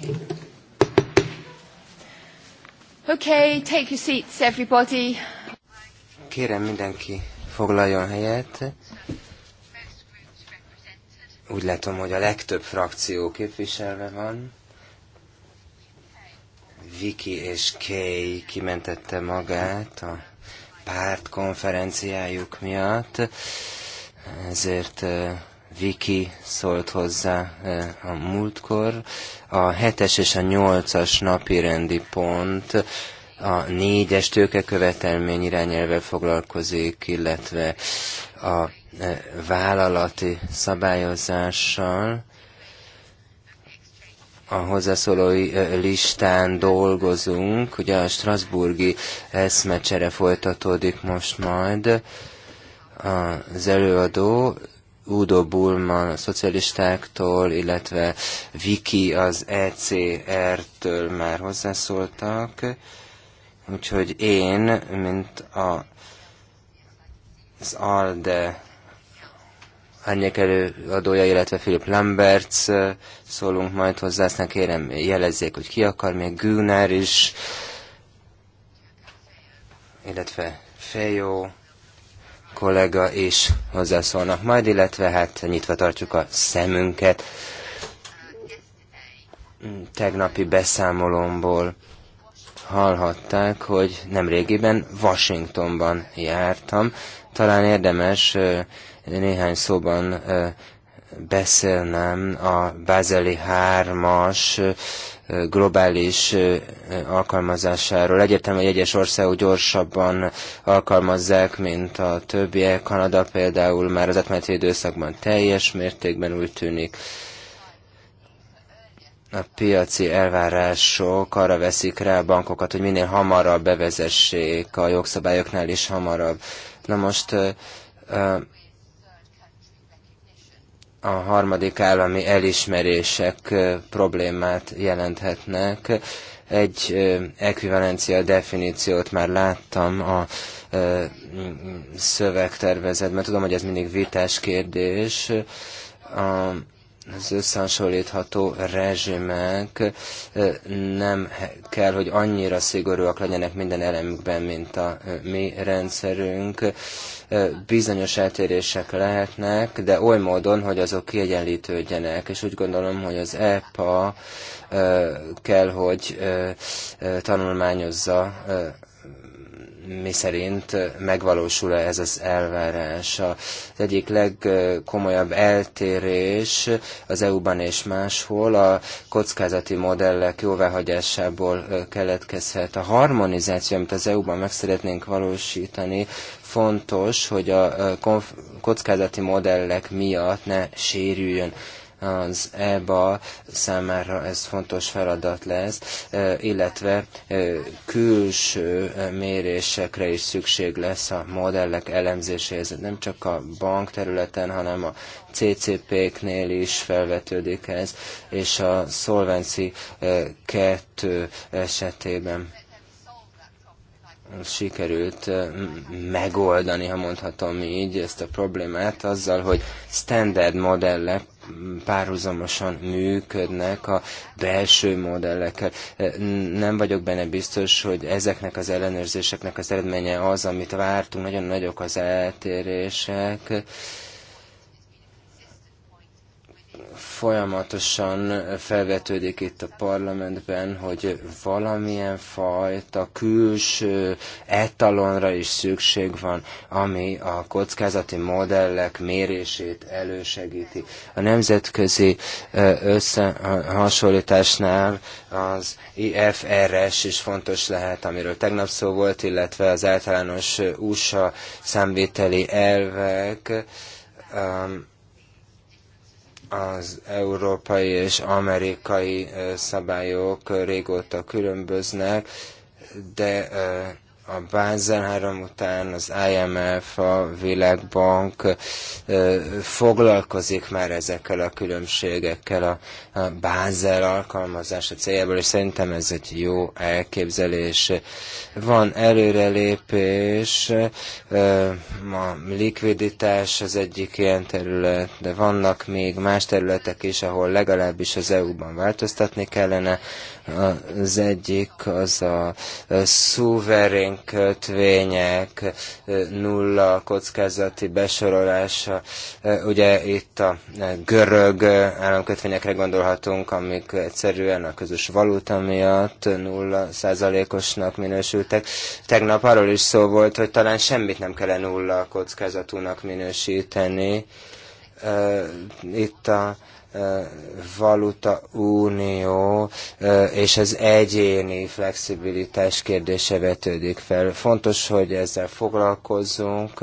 Okay. Okay, take your seats, everybody. Kérem mindenki foglaljon helyet. Úgy látom, hogy a legtöbb frakció képviselve van. Viki és Kay kimentette magát a párt konferenciájuk miatt, ezért eh, Viki szólt hozzá a múltkor. A hetes és a nyolcas napi rendi pont a négyes tőkekövetelmény irányelvel foglalkozik, illetve a vállalati szabályozással a hozzászólói listán dolgozunk. Ugye a Strasburgi eszmecsere folytatódik most majd. Az előadó Udo Bullman a szocialistáktól, illetve Viki az ECR-től már hozzászóltak. Úgyhogy én, mint a, az ALDE árnyék adója, illetve Philip Lamberts szólunk majd hozzá, aztán kérem jelezzék, hogy ki akar, még Gunnar is, illetve Fejó kollega is hozzászólnak majd, illetve hát nyitva tartjuk a szemünket tegnapi beszámolomból hallhatták, hogy nemrégiben Washingtonban jártam. Talán érdemes néhány szóban beszélnem a Bázeli 3-as globális alkalmazásáról. Egyértelmű, hogy egyes országok gyorsabban alkalmazzák, mint a többiek. Kanada például már az átmeneti időszakban teljes mértékben úgy tűnik. A piaci elvárások arra veszik rá a bankokat, hogy minél hamarabb bevezessék a jogszabályoknál is hamarabb. Na most a harmadik állami elismerések problémát jelenthetnek. Egy ekvivalencia definíciót már láttam a szövegtervezetben. Tudom, hogy ez mindig vitás kérdés. A az összehasonlítható rezsimek nem kell, hogy annyira szigorúak legyenek minden elemükben, mint a mi rendszerünk. Bizonyos eltérések lehetnek, de oly módon, hogy azok kiegyenlítődjenek, és úgy gondolom, hogy az EPA kell, hogy tanulmányozza mi szerint megvalósul-e ez az elvárás. Az egyik legkomolyabb eltérés az EU-ban és máshol a kockázati modellek jóváhagyásából keletkezhet. A harmonizáció, amit az EU-ban meg szeretnénk valósítani, fontos, hogy a kockázati modellek miatt ne sérüljön az EBA számára ez fontos feladat lesz, illetve külső mérésekre is szükség lesz a modellek elemzéséhez. Nem csak a bank területen, hanem a CCP-knél is felvetődik ez, és a Solvency 2 esetében sikerült megoldani, ha mondhatom így, ezt a problémát azzal, hogy standard modellek párhuzamosan működnek a belső modellekkel. Nem vagyok benne biztos, hogy ezeknek az ellenőrzéseknek az eredménye az, amit vártunk, nagyon nagyok az eltérések. Folyamatosan felvetődik itt a parlamentben, hogy valamilyen fajta külső etalonra is szükség van, ami a kockázati modellek mérését elősegíti. A nemzetközi összehasonlításnál az IFRS is fontos lehet, amiről tegnap szó volt, illetve az általános USA számvételi elvek, um, az európai és amerikai szabályok régóta különböznek, de a Bázel 3 után az IMF, a Világbank foglalkozik már ezekkel a különbségekkel a, a Bázel alkalmazása céljából, és szerintem ez egy jó elképzelés. Van előrelépés, a likviditás az egyik ilyen terület, de vannak még más területek is, ahol legalábbis az EU-ban változtatni kellene, az egyik az a szuverén kötvények nulla kockázati besorolása. Ugye itt a görög államkötvényekre gondolhatunk, amik egyszerűen a közös valuta miatt nulla százalékosnak minősültek. Tegnap arról is szó volt, hogy talán semmit nem kellene nulla kockázatúnak minősíteni. Itt a valuta unió és az egyéni flexibilitás kérdése vetődik fel. Fontos, hogy ezzel foglalkozzunk,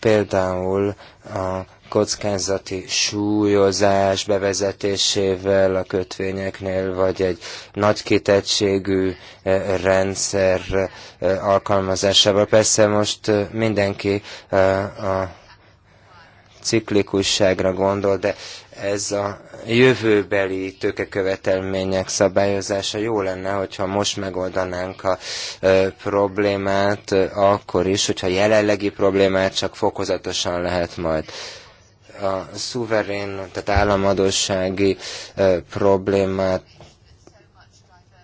például a kockázati súlyozás bevezetésével a kötvényeknél, vagy egy nagy kitettségű rendszer alkalmazásával. Persze most mindenki a ciklikusságra gondol, de ez a jövőbeli tőkekövetelmények szabályozása jó lenne, hogyha most megoldanánk a ö, problémát, ö, akkor is, hogyha jelenlegi problémát csak fokozatosan lehet majd a szuverén, tehát államadósági ö, problémát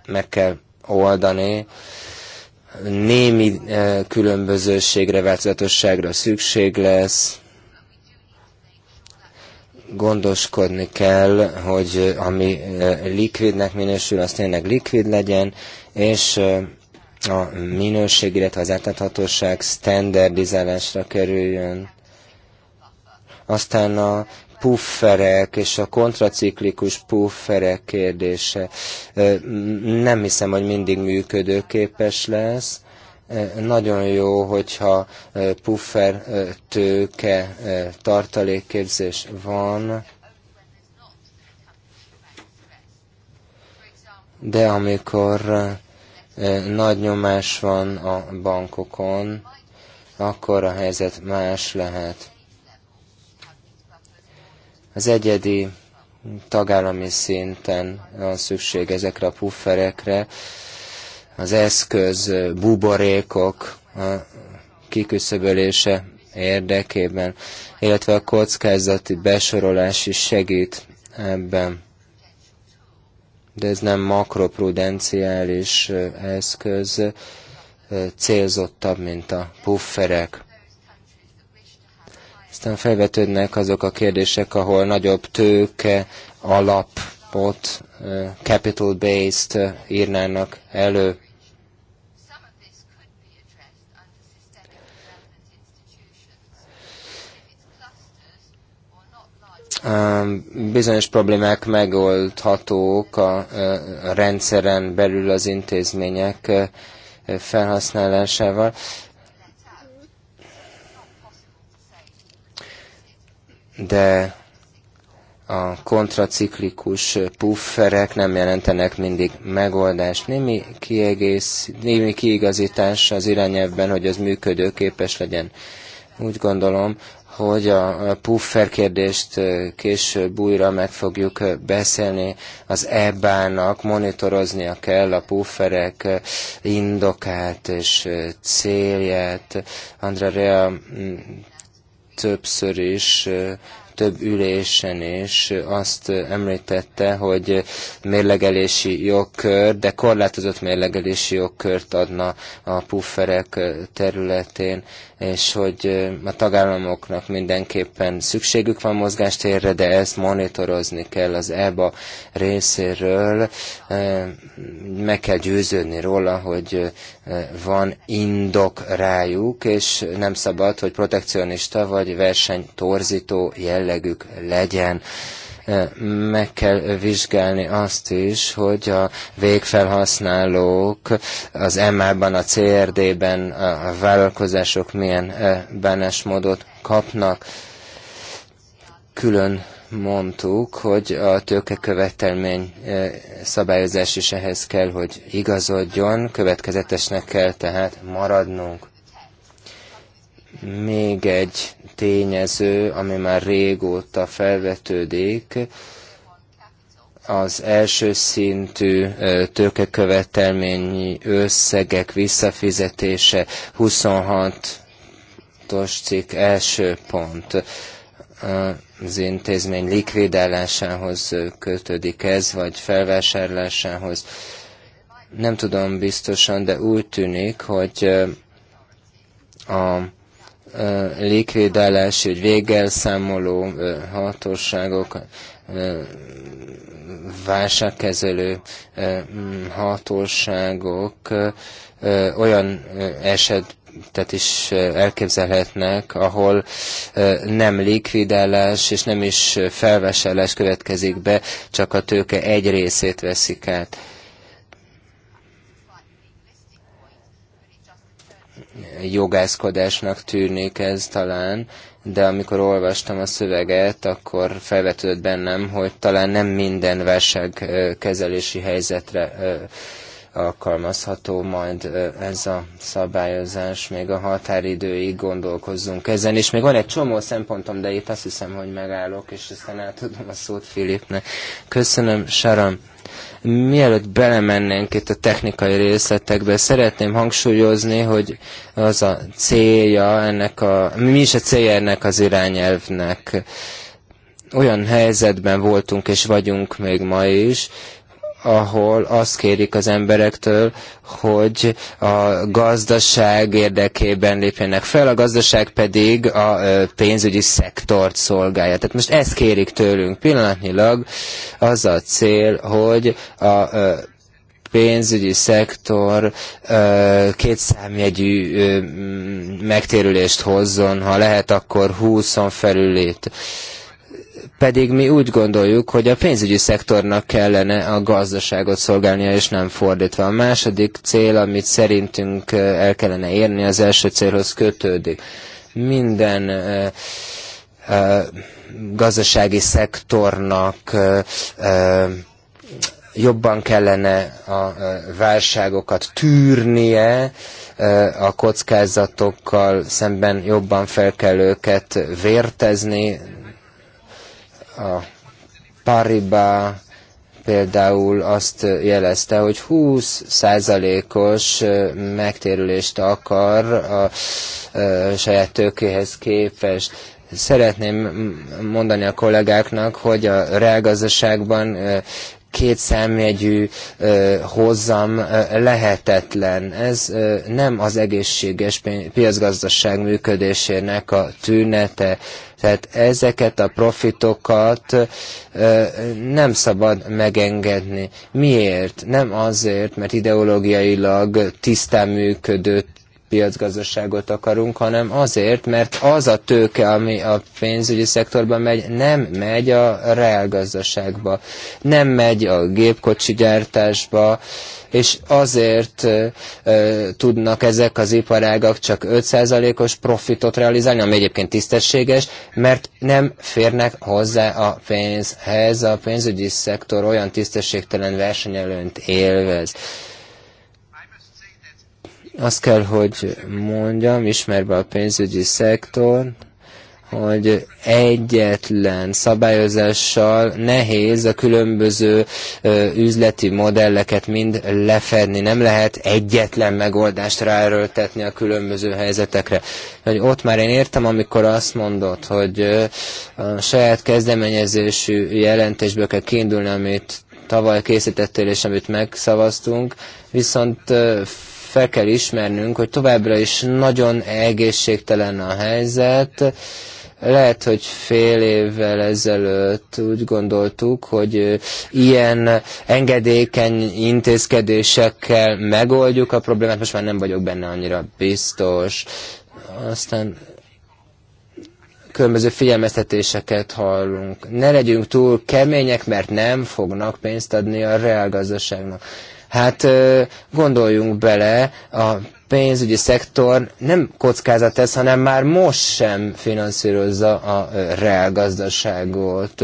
meg kell oldani, némi különbözőségre, változatosságra szükség lesz, gondoskodni kell, hogy eh, ami eh, likvidnek minősül, az tényleg likvid legyen, és eh, a minőség, illetve az átláthatóság standardizálásra kerüljön. Aztán a pufferek és a kontraciklikus pufferek kérdése. Nem hiszem, hogy mindig működőképes lesz Eh, nagyon jó, hogyha eh, puffer eh, tőke tartalékképzés van, de amikor nagy nyomás van a bankokon, akkor a helyzet más lehet. Az egyedi tagállami szinten van szükség ezekre a pufferekre, az eszköz buborékok kiküszöbölése érdekében, illetve a kockázati besorolás is segít ebben. De ez nem makroprudenciális eszköz, célzottabb, mint a pufferek. Aztán felvetődnek azok a kérdések, ahol nagyobb tőke alapot, capital-based írnának elő. Bizonyos problémák megoldhatók a rendszeren belül az intézmények felhasználásával. De a kontraciklikus pufferek nem jelentenek mindig megoldást. Némi, kiegész, némi kiigazítás az irányelvben, hogy az működőképes legyen. Úgy gondolom, hogy a puffer kérdést később újra meg fogjuk beszélni. Az EBA-nak monitoroznia kell a pufferek indokát és célját. Andrea Rea mm, többször is több ülésen is azt említette, hogy mérlegelési jogkör, de korlátozott mérlegelési jogkört adna a pufferek területén és hogy a tagállamoknak mindenképpen szükségük van mozgástérre, de ezt monitorozni kell az EBA részéről, meg kell győződni róla, hogy van indok rájuk, és nem szabad, hogy protekcionista vagy versenytorzító jellegük legyen. Eh, meg kell vizsgálni azt is, hogy a végfelhasználók az MA-ban, a CRD-ben a vállalkozások milyen eh, bánásmódot kapnak. Külön mondtuk, hogy a tőkekövetelmény eh, szabályozás is ehhez kell, hogy igazodjon, következetesnek kell tehát maradnunk. Még egy tényező, ami már régóta felvetődik, az első szintű tőkekövetelményi összegek visszafizetése 26-os cikk első pont az intézmény likvidálásához kötődik ez, vagy felvásárlásához. Nem tudom biztosan, de úgy tűnik, hogy a likvidálási, vagy végelszámoló hatóságok, válságkezelő hatóságok olyan eset tehát is elképzelhetnek, ahol nem likvidálás és nem is felvásárlás következik be, csak a tőke egy részét veszik át. jogászkodásnak tűnik ez talán, de amikor olvastam a szöveget, akkor felvetődött bennem, hogy talán nem minden válságkezelési helyzetre alkalmazható majd ez a szabályozás, még a határidőig gondolkozzunk ezen, és még van egy csomó szempontom, de itt azt hiszem, hogy megállok, és aztán átadom a szót Filipnek. Köszönöm, Saram. Mielőtt belemennénk itt a technikai részletekbe, szeretném hangsúlyozni, hogy az a célja ennek a, mi is a célja ennek az irányelvnek. Olyan helyzetben voltunk és vagyunk még ma is, ahol azt kérik az emberektől, hogy a gazdaság érdekében lépjenek fel, a gazdaság pedig a pénzügyi szektort szolgálja. Tehát most ezt kérik tőlünk pillanatnyilag, az a cél, hogy a pénzügyi szektor kétszámjegyű megtérülést hozzon, ha lehet, akkor 20-on pedig mi úgy gondoljuk, hogy a pénzügyi szektornak kellene a gazdaságot szolgálnia, és nem fordítva. A második cél, amit szerintünk el kellene érni, az első célhoz kötődik. Minden uh, uh, gazdasági szektornak uh, jobban kellene a válságokat tűrnie, a kockázatokkal szemben jobban fel kell őket vértezni, a pariba például azt jelezte, hogy 20%-os megtérülést akar a saját tőkéhez képest. Szeretném mondani a kollégáknak, hogy a reálgazdaságban két számjegyű hozzam lehetetlen. Ez nem az egészséges piacgazdaság működésének a tünete tehát ezeket a profitokat nem szabad megengedni. Miért? Nem azért, mert ideológiailag tisztán működő piacgazdaságot akarunk, hanem azért, mert az a tőke, ami a pénzügyi szektorban megy, nem megy a reálgazdaságba, nem megy a gépkocsi gyártásba, és azért tudnak ezek az iparágak csak 5%-os profitot realizálni, ami egyébként tisztességes, mert nem férnek hozzá a pénzhez, a pénzügyi szektor olyan tisztességtelen versenyelőnt élvez azt kell, hogy mondjam, ismerve a pénzügyi szektor, hogy egyetlen szabályozással nehéz a különböző üzleti modelleket mind lefedni. Nem lehet egyetlen megoldást ráerőltetni a különböző helyzetekre. Hogy ott már én értem, amikor azt mondod, hogy a saját kezdeményezésű jelentésből kell kiindulni, amit tavaly készítettél és amit megszavaztunk, viszont fel kell ismernünk, hogy továbbra is nagyon egészségtelen a helyzet, lehet, hogy fél évvel ezelőtt úgy gondoltuk, hogy ilyen engedékeny intézkedésekkel megoldjuk a problémát, most már nem vagyok benne annyira biztos. Aztán különböző figyelmeztetéseket hallunk. Ne legyünk túl kemények, mert nem fognak pénzt adni a reálgazdaságnak. Hát gondoljunk bele, a pénzügyi szektor nem kockázat ez, hanem már most sem finanszírozza a reálgazdaságot.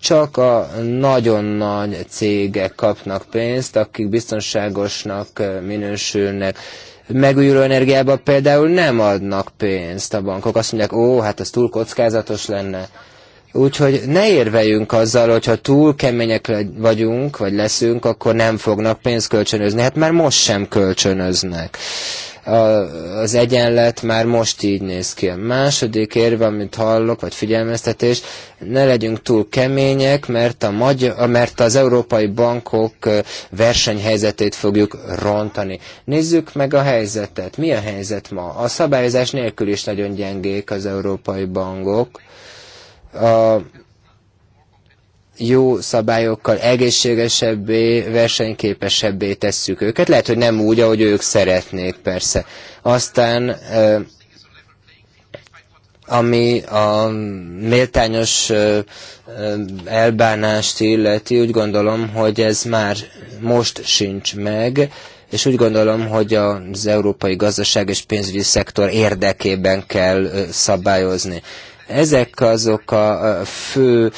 Csak a nagyon nagy cégek kapnak pénzt, akik biztonságosnak minősülnek. Megújuló energiába például nem adnak pénzt a bankok. Azt mondják, ó, hát ez túl kockázatos lenne Úgyhogy ne érveljünk azzal, hogyha túl kemények vagyunk, vagy leszünk, akkor nem fognak pénzt kölcsönözni. Hát már most sem kölcsönöznek. A, az egyenlet már most így néz ki. A második érve, amit hallok, vagy figyelmeztetés, ne legyünk túl kemények, mert, a magyar, mert az európai bankok versenyhelyzetét fogjuk rontani. Nézzük meg a helyzetet. Mi a helyzet ma? A szabályozás nélkül is nagyon gyengék az európai bankok a jó szabályokkal egészségesebbé, versenyképesebbé tesszük őket. Lehet, hogy nem úgy, ahogy ők szeretnék, persze. Aztán ami a méltányos elbánást illeti, úgy gondolom, hogy ez már most sincs meg, és úgy gondolom, hogy az európai gazdaság és pénzügyi szektor érdekében kell szabályozni. Ezek azok a fő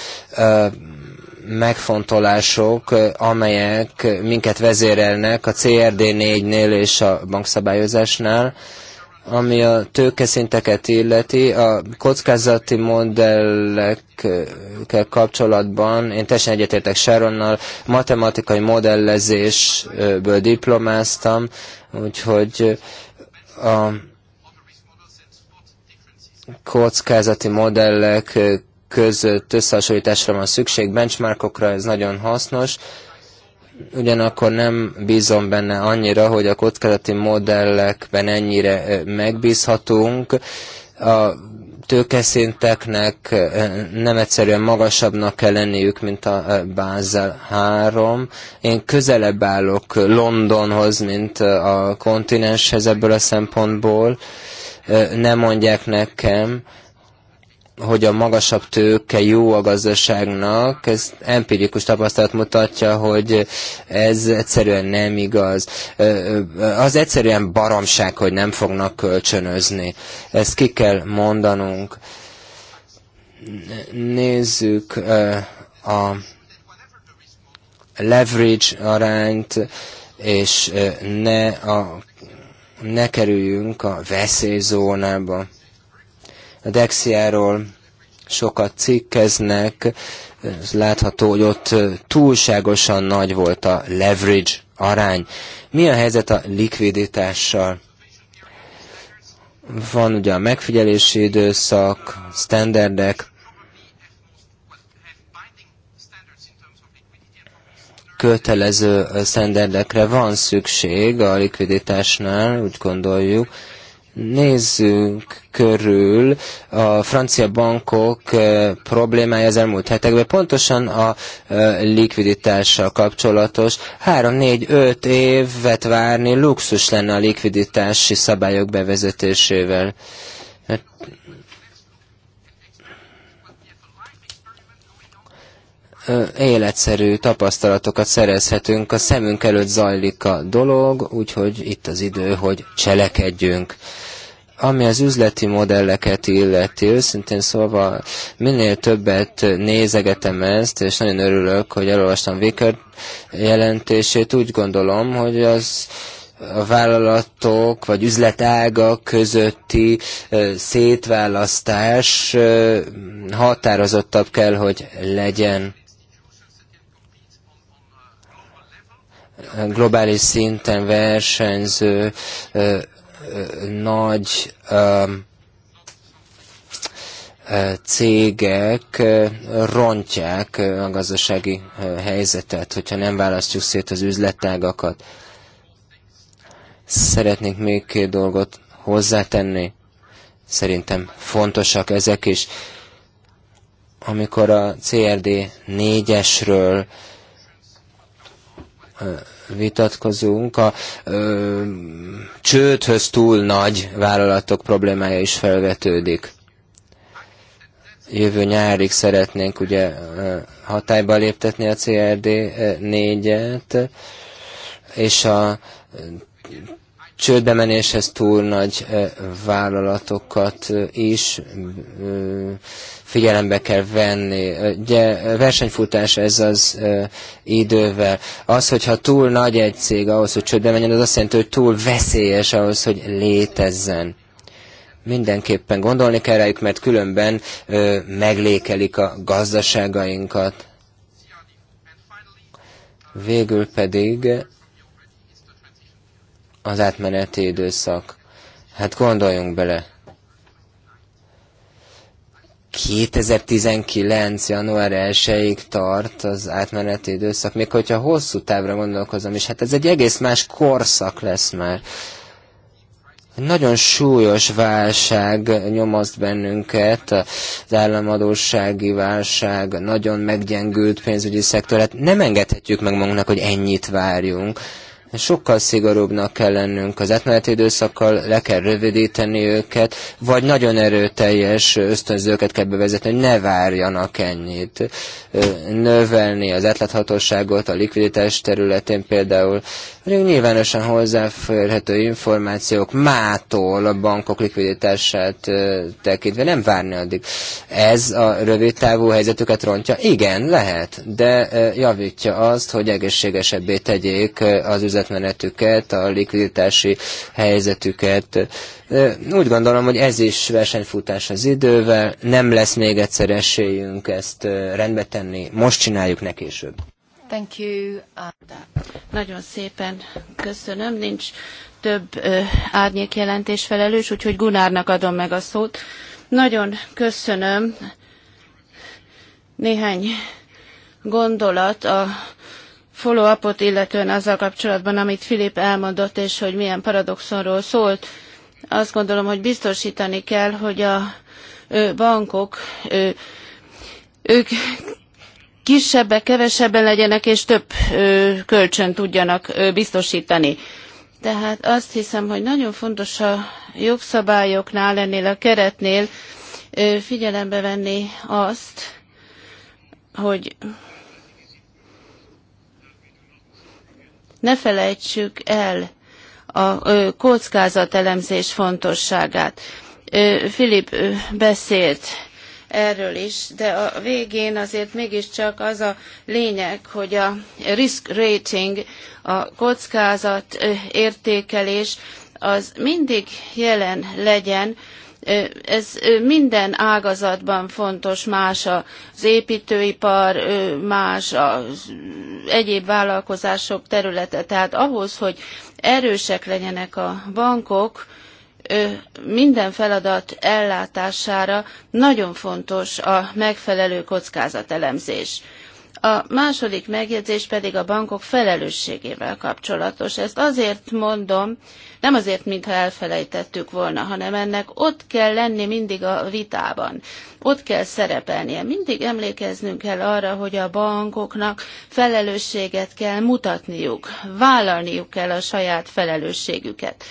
megfontolások, amelyek minket vezérelnek a CRD4-nél és a bankszabályozásnál, ami a tőkeszinteket illeti, a kockázati modellekkel kapcsolatban, én teljesen egyetértek Sharonnal, matematikai modellezésből diplomáztam, úgyhogy a kockázati modellek között összehasonlításra van szükség, benchmarkokra ez nagyon hasznos, ugyanakkor nem bízom benne annyira, hogy a kockázati modellekben ennyire megbízhatunk. A tőkeszinteknek nem egyszerűen magasabbnak kell lenniük, mint a Basel 3. Én közelebb állok Londonhoz, mint a kontinenshez ebből a szempontból nem mondják nekem, hogy a magasabb tőke jó a gazdaságnak, ez empirikus tapasztalat mutatja, hogy ez egyszerűen nem igaz. Az egyszerűen baromság, hogy nem fognak kölcsönözni. Ezt ki kell mondanunk. Nézzük a leverage arányt, és ne a ne kerüljünk a veszélyzónába. A Dexiáról sokat cikkeznek, ez látható, hogy ott túlságosan nagy volt a leverage arány. Mi a helyzet a likviditással? Van ugye a megfigyelési időszak, standardek, kötelező sztenderdekre van szükség a likviditásnál, úgy gondoljuk. Nézzünk körül a francia bankok problémája az elmúlt hetekben, pontosan a likviditással kapcsolatos. 3-4-5 évet várni luxus lenne a likviditási szabályok bevezetésével. Hát, életszerű tapasztalatokat szerezhetünk, a szemünk előtt zajlik a dolog, úgyhogy itt az idő, hogy cselekedjünk. Ami az üzleti modelleket illeti, őszintén szólva minél többet nézegetem ezt, és nagyon örülök, hogy elolvastam Vicker jelentését, úgy gondolom, hogy az a vállalatok vagy üzletágak közötti szétválasztás határozottabb kell, hogy legyen. globális szinten versenyző nagy cégek rontják a gazdasági helyzetet, hogyha nem választjuk szét az üzletágakat. Szeretnék még két dolgot hozzátenni. Szerintem fontosak ezek is. Amikor a CRD 4-esről vitatkozunk. A ö, csődhöz túl nagy vállalatok problémája is felvetődik. Jövő nyárig szeretnénk ugye hatályba léptetni a CRD 4-et, és a csődbe menéshez túl nagy vállalatokat is figyelembe kell venni. Ugye versenyfutás ez az idővel. Az, hogyha túl nagy egy cég ahhoz, hogy csődbe menjen, az azt jelenti, hogy túl veszélyes ahhoz, hogy létezzen mindenképpen gondolni kell rájuk, mert különben ö, meglékelik a gazdaságainkat. Végül pedig az átmeneti időszak. Hát gondoljunk bele. 2019. január 1-ig tart az átmeneti időszak, még hogyha hosszú távra gondolkozom is, hát ez egy egész más korszak lesz már. Nagyon súlyos válság nyomaszt bennünket, az államadósági válság, nagyon meggyengült pénzügyi szektor, hát nem engedhetjük meg magunknak, hogy ennyit várjunk sokkal szigorúbbnak kell lennünk az átmeneti időszakkal, le kell rövidíteni őket, vagy nagyon erőteljes ösztönzőket kell bevezetni, hogy ne várjanak ennyit. Növelni az átláthatóságot a likviditás területén például nyilvánosan hozzáférhető információk mától a bankok likviditását tekintve, nem várni addig. Ez a rövid távú helyzetüket rontja? Igen, lehet, de javítja azt, hogy egészségesebbé tegyék az üzletet üzletmenetüket, a likviditási helyzetüket. Úgy gondolom, hogy ez is versenyfutás az idővel, nem lesz még egyszer esélyünk ezt rendbe tenni, most csináljuk ne később. Thank you. Nagyon szépen köszönöm, nincs több ö, árnyék jelentés felelős, úgyhogy Gunárnak adom meg a szót. Nagyon köszönöm néhány gondolat a follow-upot, illetően azzal kapcsolatban, amit Filip elmondott, és hogy milyen paradoxonról szólt. Azt gondolom, hogy biztosítani kell, hogy a bankok, ők kisebbek, kevesebben legyenek, és több kölcsön tudjanak biztosítani. Tehát azt hiszem, hogy nagyon fontos a jogszabályoknál, ennél a keretnél figyelembe venni azt, hogy Ne felejtsük el a kockázatelemzés fontosságát. Filip beszélt erről is, de a végén azért mégiscsak az a lényeg, hogy a risk rating, a kockázat értékelés az mindig jelen legyen, ez minden ágazatban fontos, más az építőipar, más az egyéb vállalkozások területe. Tehát ahhoz, hogy erősek legyenek a bankok, minden feladat ellátására nagyon fontos a megfelelő kockázatelemzés. A második megjegyzés pedig a bankok felelősségével kapcsolatos. Ezt azért mondom, nem azért, mintha elfelejtettük volna, hanem ennek ott kell lenni mindig a vitában. Ott kell szerepelnie. Mindig emlékeznünk kell arra, hogy a bankoknak felelősséget kell mutatniuk, vállalniuk kell a saját felelősségüket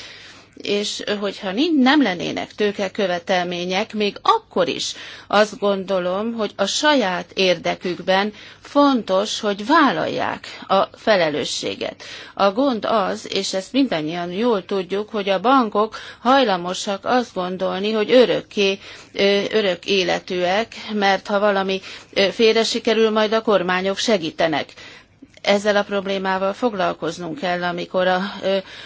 és hogyha nem lennének tőkekövetelmények, még akkor is azt gondolom, hogy a saját érdekükben fontos, hogy vállalják a felelősséget. A gond az, és ezt mindannyian jól tudjuk, hogy a bankok hajlamosak azt gondolni, hogy örökké, örök életűek, mert ha valami félre sikerül, majd a kormányok segítenek ezzel a problémával foglalkoznunk kell, amikor a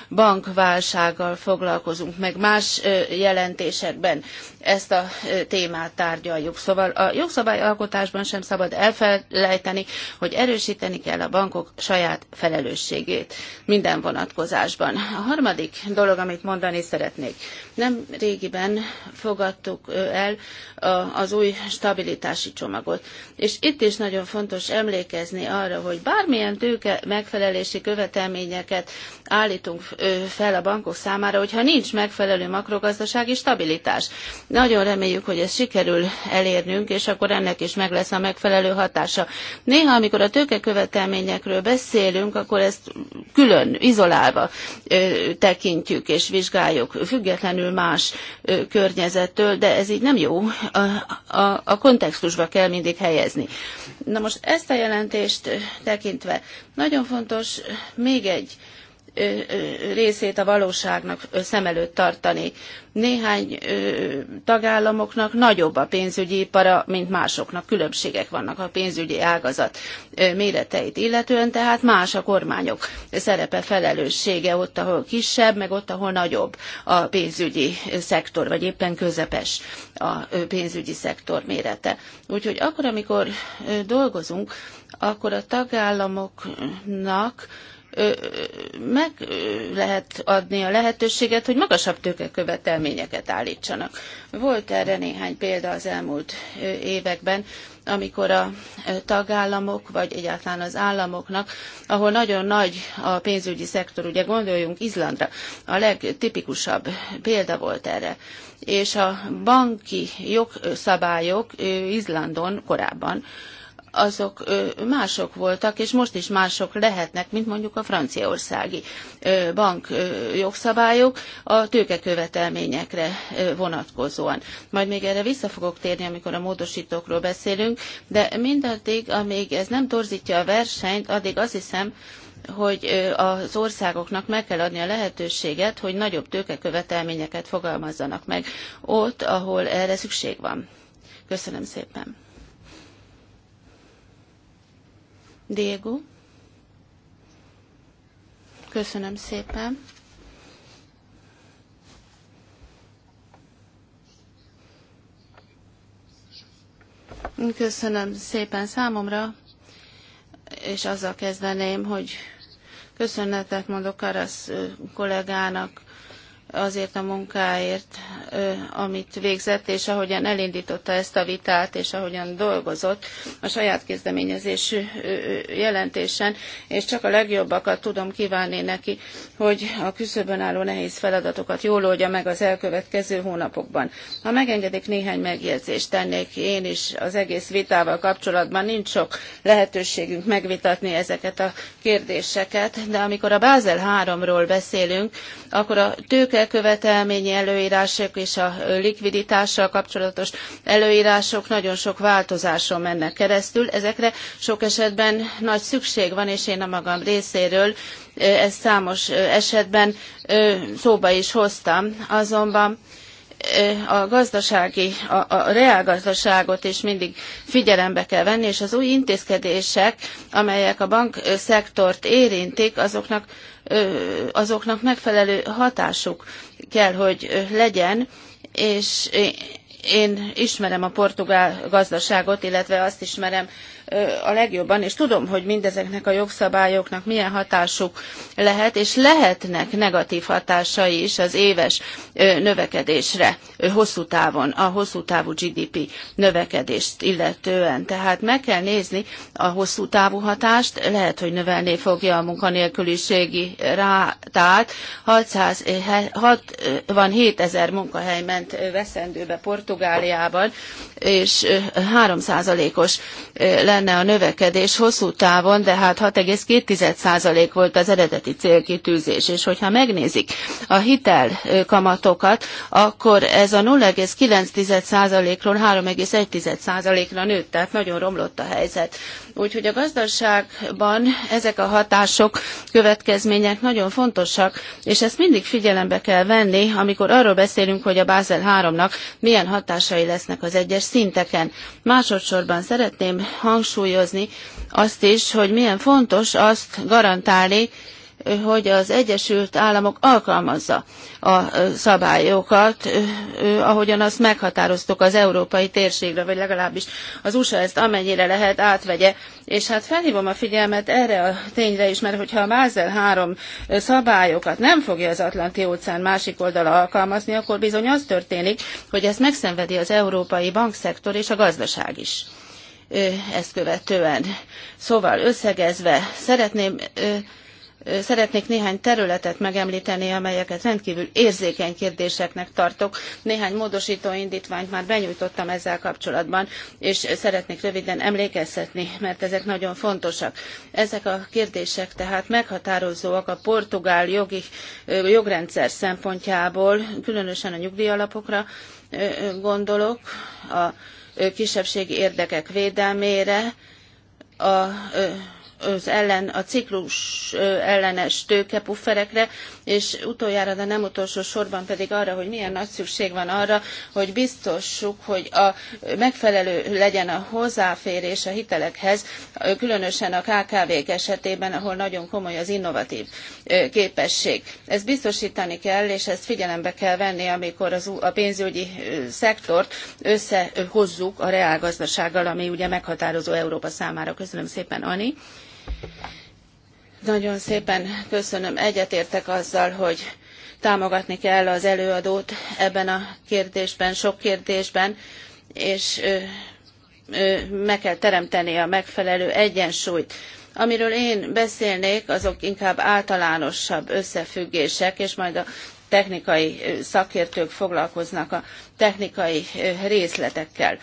bankválsággal foglalkozunk, meg más jelentésekben ezt a témát tárgyaljuk. Szóval a jogszabályalkotásban sem szabad elfelejteni, hogy erősíteni kell a bankok saját felelősségét minden vonatkozásban. A harmadik dolog, amit mondani szeretnék. Nem régiben fogadtuk el az új stabilitási csomagot. És itt is nagyon fontos emlékezni arra, hogy bármilyen tőke megfelelési követelményeket állítunk fel a bankok számára, hogyha nincs megfelelő makrogazdasági stabilitás. Nagyon reméljük, hogy ezt sikerül elérnünk, és akkor ennek is meg lesz a megfelelő hatása. Néha, amikor a tőkekövetelményekről beszélünk, akkor ezt külön, izolálva tekintjük és vizsgáljuk, függetlenül más környezettől, de ez így nem jó. A, a, a kontextusba kell mindig helyezni. Na most ezt a jelentést tekintve nagyon fontos még egy részét a valóságnak szem előtt tartani. Néhány tagállamoknak nagyobb a pénzügyi ipara, mint másoknak. Különbségek vannak a pénzügyi ágazat méreteit illetően, tehát más a kormányok szerepe, felelőssége ott, ahol kisebb, meg ott, ahol nagyobb a pénzügyi szektor, vagy éppen közepes a pénzügyi szektor mérete. Úgyhogy akkor, amikor dolgozunk, akkor a tagállamoknak meg lehet adni a lehetőséget, hogy magasabb tőkekövetelményeket állítsanak. Volt erre néhány példa az elmúlt években, amikor a tagállamok, vagy egyáltalán az államoknak, ahol nagyon nagy a pénzügyi szektor, ugye gondoljunk Izlandra, a legtipikusabb példa volt erre. És a banki jogszabályok Izlandon korábban azok mások voltak, és most is mások lehetnek, mint mondjuk a franciaországi bank jogszabályok a tőkekövetelményekre vonatkozóan. Majd még erre vissza fogok térni, amikor a módosítókról beszélünk, de mindaddig, amíg ez nem torzítja a versenyt, addig azt hiszem, hogy az országoknak meg kell adni a lehetőséget, hogy nagyobb tőkekövetelményeket fogalmazzanak meg ott, ahol erre szükség van. Köszönöm szépen. Diego. Köszönöm szépen. Köszönöm szépen számomra, és azzal kezdeném, hogy köszönetet mondok Karasz kollégának azért a munkáért, amit végzett, és ahogyan elindította ezt a vitát, és ahogyan dolgozott a saját kezdeményezésű jelentésen, és csak a legjobbakat tudom kívánni neki, hogy a küszöbön álló nehéz feladatokat jól oldja meg az elkövetkező hónapokban. Ha megengedik, néhány megjegyzést tennék én is az egész vitával kapcsolatban. Nincs sok lehetőségünk megvitatni ezeket a kérdéseket, de amikor a Bázel 3-ról beszélünk, akkor a tőke hitelkövetelményi előírások és a likviditással kapcsolatos előírások nagyon sok változáson mennek keresztül. Ezekre sok esetben nagy szükség van, és én a magam részéről ezt számos esetben szóba is hoztam. Azonban a gazdasági, a, a reálgazdaságot is mindig figyelembe kell venni, és az új intézkedések, amelyek a bankszektort érintik, azoknak azoknak megfelelő hatásuk kell, hogy legyen, és én ismerem a portugál gazdaságot, illetve azt ismerem, a legjobban, és tudom, hogy mindezeknek a jogszabályoknak milyen hatásuk lehet, és lehetnek negatív hatásai is az éves növekedésre, hosszú távon, a hosszú távú GDP növekedést illetően. Tehát meg kell nézni a hosszú távú hatást, lehet, hogy növelni fogja a munkanélküliségi rátát. 67 ezer munkahely ment veszendőbe Portugáliában, és 3 os lesz lenne a növekedés hosszú távon, de hát 6,2% volt az eredeti célkitűzés, és hogyha megnézik a hitel kamatokat, akkor ez a 0,9%-ról 3,1%-ra nőtt, tehát nagyon romlott a helyzet. Úgyhogy a gazdaságban ezek a hatások, következmények nagyon fontosak, és ezt mindig figyelembe kell venni, amikor arról beszélünk, hogy a Bázel 3-nak milyen hatásai lesznek az egyes szinteken. Másodszorban szeretném hangsúlyozni azt is, hogy milyen fontos azt garantálni, hogy az Egyesült Államok alkalmazza a szabályokat, ahogyan azt meghatároztuk az európai térségre, vagy legalábbis az USA ezt amennyire lehet átvegye. És hát felhívom a figyelmet erre a tényre is, mert hogyha a Mázel 3 szabályokat nem fogja az Atlanti óceán másik oldala alkalmazni, akkor bizony az történik, hogy ezt megszenvedi az európai bankszektor és a gazdaság is ezt követően. Szóval összegezve szeretném szeretnék néhány területet megemlíteni, amelyeket rendkívül érzékeny kérdéseknek tartok. Néhány módosító indítványt már benyújtottam ezzel kapcsolatban, és szeretnék röviden emlékeztetni, mert ezek nagyon fontosak. Ezek a kérdések tehát meghatározóak a portugál jogi, jogrendszer szempontjából, különösen a nyugdíjalapokra gondolok, a kisebbségi érdekek védelmére, a az ellen, a ciklus ellenes tőkepufferekre, és utoljára, de nem utolsó sorban pedig arra, hogy milyen nagy szükség van arra, hogy biztossuk, hogy a megfelelő legyen a hozzáférés a hitelekhez, különösen a KKV-k esetében, ahol nagyon komoly az innovatív képesség. Ezt biztosítani kell, és ezt figyelembe kell venni, amikor az, a pénzügyi szektort összehozzuk a reálgazdasággal, ami ugye meghatározó Európa számára. Köszönöm szépen, Ani. Nagyon szépen köszönöm. Egyetértek azzal, hogy támogatni kell az előadót ebben a kérdésben, sok kérdésben, és meg kell teremteni a megfelelő egyensúlyt. Amiről én beszélnék, azok inkább általánosabb összefüggések, és majd a technikai szakértők foglalkoznak a technikai részletekkel.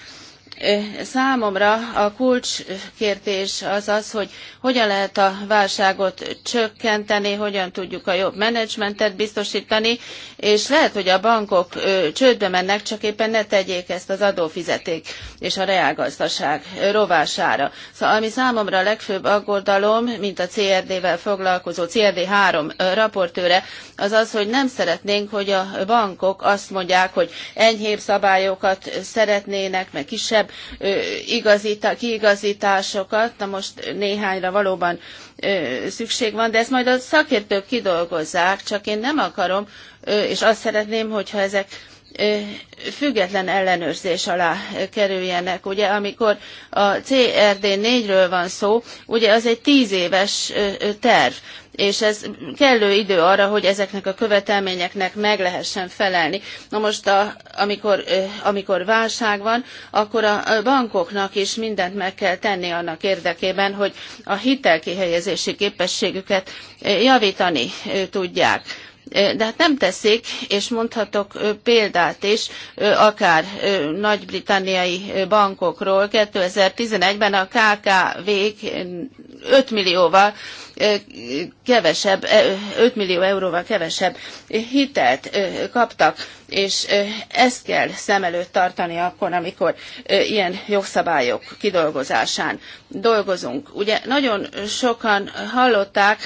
Számomra a kulcskértés az az, hogy hogyan lehet a válságot csökkenteni, hogyan tudjuk a jobb menedzsmentet biztosítani, és lehet, hogy a bankok csődbe mennek, csak éppen ne tegyék ezt az adófizeték és a reálgazdaság rovására. Szóval ami számomra a legfőbb aggodalom, mint a CRD-vel foglalkozó CRD 3 raportőre, az az, hogy nem szeretnénk, hogy a bankok azt mondják, hogy enyhébb szabályokat szeretnének, meg kisebb kisebb igazita, kiigazításokat, na most néhányra valóban szükség van, de ezt majd a szakértők kidolgozzák, csak én nem akarom, és azt szeretném, hogyha ezek független ellenőrzés alá kerüljenek. Ugye, amikor a CRD 4-ről van szó, ugye az egy tíz éves terv és ez kellő idő arra, hogy ezeknek a követelményeknek meg lehessen felelni. Na most, a, amikor, amikor válság van, akkor a bankoknak is mindent meg kell tenni annak érdekében, hogy a hitelkihelyezési képességüket javítani tudják de hát nem teszik, és mondhatok példát is, akár nagy-britanniai bankokról. 2011-ben a KKV-k 5 millióval kevesebb, 5 millió euróval kevesebb hitelt kaptak, és ezt kell szem előtt tartani akkor, amikor ilyen jogszabályok kidolgozásán dolgozunk. Ugye nagyon sokan hallották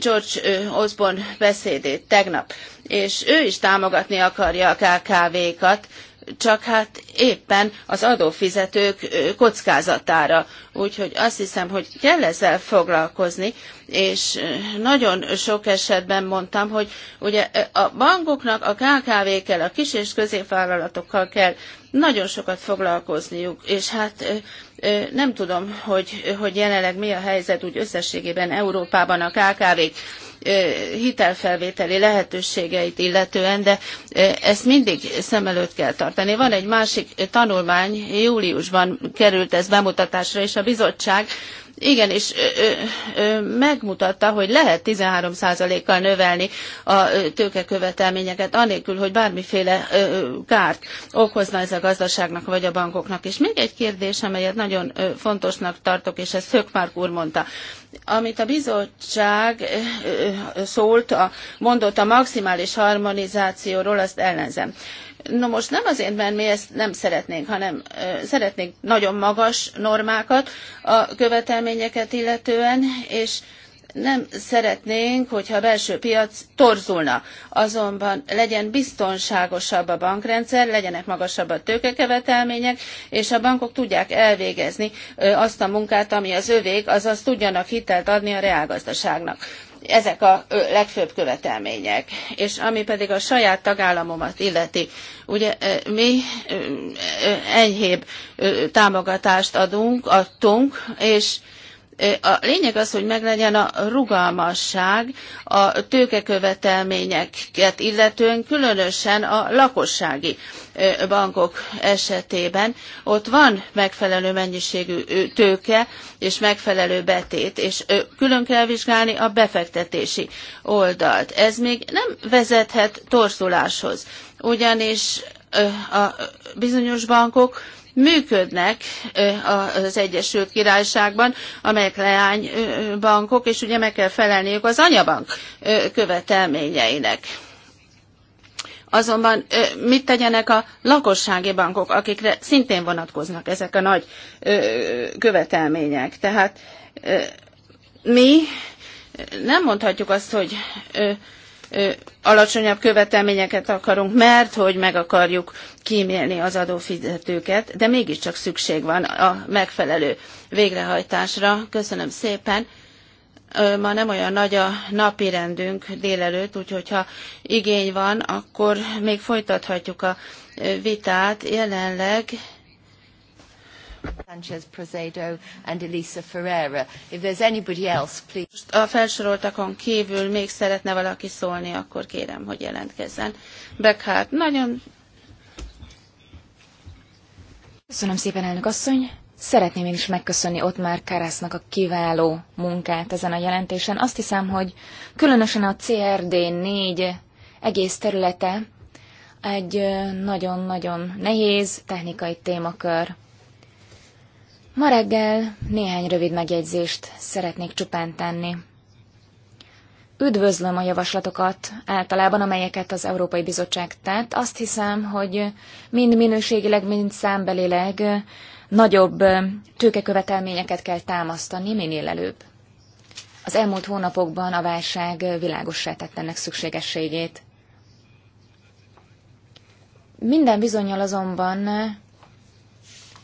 George Osborne beszédét tegnap, és ő is támogatni akarja a KKV-kat, csak hát éppen az adófizetők kockázatára. Úgyhogy azt hiszem, hogy kell ezzel foglalkozni, és nagyon sok esetben mondtam, hogy ugye a bankoknak, a KKV-kkel, a kis és középvállalatokkal kell nagyon sokat foglalkozniuk, és hát nem tudom, hogy, hogy jelenleg mi a helyzet úgy összességében Európában a KKV-k hitelfelvételi lehetőségeit illetően, de ezt mindig szem előtt kell tartani. Van egy másik tanulmány, júliusban került ez bemutatásra, és a bizottság igen, és ö, ö, megmutatta, hogy lehet 13%-kal növelni a tőkekövetelményeket, anélkül, hogy bármiféle ö, kárt okozna ez a gazdaságnak vagy a bankoknak. És még egy kérdés, amelyet nagyon fontosnak tartok, és ezt Hökmárk úr mondta. Amit a bizottság szólt, a, mondott a maximális harmonizációról, azt ellenzem. No most nem azért, mert mi ezt nem szeretnénk, hanem szeretnénk nagyon magas normákat a követelményeket illetően, és nem szeretnénk, hogyha a belső piac torzulna, azonban legyen biztonságosabb a bankrendszer, legyenek magasabb a tőkekövetelmények, és a bankok tudják elvégezni azt a munkát, ami az övék, azaz tudjanak hitelt adni a reálgazdaságnak. Ezek a legfőbb követelmények. És ami pedig a saját tagállamomat illeti, ugye mi enyhébb támogatást adunk, adtunk, és a lényeg az, hogy meglegyen a rugalmasság a tőkekövetelményeket illetően, különösen a lakossági bankok esetében. Ott van megfelelő mennyiségű tőke és megfelelő betét, és külön kell vizsgálni a befektetési oldalt. Ez még nem vezethet torzuláshoz, ugyanis a bizonyos bankok működnek az Egyesült Királyságban, amelyek leánybankok, és ugye meg kell felelniük az anyabank követelményeinek. Azonban mit tegyenek a lakossági bankok, akikre szintén vonatkoznak ezek a nagy követelmények? Tehát mi nem mondhatjuk azt, hogy alacsonyabb követelményeket akarunk, mert hogy meg akarjuk kímélni az adófizetőket, de mégiscsak szükség van a megfelelő végrehajtásra. Köszönöm szépen. Ma nem olyan nagy a napi rendünk délelőtt, úgyhogy ha igény van, akkor még folytathatjuk a vitát. Jelenleg Sanchez Prozedo and Elisa Ferreira. If there's anybody else, please. A felsoroltakon kívül még szeretne valaki szólni, akkor kérem, hogy jelentkezzen. Beckhardt, nagyon... Köszönöm szépen, elnök asszony. Szeretném én is megköszönni ott már Karasznak a kiváló munkát ezen a jelentésen. Azt hiszem, hogy különösen a CRD 4 egész területe egy nagyon-nagyon nehéz technikai témakör. Ma reggel néhány rövid megjegyzést szeretnék csupán tenni. Üdvözlöm a javaslatokat általában, amelyeket az Európai Bizottság tett. Azt hiszem, hogy mind minőségileg, mind számbelileg nagyobb tőkekövetelményeket kell támasztani minél előbb. Az elmúlt hónapokban a válság világossá tett ennek szükségességét. Minden bizonyal azonban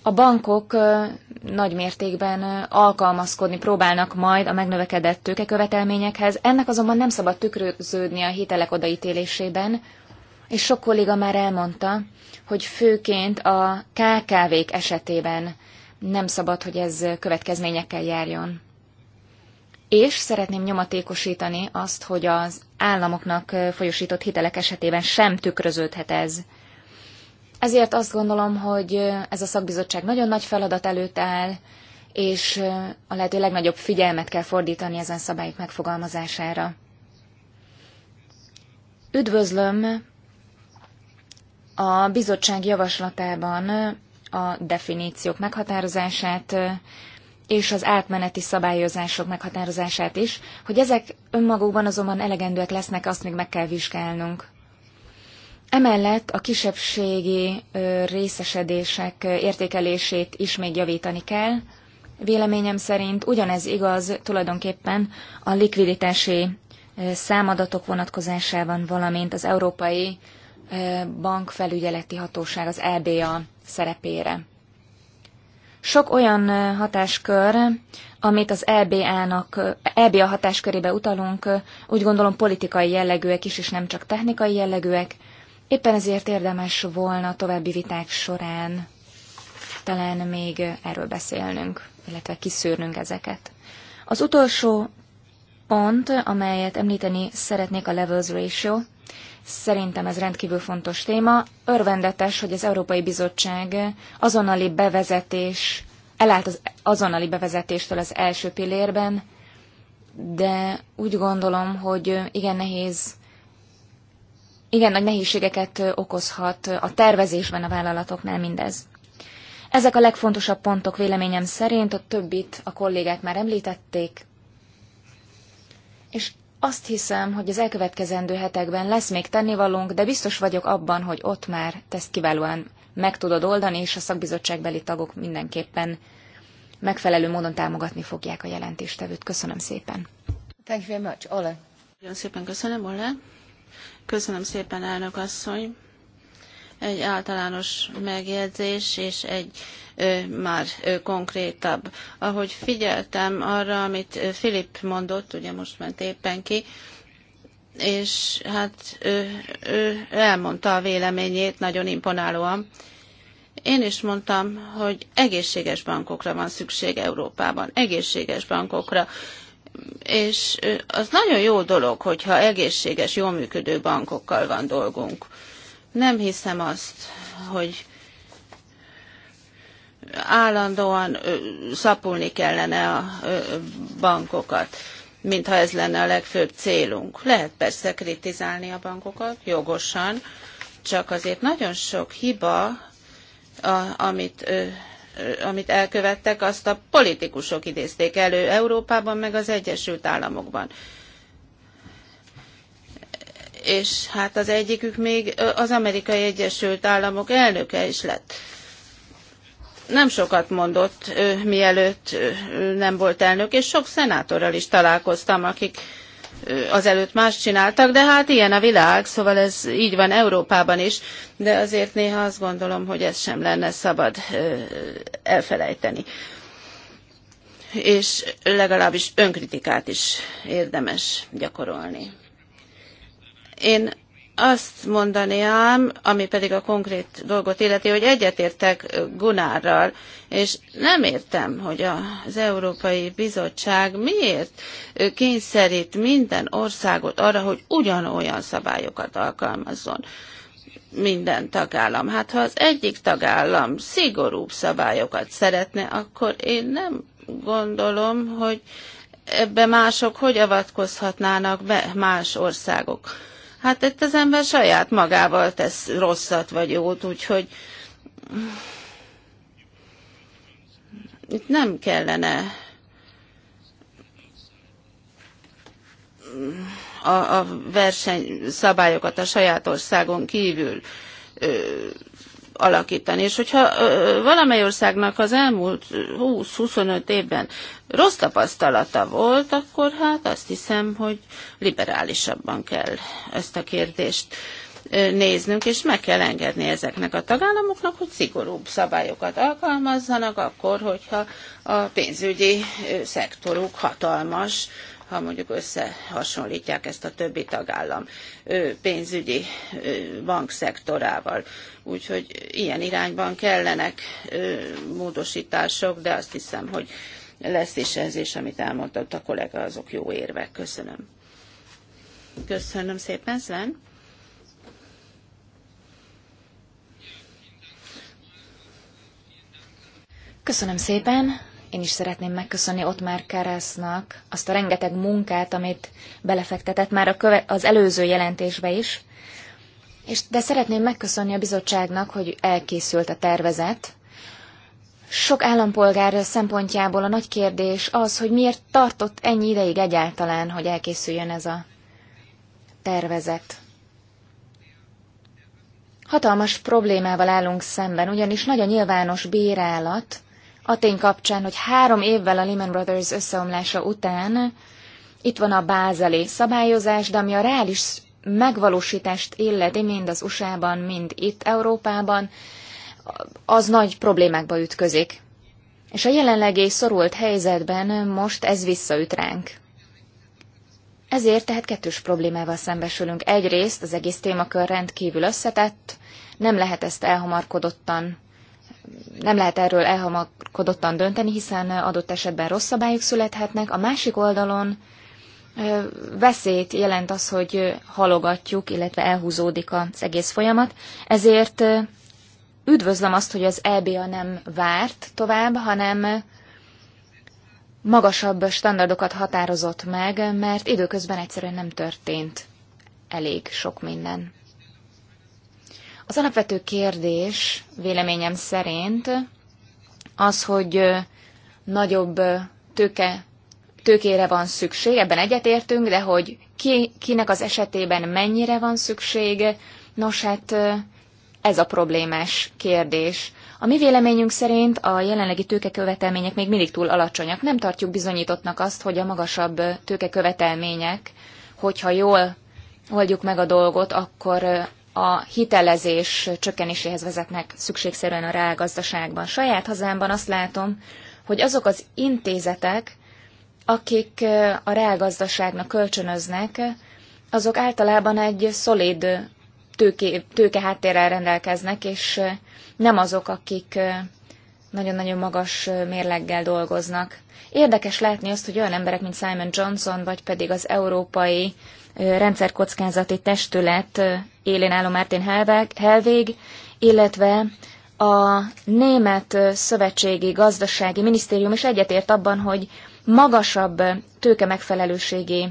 a bankok nagy mértékben alkalmazkodni próbálnak majd a megnövekedett tőkekövetelményekhez. Ennek azonban nem szabad tükröződni a hitelek odaítélésében, és sok kolléga már elmondta, hogy főként a KKV-k esetében nem szabad, hogy ez következményekkel járjon. És szeretném nyomatékosítani azt, hogy az államoknak folyosított hitelek esetében sem tükröződhet ez ezért azt gondolom, hogy ez a szakbizottság nagyon nagy feladat előtt áll, és a lehető legnagyobb figyelmet kell fordítani ezen szabályok megfogalmazására. Üdvözlöm a bizottság javaslatában a definíciók meghatározását, és az átmeneti szabályozások meghatározását is, hogy ezek önmagukban azonban elegendőek lesznek, azt még meg kell vizsgálnunk. Emellett a kisebbségi részesedések értékelését is még javítani kell. Véleményem szerint ugyanez igaz tulajdonképpen a likviditási számadatok vonatkozásában, valamint az Európai Bankfelügyeleti Hatóság, az EBA szerepére. Sok olyan hatáskör, amit az EBA-nak, EBA hatáskörébe utalunk, úgy gondolom politikai jellegűek is, és nem csak technikai jellegűek, Éppen ezért érdemes volna további viták során talán még erről beszélnünk, illetve kiszűrnünk ezeket. Az utolsó pont, amelyet említeni szeretnék a Levels Ratio, Szerintem ez rendkívül fontos téma. Örvendetes, hogy az Európai Bizottság azonnali bevezetés, elállt az azonnali bevezetéstől az első pillérben, de úgy gondolom, hogy igen nehéz igen nagy nehézségeket okozhat a tervezésben a vállalatoknál mindez. Ezek a legfontosabb pontok véleményem szerint, a többit a kollégák már említették, és azt hiszem, hogy az elkövetkezendő hetekben lesz még tennivalónk, de biztos vagyok abban, hogy ott már ezt kiválóan meg tudod oldani, és a szakbizottságbeli tagok mindenképpen megfelelő módon támogatni fogják a jelentéstevőt. Köszönöm szépen. Thank you very much. Ola. Nagyon szépen köszönöm, Ola. Köszönöm szépen, elnök asszony. Egy általános megjegyzés és egy ö, már ö, konkrétabb. Ahogy figyeltem arra, amit Filip mondott, ugye most ment éppen ki, és hát ő, ő elmondta a véleményét nagyon imponálóan. Én is mondtam, hogy egészséges bankokra van szükség Európában, egészséges bankokra és az nagyon jó dolog, hogyha egészséges, jól működő bankokkal van dolgunk. Nem hiszem azt, hogy állandóan szapulni kellene a bankokat, mintha ez lenne a legfőbb célunk. Lehet persze kritizálni a bankokat, jogosan, csak azért nagyon sok hiba, a, amit amit elkövettek, azt a politikusok idézték elő Európában, meg az Egyesült Államokban. És hát az egyikük még az Amerikai Egyesült Államok elnöke is lett nem sokat mondott, mielőtt nem volt elnök, és sok szenátorral is találkoztam, akik azelőtt más csináltak, de hát ilyen a világ, szóval ez így van Európában is, de azért néha azt gondolom, hogy ez sem lenne szabad elfelejteni. És legalábbis önkritikát is érdemes gyakorolni. Én azt mondanám, ami pedig a konkrét dolgot illeti, hogy egyetértek Gunárral, és nem értem, hogy az Európai Bizottság miért kényszerít minden országot arra, hogy ugyanolyan szabályokat alkalmazzon minden tagállam. Hát ha az egyik tagállam szigorúbb szabályokat szeretne, akkor én nem gondolom, hogy ebbe mások hogy avatkozhatnának be más országok hát itt az ember saját magával tesz rosszat vagy jót, úgyhogy itt nem kellene a, a versenyszabályokat a saját országon kívül ö, alakítani. És hogyha valamely országnak az elmúlt 20-25 évben rossz tapasztalata volt, akkor hát azt hiszem, hogy liberálisabban kell ezt a kérdést néznünk, és meg kell engedni ezeknek a tagállamoknak, hogy szigorúbb szabályokat alkalmazzanak akkor, hogyha a pénzügyi szektoruk hatalmas, ha mondjuk összehasonlítják ezt a többi tagállam pénzügyi bankszektorával. Úgyhogy ilyen irányban kellenek módosítások, de azt hiszem, hogy lesz is ez, és amit elmondott a kollega, azok jó érvek. Köszönöm. Köszönöm szépen, Sven. Köszönöm szépen. Én is szeretném megköszönni ott már Karásznak azt a rengeteg munkát, amit belefektetett már a köve- az előző jelentésbe is. És de szeretném megköszönni a bizottságnak, hogy elkészült a tervezet. Sok állampolgár szempontjából a nagy kérdés az, hogy miért tartott ennyi ideig egyáltalán, hogy elkészüljön ez a tervezet. Hatalmas problémával állunk szemben, ugyanis nagy a nyilvános bírálat a tény kapcsán, hogy három évvel a Lehman Brothers összeomlása után itt van a bázeli szabályozás, de ami a reális megvalósítást illeti mind az USA-ban, mind itt Európában, az nagy problémákba ütközik. És a jelenlegi szorult helyzetben most ez visszaüt ránk. Ezért tehát kettős problémával szembesülünk. Egyrészt az egész témakör rendkívül összetett, nem lehet ezt elhamarkodottan nem lehet erről elhamarkodottan dönteni, hiszen adott esetben rossz szabályok születhetnek. A másik oldalon veszélyt jelent az, hogy halogatjuk, illetve elhúzódik az egész folyamat. Ezért üdvözlöm azt, hogy az EBA nem várt tovább, hanem magasabb standardokat határozott meg, mert időközben egyszerűen nem történt elég sok minden. Az alapvető kérdés véleményem szerint az, hogy nagyobb tőke, tőkére van szükség, ebben egyetértünk, de hogy ki, kinek az esetében mennyire van szükség, nos hát ez a problémás kérdés. A mi véleményünk szerint a jelenlegi tőkekövetelmények még mindig túl alacsonyak. Nem tartjuk bizonyítottnak azt, hogy a magasabb tőkekövetelmények, hogyha jól oldjuk meg a dolgot, akkor a hitelezés csökkenéséhez vezetnek szükségszerűen a reálgazdaságban. Saját hazámban azt látom, hogy azok az intézetek, akik a reálgazdaságnak kölcsönöznek, azok általában egy szolid tőke, tőke háttérrel rendelkeznek, és nem azok, akik nagyon-nagyon magas mérleggel dolgoznak. Érdekes látni azt, hogy olyan emberek, mint Simon Johnson, vagy pedig az Európai Rendszerkockázati Testület élén álló Mártin Helvég, illetve a Német Szövetségi Gazdasági Minisztérium is egyetért abban, hogy magasabb tőke megfelelőségi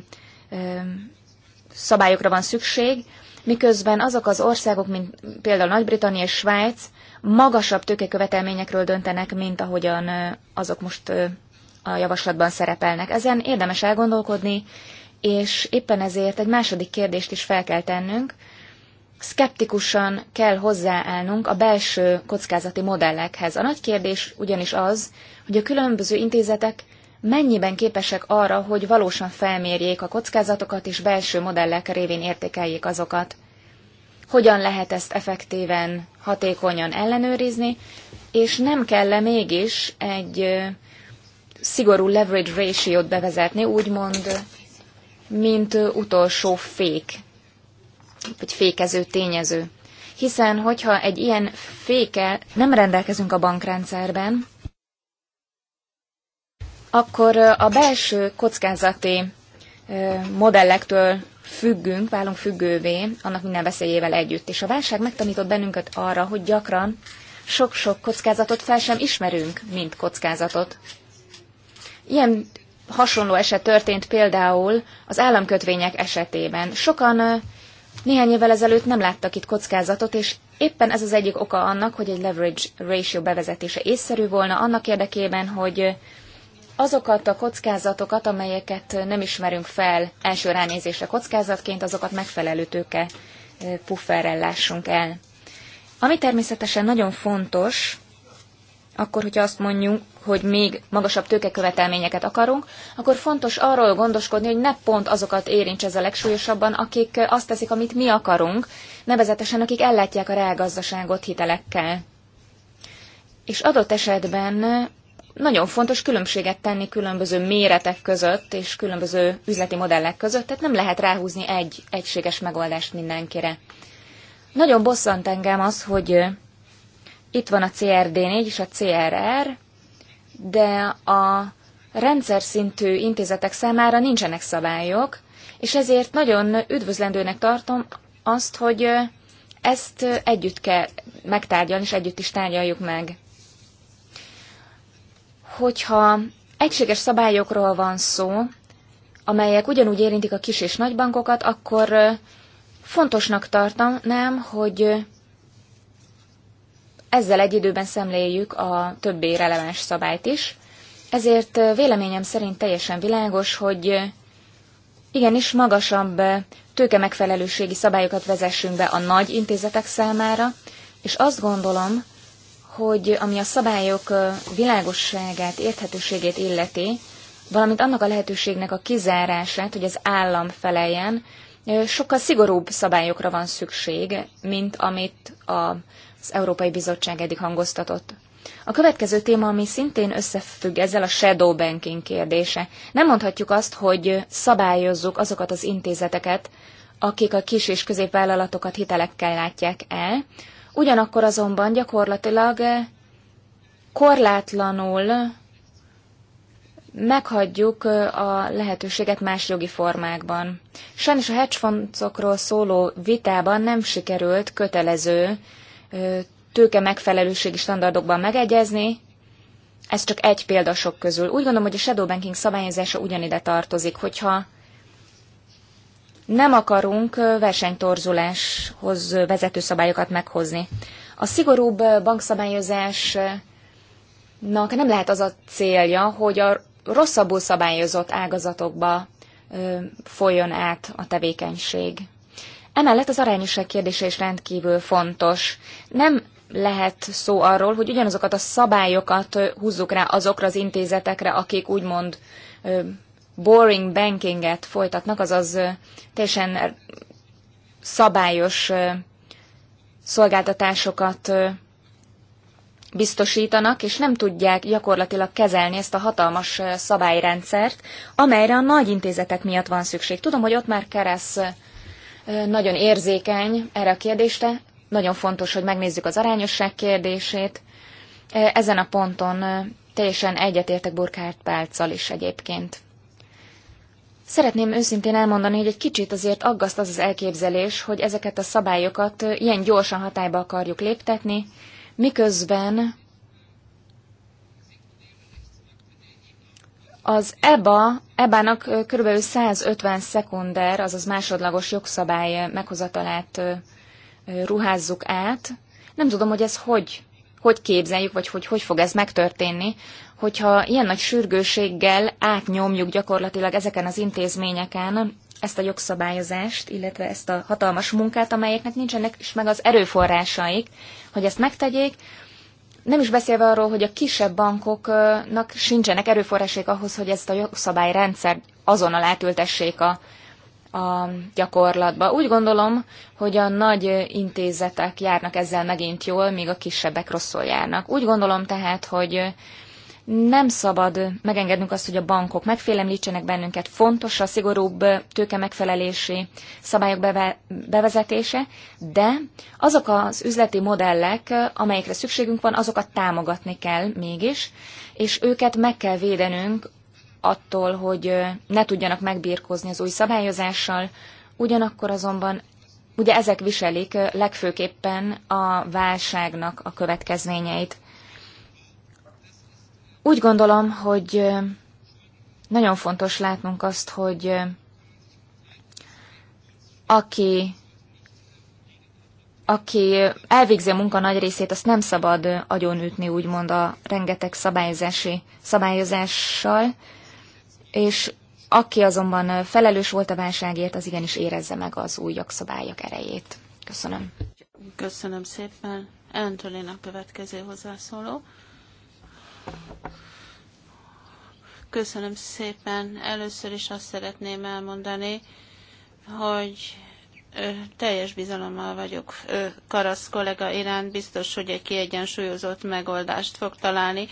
szabályokra van szükség, miközben azok az országok, mint például Nagy-Britannia és Svájc, magasabb tőkekövetelményekről döntenek, mint ahogyan azok most a javaslatban szerepelnek. Ezen érdemes elgondolkodni, és éppen ezért egy második kérdést is fel kell tennünk, Szkeptikusan kell hozzáállnunk a belső kockázati modellekhez. A nagy kérdés ugyanis az, hogy a különböző intézetek mennyiben képesek arra, hogy valósan felmérjék a kockázatokat és belső modellek révén értékeljék azokat. Hogyan lehet ezt effektíven, hatékonyan ellenőrizni, és nem kell -e mégis egy szigorú leverage ratio-t bevezetni, úgymond, mint utolsó fék vagy fékező tényező. Hiszen, hogyha egy ilyen féke nem rendelkezünk a bankrendszerben, akkor a belső kockázati modellektől függünk, válunk függővé, annak minden veszélyével együtt. És a válság megtanított bennünket arra, hogy gyakran sok-sok kockázatot fel sem ismerünk, mint kockázatot. Ilyen hasonló eset történt például az államkötvények esetében. Sokan néhány évvel ezelőtt nem láttak itt kockázatot, és éppen ez az egyik oka annak, hogy egy leverage ratio bevezetése észszerű volna, annak érdekében, hogy azokat a kockázatokat, amelyeket nem ismerünk fel első ránézésre kockázatként, azokat megfelelő tőke eh, pufferrel lássunk el. Ami természetesen nagyon fontos, akkor, hogyha azt mondjuk, hogy még magasabb tőkekövetelményeket akarunk, akkor fontos arról gondoskodni, hogy ne pont azokat érints ez a legsúlyosabban, akik azt teszik, amit mi akarunk, nevezetesen akik ellátják a reálgazdaságot hitelekkel. És adott esetben nagyon fontos különbséget tenni különböző méretek között és különböző üzleti modellek között, tehát nem lehet ráhúzni egy egységes megoldást mindenkire. Nagyon bosszant engem az, hogy itt van a CRD4 és a CRR, de a rendszer szintű intézetek számára nincsenek szabályok, és ezért nagyon üdvözlendőnek tartom azt, hogy ezt együtt kell megtárgyalni, és együtt is tárgyaljuk meg. Hogyha egységes szabályokról van szó, amelyek ugyanúgy érintik a kis és nagybankokat, akkor fontosnak tartanám, hogy ezzel egy időben szemléljük a többi releváns szabályt is, ezért véleményem szerint teljesen világos, hogy igenis magasabb tőke megfelelőségi szabályokat vezessünk be a nagy intézetek számára, és azt gondolom, hogy ami a szabályok világosságát, érthetőségét illeti, valamint annak a lehetőségnek a kizárását, hogy az állam feleljen, sokkal szigorúbb szabályokra van szükség, mint amit a az Európai Bizottság eddig hangoztatott. A következő téma, ami szintén összefügg ezzel a shadow banking kérdése. Nem mondhatjuk azt, hogy szabályozzuk azokat az intézeteket, akik a kis és középvállalatokat hitelekkel látják el, ugyanakkor azonban gyakorlatilag korlátlanul meghagyjuk a lehetőséget más jogi formákban. Sajnos a hedgefondokról szóló vitában nem sikerült kötelező tőke megfelelőségi standardokban megegyezni, ez csak egy példa sok közül. Úgy gondolom, hogy a shadow banking szabályozása ugyanide tartozik, hogyha nem akarunk versenytorzuláshoz vezető szabályokat meghozni. A szigorúbb bankszabályozásnak nem lehet az a célja, hogy a rosszabbul szabályozott ágazatokba folyjon át a tevékenység. Emellett az arányosság kérdése is rendkívül fontos. Nem lehet szó arról, hogy ugyanazokat a szabályokat húzzuk rá azokra az intézetekre, akik úgymond boring bankinget folytatnak, azaz teljesen szabályos szolgáltatásokat biztosítanak, és nem tudják gyakorlatilag kezelni ezt a hatalmas szabályrendszert, amelyre a nagy intézetek miatt van szükség. Tudom, hogy ott már kereszt nagyon érzékeny erre a kérdésre. Nagyon fontos, hogy megnézzük az arányosság kérdését. Ezen a ponton teljesen egyetértek Burkhardt Pálccal is egyébként. Szeretném őszintén elmondani, hogy egy kicsit azért aggaszt az az elképzelés, hogy ezeket a szabályokat ilyen gyorsan hatályba akarjuk léptetni, miközben Az EBA, EBA-nak kb. 150 szekunder, azaz másodlagos jogszabály meghozatalát ruházzuk át. Nem tudom, hogy ez hogy, hogy képzeljük, vagy hogy, hogy fog ez megtörténni, hogyha ilyen nagy sürgőséggel átnyomjuk gyakorlatilag ezeken az intézményeken ezt a jogszabályozást, illetve ezt a hatalmas munkát, amelyeknek nincsenek is meg az erőforrásaik, hogy ezt megtegyék, nem is beszélve arról, hogy a kisebb bankoknak sincsenek erőforrásék ahhoz, hogy ezt a jogszabályrendszer azonnal átültessék a, a gyakorlatba. Úgy gondolom, hogy a nagy intézetek járnak ezzel megint jól, míg a kisebbek rosszul járnak. Úgy gondolom tehát, hogy nem szabad megengednünk azt, hogy a bankok megfélemlítsenek bennünket. Fontos a szigorúbb tőke megfelelési szabályok beve bevezetése, de azok az üzleti modellek, amelyekre szükségünk van, azokat támogatni kell mégis, és őket meg kell védenünk attól, hogy ne tudjanak megbírkozni az új szabályozással, ugyanakkor azonban ugye ezek viselik legfőképpen a válságnak a következményeit. Úgy gondolom, hogy nagyon fontos látnunk azt, hogy aki, aki elvégzi a munka nagy részét, azt nem szabad agyonütni, úgymond a rengeteg szabályozási szabályozással, és aki azonban felelős volt a válságért, az igenis érezze meg az új jogszabályok erejét. Köszönöm. Köszönöm szépen. Antolina következő hozzászóló. Köszönöm szépen. Először is azt szeretném elmondani, hogy teljes bizalommal vagyok Karasz kollega iránt, biztos, hogy egy kiegyensúlyozott megoldást fog találni.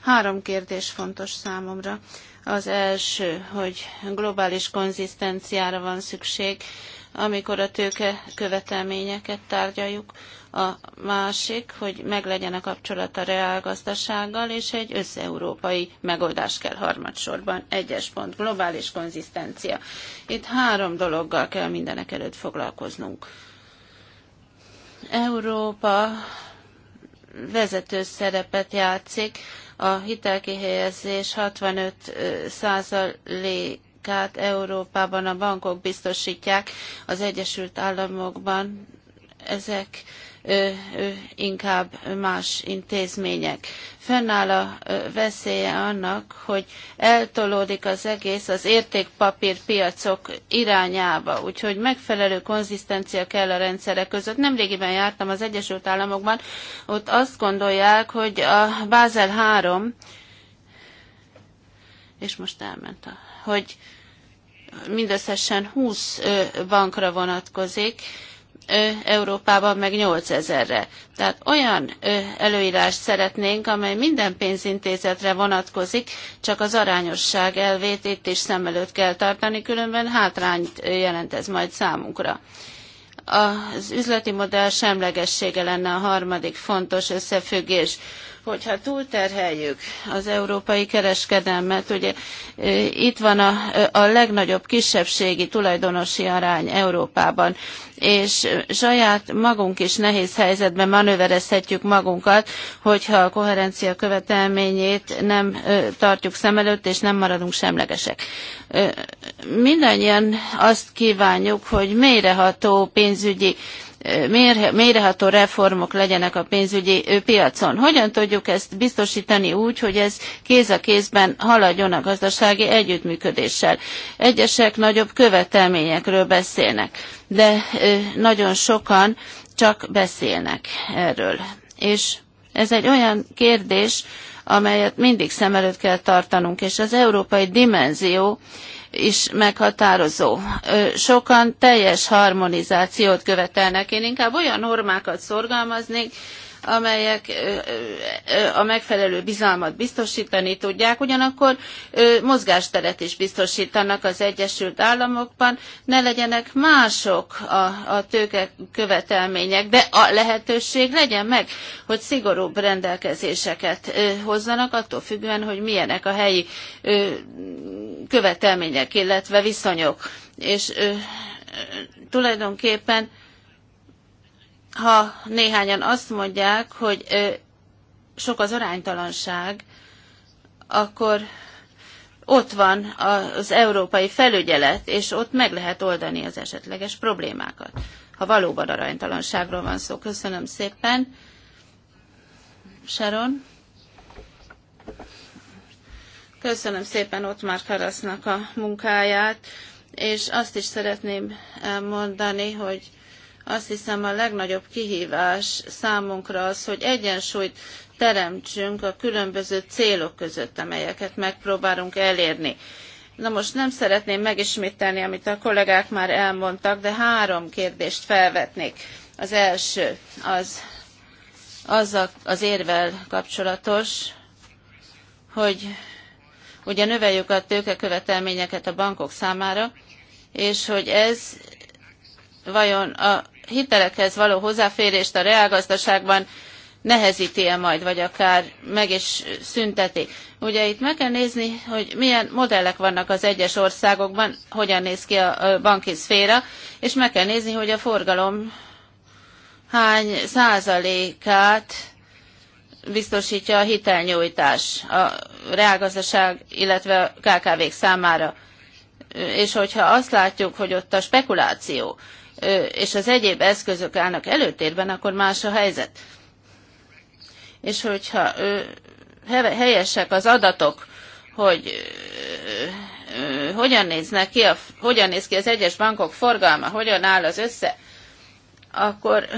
Három kérdés fontos számomra. Az első, hogy globális konzisztenciára van szükség, amikor a tőke követelményeket tárgyaljuk a másik, hogy meglegyen a kapcsolat a reálgazdasággal, és egy összeurópai megoldás kell harmadsorban. Egyes pont, globális konzisztencia. Itt három dologgal kell mindenek előtt foglalkoznunk. Európa vezető szerepet játszik, a hitelkihelyezés 65 százalékát Európában a bankok biztosítják, az Egyesült Államokban ezek inkább más intézmények. Fennáll a veszélye annak, hogy eltolódik az egész az értékpapírpiacok irányába, úgyhogy megfelelő konzisztencia kell a rendszerek között. Nemrégiben jártam az Egyesült Államokban, ott azt gondolják, hogy a Basel 3, és most elment a, hogy mindösszesen 20 bankra vonatkozik, Európában meg 8000-re. Tehát olyan előírást szeretnénk, amely minden pénzintézetre vonatkozik, csak az arányosság elvét itt is szem előtt kell tartani, különben hátrányt jelent ez majd számunkra. Az üzleti modell semlegessége lenne a harmadik fontos összefüggés hogyha túlterheljük az európai kereskedelmet, ugye e, itt van a, a legnagyobb kisebbségi tulajdonosi arány Európában, és saját magunk is nehéz helyzetben manőverezhetjük magunkat, hogyha a koherencia követelményét nem e, tartjuk szem előtt, és nem maradunk semlegesek. E, mindannyian azt kívánjuk, hogy mélyreható pénzügyi mélyreható reformok legyenek a pénzügyi piacon. Hogyan tudjuk ezt biztosítani úgy, hogy ez kéz a kézben haladjon a gazdasági együttműködéssel? Egyesek nagyobb követelményekről beszélnek, de nagyon sokan csak beszélnek erről. És ez egy olyan kérdés, amelyet mindig szem előtt kell tartanunk, és az európai dimenzió is meghatározó. Sokan teljes harmonizációt követelnek. Én inkább olyan normákat szorgalmaznék, amelyek a megfelelő bizalmat biztosítani tudják, ugyanakkor mozgásteret is biztosítanak az Egyesült Államokban, ne legyenek mások a, a tőke követelmények, de a lehetőség legyen meg, hogy szigorúbb rendelkezéseket hozzanak, attól függően, hogy milyenek a helyi követelmények, illetve viszonyok. És tulajdonképpen, ha néhányan azt mondják, hogy sok az aránytalanság, akkor ott van az európai felügyelet, és ott meg lehet oldani az esetleges problémákat, ha valóban aránytalanságról van szó. Köszönöm szépen. Sharon? Köszönöm szépen ott már Karasznak a munkáját, és azt is szeretném mondani, hogy azt hiszem a legnagyobb kihívás számunkra az, hogy egyensúlyt teremtsünk a különböző célok között, amelyeket megpróbálunk elérni. Na most nem szeretném megismételni, amit a kollégák már elmondtak, de három kérdést felvetnék. Az első az, az, a, az érvel kapcsolatos, hogy ugye növeljük a tőkekövetelményeket a bankok számára, és hogy ez vajon a hitelekhez való hozzáférést a reálgazdaságban nehezíti-e majd, vagy akár meg is szünteti. Ugye itt meg kell nézni, hogy milyen modellek vannak az egyes országokban, hogyan néz ki a banki szféra, és meg kell nézni, hogy a forgalom hány százalékát biztosítja a hitelnyújtás a reálgazdaság, illetve a KKV-k számára. És hogyha azt látjuk, hogy ott a spekuláció és az egyéb eszközök állnak előtérben, akkor más a helyzet. És hogyha helyesek az adatok, hogy hogyan, néznek ki a, hogyan néz ki az egyes bankok forgalma, hogyan áll az össze, akkor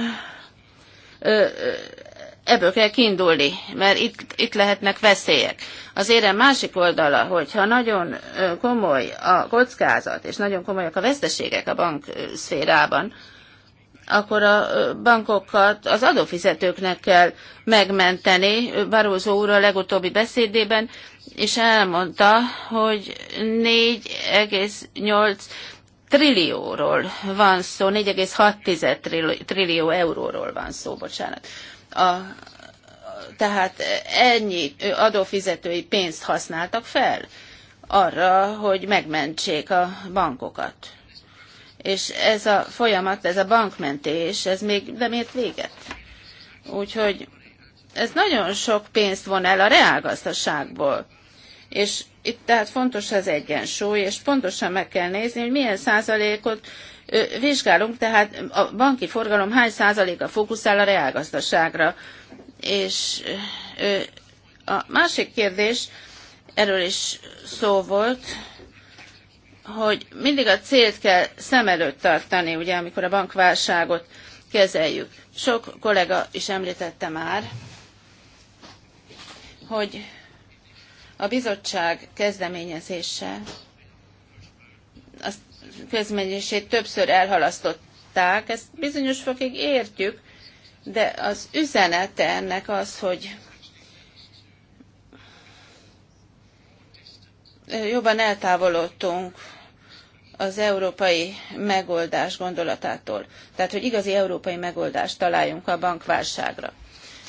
ebből kell kiindulni, mert itt, itt lehetnek veszélyek. Az érem másik oldala, hogyha nagyon komoly a kockázat, és nagyon komolyak a veszteségek a bankszférában, akkor a bankokat az adófizetőknek kell megmenteni. Barózó úr a legutóbbi beszédében és elmondta, hogy 4,8 trillióról van szó, 4,6 trillió euróról van szó, bocsánat. A, tehát ennyi adófizetői pénzt használtak fel arra, hogy megmentsék a bankokat. És ez a folyamat, ez a bankmentés, ez még nem ért véget. Úgyhogy ez nagyon sok pénzt von el a reálgazdaságból. És itt tehát fontos az egyensúly, és pontosan meg kell nézni, hogy milyen százalékot vizsgálunk, tehát a banki forgalom hány százaléka fókuszál a reálgazdaságra. És a másik kérdés, erről is szó volt, hogy mindig a célt kell szem előtt tartani, ugye, amikor a bankválságot kezeljük. Sok kollega is említette már, hogy a bizottság kezdeményezése azt közmennyisét többször elhalasztották, ezt bizonyos fokig értjük, de az üzenete ennek az, hogy jobban eltávolodtunk az európai megoldás gondolatától. Tehát, hogy igazi európai megoldást találjunk a bankválságra.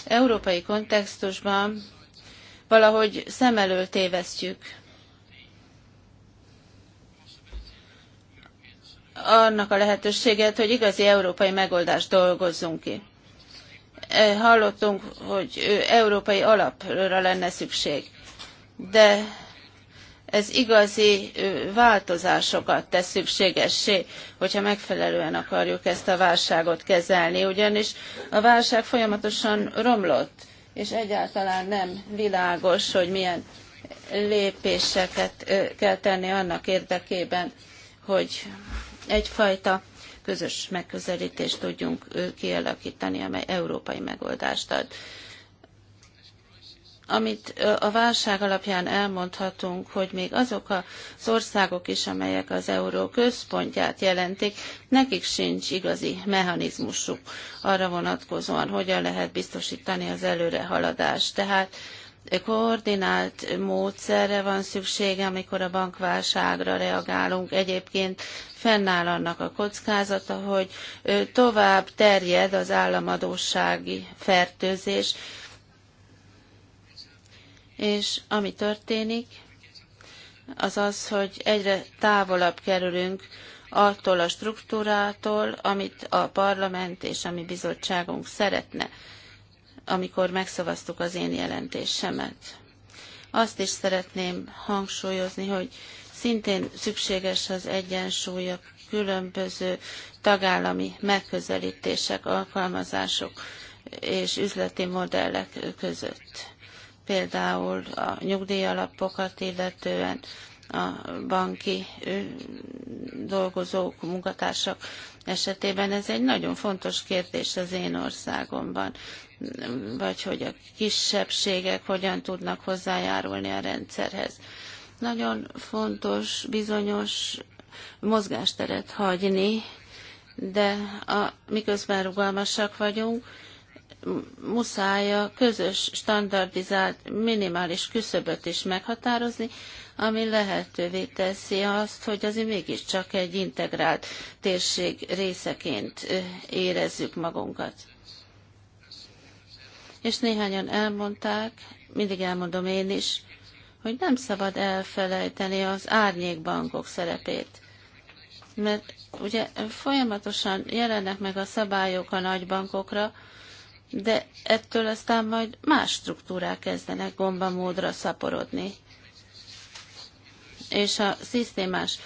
Európai kontextusban valahogy szem elől tévesztjük annak a lehetőséget, hogy igazi európai megoldást dolgozzunk ki. E, hallottunk, hogy európai alapra lenne szükség, de ez igazi változásokat tesz szükségessé, hogyha megfelelően akarjuk ezt a válságot kezelni, ugyanis a válság folyamatosan romlott, és egyáltalán nem világos, hogy milyen lépéseket kell tenni annak érdekében, hogy egyfajta közös megközelítést tudjunk kialakítani, amely európai megoldást ad. Amit a válság alapján elmondhatunk, hogy még azok az országok is, amelyek az euró központját jelentik, nekik sincs igazi mechanizmusuk arra vonatkozóan, hogyan lehet biztosítani az előrehaladást. Tehát koordinált módszerre van szüksége, amikor a bankválságra reagálunk. Egyébként fennáll annak a kockázata, hogy tovább terjed az államadósági fertőzés, és ami történik, az az, hogy egyre távolabb kerülünk attól a struktúrától, amit a parlament és a mi bizottságunk szeretne amikor megszavaztuk az én jelentésemet. Azt is szeretném hangsúlyozni, hogy szintén szükséges az egyensúly a különböző tagállami megközelítések, alkalmazások és üzleti modellek között. Például a nyugdíjalapokat illetően, a banki dolgozók, munkatársak esetében. Ez egy nagyon fontos kérdés az én országomban, vagy hogy a kisebbségek hogyan tudnak hozzájárulni a rendszerhez. Nagyon fontos bizonyos mozgásteret hagyni, de a, miközben rugalmasak vagyunk, muszáj a közös standardizált minimális küszöböt is meghatározni, ami lehetővé teszi azt, hogy azért mégiscsak egy integrált térség részeként érezzük magunkat. És néhányan elmondták, mindig elmondom én is, hogy nem szabad elfelejteni az árnyékbankok szerepét. Mert ugye folyamatosan jelennek meg a szabályok a nagybankokra, de ettől aztán majd más struktúrák kezdenek gombamódra szaporodni. És a szisztémás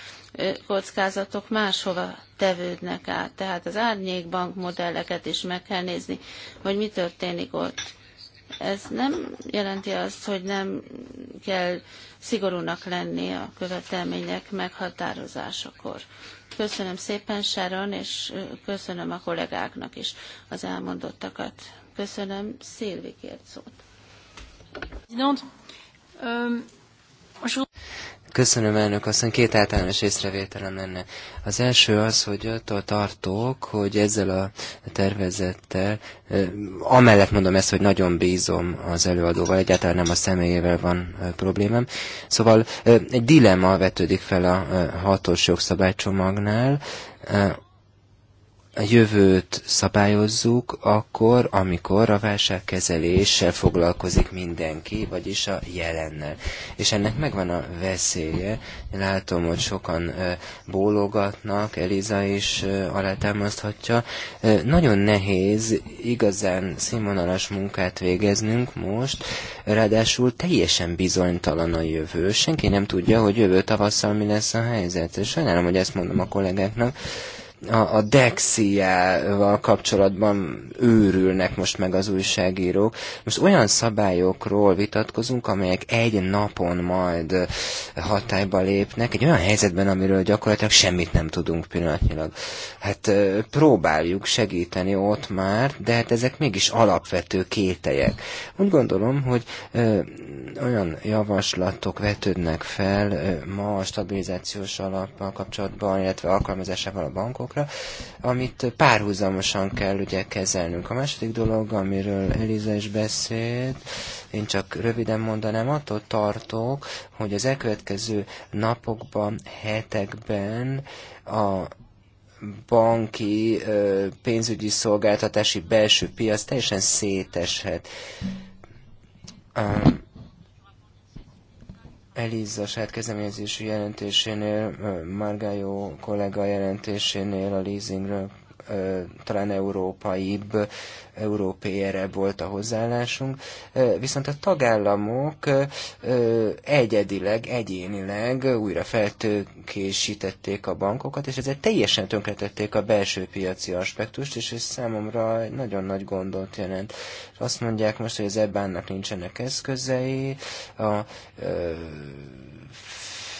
kockázatok máshova tevődnek át. Tehát az árnyékbank modelleket is meg kell nézni, hogy mi történik ott. Ez nem jelenti azt, hogy nem kell szigorúnak lenni a követelmények meghatározásakor. Köszönöm szépen Sharon, és köszönöm a kollégáknak is az elmondottakat. Köszönöm, Szilvi kért szót. Köszönöm, elnök aztán Két általános észrevételem lenne. Az első az, hogy attól tartok, hogy ezzel a tervezettel, amellett mondom ezt, hogy nagyon bízom az előadóval, egyáltalán nem a személyével van problémám. Szóval egy dilemma vetődik fel a hatos jogszabálycsomagnál, jövőt szabályozzuk akkor, amikor a válságkezeléssel foglalkozik mindenki, vagyis a jelennel. És ennek megvan a veszélye. Látom, hogy sokan bólogatnak, Eliza is alátámaszthatja. Nagyon nehéz igazán színvonalas munkát végeznünk most, ráadásul teljesen bizonytalan a jövő. Senki nem tudja, hogy jövő tavasszal mi lesz a helyzet. Sajnálom, hogy ezt mondom a kollégáknak, a, a Dexiával kapcsolatban őrülnek most meg az újságírók. Most olyan szabályokról vitatkozunk, amelyek egy napon majd hatályba lépnek, egy olyan helyzetben, amiről gyakorlatilag semmit nem tudunk pillanatnyilag. Hát próbáljuk segíteni ott már, de hát ezek mégis alapvető kételyek. Úgy gondolom, hogy ö, olyan javaslatok vetődnek fel ö, ma a stabilizációs alappal kapcsolatban, illetve alkalmazásával a bankok, dolgokra, amit párhuzamosan kell ugye kezelnünk. A második dolog, amiről Eliza is beszélt, én csak röviden mondanám, attól tartok, hogy az elkövetkező napokban, hetekben a banki, pénzügyi szolgáltatási belső piac teljesen széteshet. Um, Eliza saját kezdeményezésű jelentésénél, Margályó kollega jelentésénél a leasingről talán európaibb, európérebb volt a hozzáállásunk, viszont a tagállamok egyedileg, egyénileg újra feltőkésítették a bankokat, és ezzel teljesen tönkretették a belső piaci aspektust, és ez számomra nagyon nagy gondot jelent. Azt mondják most, hogy az ebánnak nincsenek eszközei, a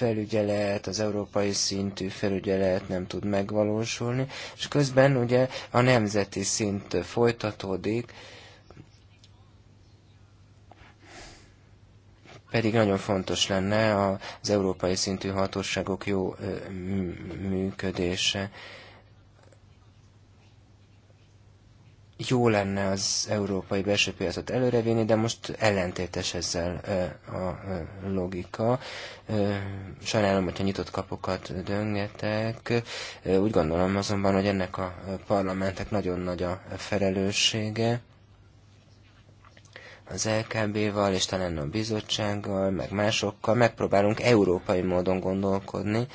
felügyelet, az európai szintű felügyelet nem tud megvalósulni, és közben ugye a nemzeti szint folytatódik, pedig nagyon fontos lenne az európai szintű hatóságok jó működése. jó lenne az európai belső piacot előrevinni, de most ellentétes ezzel a logika. Sajnálom, hogyha nyitott kapokat döngetek. Úgy gondolom azonban, hogy ennek a parlamentnek nagyon nagy a felelőssége az LKB-val, és talán a bizottsággal, meg másokkal megpróbálunk európai módon gondolkodni,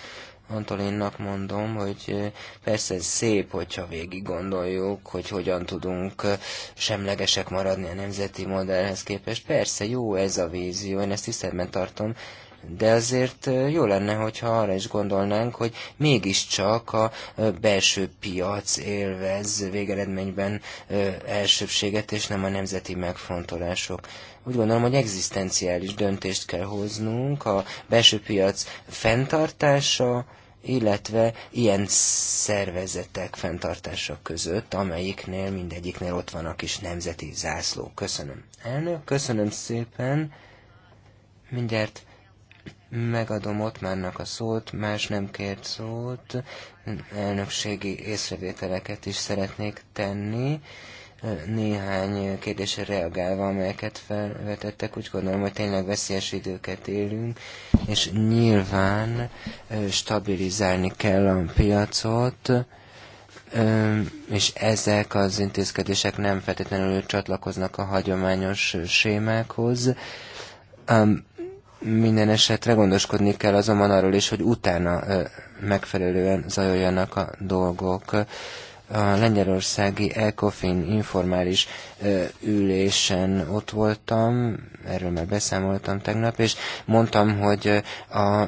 Antolinnak mondom, hogy persze szép, hogyha végig gondoljuk, hogy hogyan tudunk semlegesek maradni a nemzeti modellhez képest. Persze jó ez a vízió, én ezt tiszteletben tartom, de azért jó lenne, hogyha arra is gondolnánk, hogy mégiscsak a belső piac élvez végeredményben elsőbséget, és nem a nemzeti megfontolások. Úgy gondolom, hogy egzisztenciális döntést kell hoznunk, a belső piac fenntartása, illetve ilyen szervezetek fenntartása között, amelyiknél mindegyiknél ott van a kis nemzeti zászló. Köszönöm. Elnök, köszönöm szépen. Mindjárt megadom Ottmárnak a szót, más nem kért szót, elnökségi észrevételeket is szeretnék tenni néhány kérdésre reagálva, amelyeket felvetettek. Úgy gondolom, hogy tényleg veszélyes időket élünk, és nyilván stabilizálni kell a piacot, és ezek az intézkedések nem feltétlenül csatlakoznak a hagyományos sémákhoz. Minden esetre gondoskodni kell azonban arról is, hogy utána megfelelően zajoljanak a dolgok a lengyelországi ECOFIN informális ülésen ott voltam, erről már beszámoltam tegnap, és mondtam, hogy a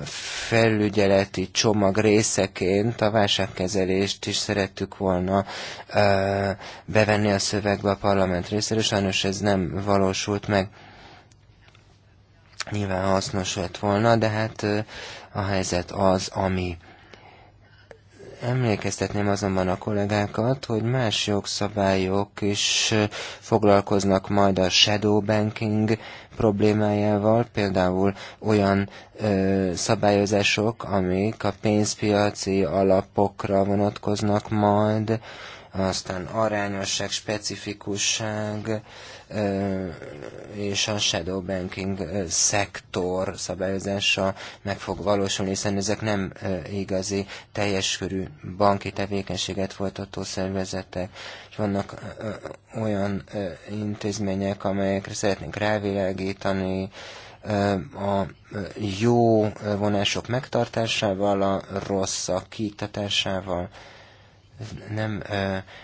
felügyeleti csomag részeként a válságkezelést is szerettük volna bevenni a szövegbe a parlament részéről, sajnos ez nem valósult meg. Nyilván hasznos lett volna, de hát a helyzet az, ami Emlékeztetném azonban a kollégákat, hogy más jogszabályok is foglalkoznak majd a shadow banking problémájával, például olyan ö, szabályozások, amik a pénzpiaci alapokra vonatkoznak majd, aztán arányosság, specifikusság, és a shadow banking szektor szabályozása meg fog valósulni, hiszen ezek nem igazi teljes körű banki tevékenységet folytató szervezetek, és vannak olyan intézmények, amelyekre szeretnénk rávilágítani, a jó vonások megtartásával, a rossz a kiiktatásával nem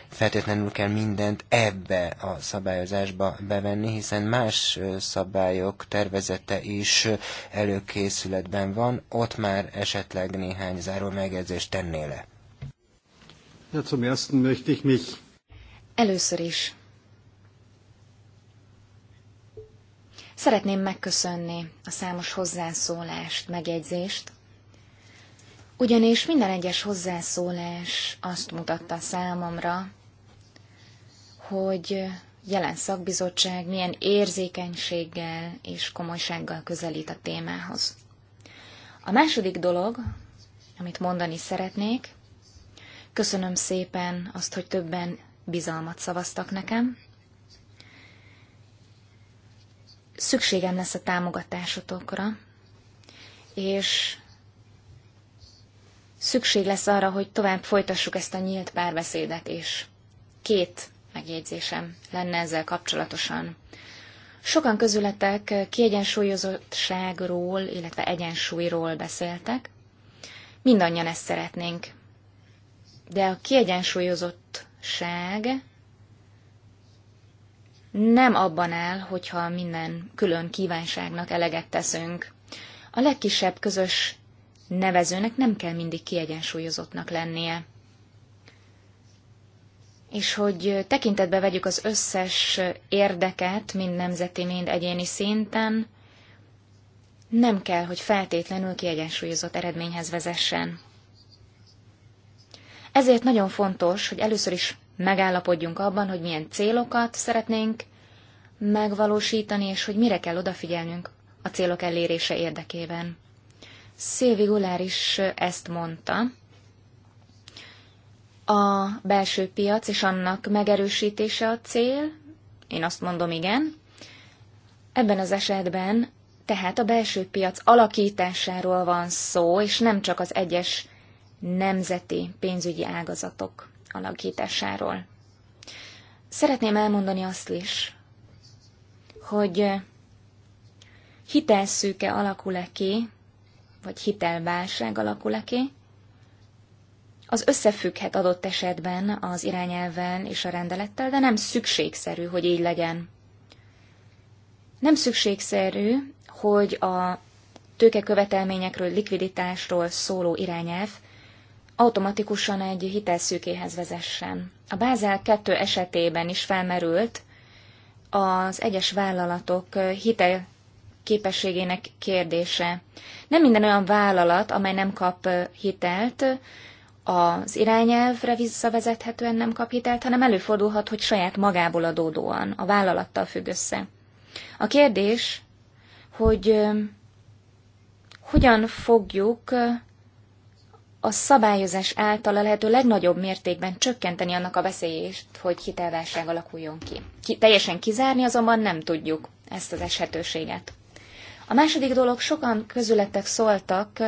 feltétlenül kell mindent ebbe a szabályozásba bevenni, hiszen más szabályok tervezete is előkészületben van, ott már esetleg néhány záró megjegyzést tenné le. Ja, zum ersten möchte ich mich. Először is. Szeretném megköszönni a számos hozzászólást, megjegyzést, ugyanis minden egyes hozzászólás azt mutatta számomra, hogy jelen szakbizottság milyen érzékenységgel és komolysággal közelít a témához. A második dolog, amit mondani szeretnék, köszönöm szépen azt, hogy többen bizalmat szavaztak nekem. Szükségem lesz a támogatásotokra, és szükség lesz arra, hogy tovább folytassuk ezt a nyílt párbeszédet és Két megjegyzésem lenne ezzel kapcsolatosan. Sokan közületek kiegyensúlyozottságról, illetve egyensúlyról beszéltek. Mindannyian ezt szeretnénk. De a kiegyensúlyozottság nem abban áll, hogyha minden külön kívánságnak eleget teszünk. A legkisebb közös nevezőnek nem kell mindig kiegyensúlyozottnak lennie. És hogy tekintetbe vegyük az összes érdeket, mind nemzeti, mind egyéni szinten, nem kell, hogy feltétlenül kiegyensúlyozott eredményhez vezessen. Ezért nagyon fontos, hogy először is megállapodjunk abban, hogy milyen célokat szeretnénk megvalósítani, és hogy mire kell odafigyelnünk a célok elérése érdekében. Szilvi Gulár is ezt mondta. A belső piac és annak megerősítése a cél? Én azt mondom, igen. Ebben az esetben tehát a belső piac alakításáról van szó, és nem csak az egyes nemzeti pénzügyi ágazatok alakításáról. Szeretném elmondani azt is, hogy hitelszűke alakul-e ki vagy hitelválság alakul -e ki, az összefügghet adott esetben az irányelven és a rendelettel, de nem szükségszerű, hogy így legyen. Nem szükségszerű, hogy a követelményekről, likviditásról szóló irányelv automatikusan egy hitelszűkéhez vezessen. A Bázel 2 esetében is felmerült az egyes vállalatok hitel képességének kérdése. Nem minden olyan vállalat, amely nem kap hitelt, az irányelvre visszavezethetően nem kap hitelt, hanem előfordulhat, hogy saját magából adódóan, a vállalattal függ össze. A kérdés, hogy hogyan fogjuk a szabályozás által a lehető legnagyobb mértékben csökkenteni annak a veszélyét, hogy hitelválság alakuljon ki. ki teljesen kizárni azonban nem tudjuk ezt az eshetőséget. A második dolog, sokan közületek szóltak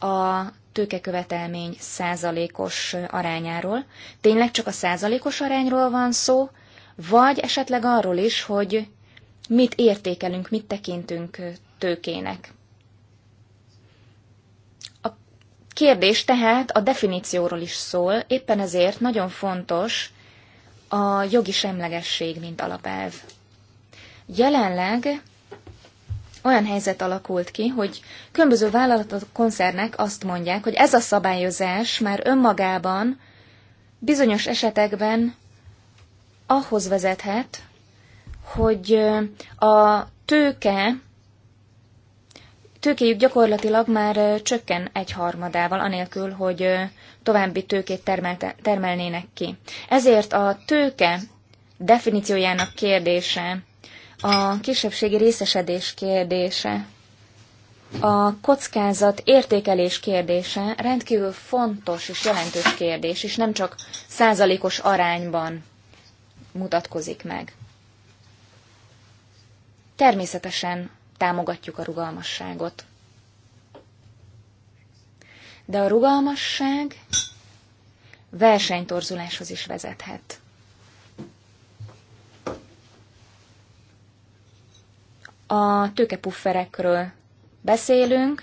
a tőkekövetelmény százalékos arányáról. Tényleg csak a százalékos arányról van szó, vagy esetleg arról is, hogy mit értékelünk, mit tekintünk tőkének. A kérdés tehát a definícióról is szól, éppen ezért nagyon fontos a jogi semlegesség, mint alapelv. Jelenleg olyan helyzet alakult ki, hogy különböző vállalatok, koncernek azt mondják, hogy ez a szabályozás már önmagában bizonyos esetekben ahhoz vezethet, hogy a tőke, tőkéjük gyakorlatilag már csökken egy harmadával, anélkül, hogy további tőkét termelte, termelnének ki. Ezért a tőke definíciójának kérdése a kisebbségi részesedés kérdése, a kockázat értékelés kérdése rendkívül fontos és jelentős kérdés, és nem csak százalékos arányban mutatkozik meg. Természetesen támogatjuk a rugalmasságot. De a rugalmasság versenytorzuláshoz is vezethet. a tőkepufferekről beszélünk.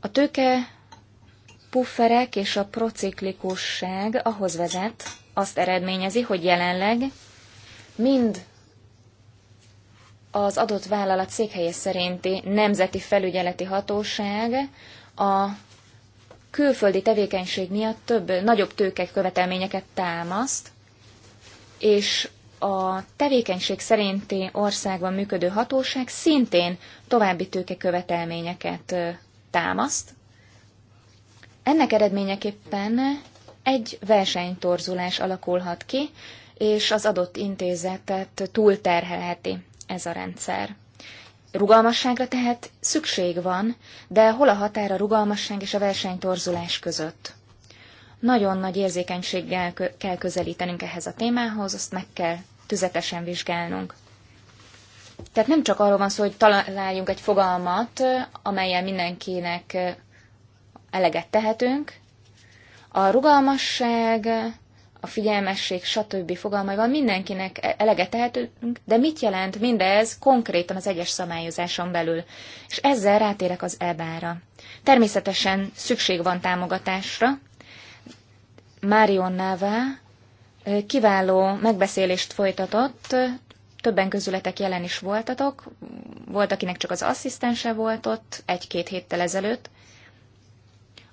A tőkepufferek és a prociklikusság ahhoz vezet, azt eredményezi, hogy jelenleg mind az adott vállalat székhelye szerinti nemzeti felügyeleti hatóság a külföldi tevékenység miatt több, nagyobb tőkek követelményeket támaszt, és a tevékenység szerinti országban működő hatóság szintén további követelményeket támaszt. Ennek eredményeképpen egy versenytorzulás alakulhat ki, és az adott intézetet túlterhelheti ez a rendszer. Rugalmasságra tehát szükség van, de hol a határ a rugalmasság és a versenytorzulás között? Nagyon nagy érzékenységgel kell közelítenünk ehhez a témához, azt meg kell tüzetesen vizsgálnunk. Tehát nem csak arról van szó, hogy találjunk egy fogalmat, amelyen mindenkinek eleget tehetünk. A rugalmasság, a figyelmesség, stb. fogalmaival mindenkinek eleget tehetünk, de mit jelent mindez konkrétan az egyes szabályozáson belül? És ezzel rátérek az ebára. Természetesen szükség van támogatásra. Márion Nava kiváló megbeszélést folytatott, többen közületek jelen is voltatok, volt, akinek csak az asszisztense volt ott egy-két héttel ezelőtt.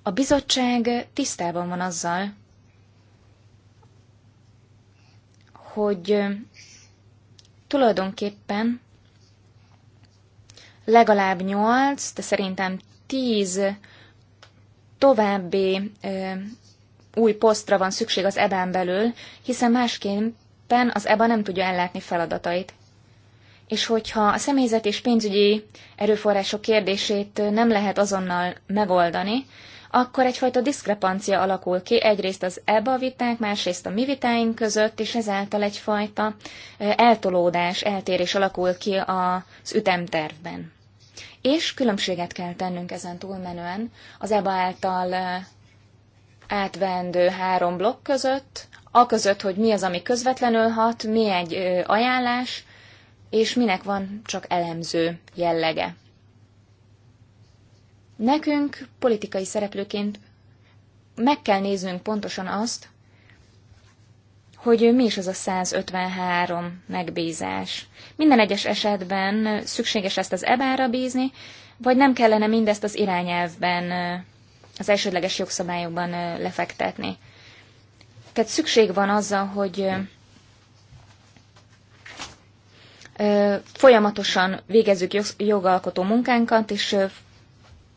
A bizottság tisztában van azzal, hogy tulajdonképpen legalább nyolc, de szerintem tíz további új posztra van szükség az EBA-n belül, hiszen másképpen az EBA nem tudja ellátni feladatait. És hogyha a személyzet és pénzügyi erőforrások kérdését nem lehet azonnal megoldani, akkor egyfajta diszkrepancia alakul ki egyrészt az EBA viták, másrészt a mi vitáink között, és ezáltal egyfajta eltolódás, eltérés alakul ki az ütemtervben. És különbséget kell tennünk ezen túlmenően az EBA által átvendő három blokk között, a között, hogy mi az, ami közvetlenül hat, mi egy ajánlás, és minek van csak elemző jellege. Nekünk politikai szereplőként meg kell néznünk pontosan azt, hogy mi is az a 153 megbízás. Minden egyes esetben szükséges ezt az ebára bízni, vagy nem kellene mindezt az irányelvben az elsődleges jogszabályokban lefektetni. Tehát szükség van azzal, hogy folyamatosan végezzük jogalkotó munkánkat, és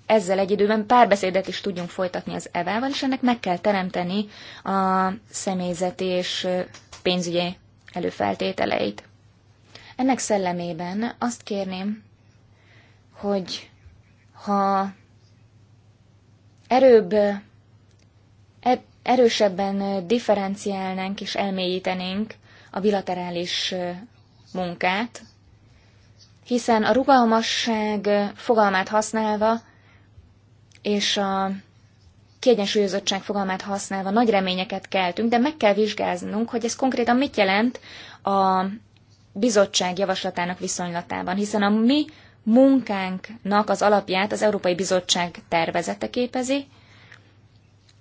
ezzel egy időben párbeszédet is tudjunk folytatni az EVA-val, és ennek meg kell teremteni a személyzeti és pénzügyi előfeltételeit. Ennek szellemében azt kérném, hogy ha erőbb, e, erősebben differenciálnánk és elmélyítenénk a bilaterális munkát, hiszen a rugalmasság fogalmát használva és a kiegyensúlyozottság fogalmát használva nagy reményeket keltünk, de meg kell vizsgáznunk, hogy ez konkrétan mit jelent a bizottság javaslatának viszonylatában, hiszen a mi munkánknak az alapját az Európai Bizottság tervezete képezi,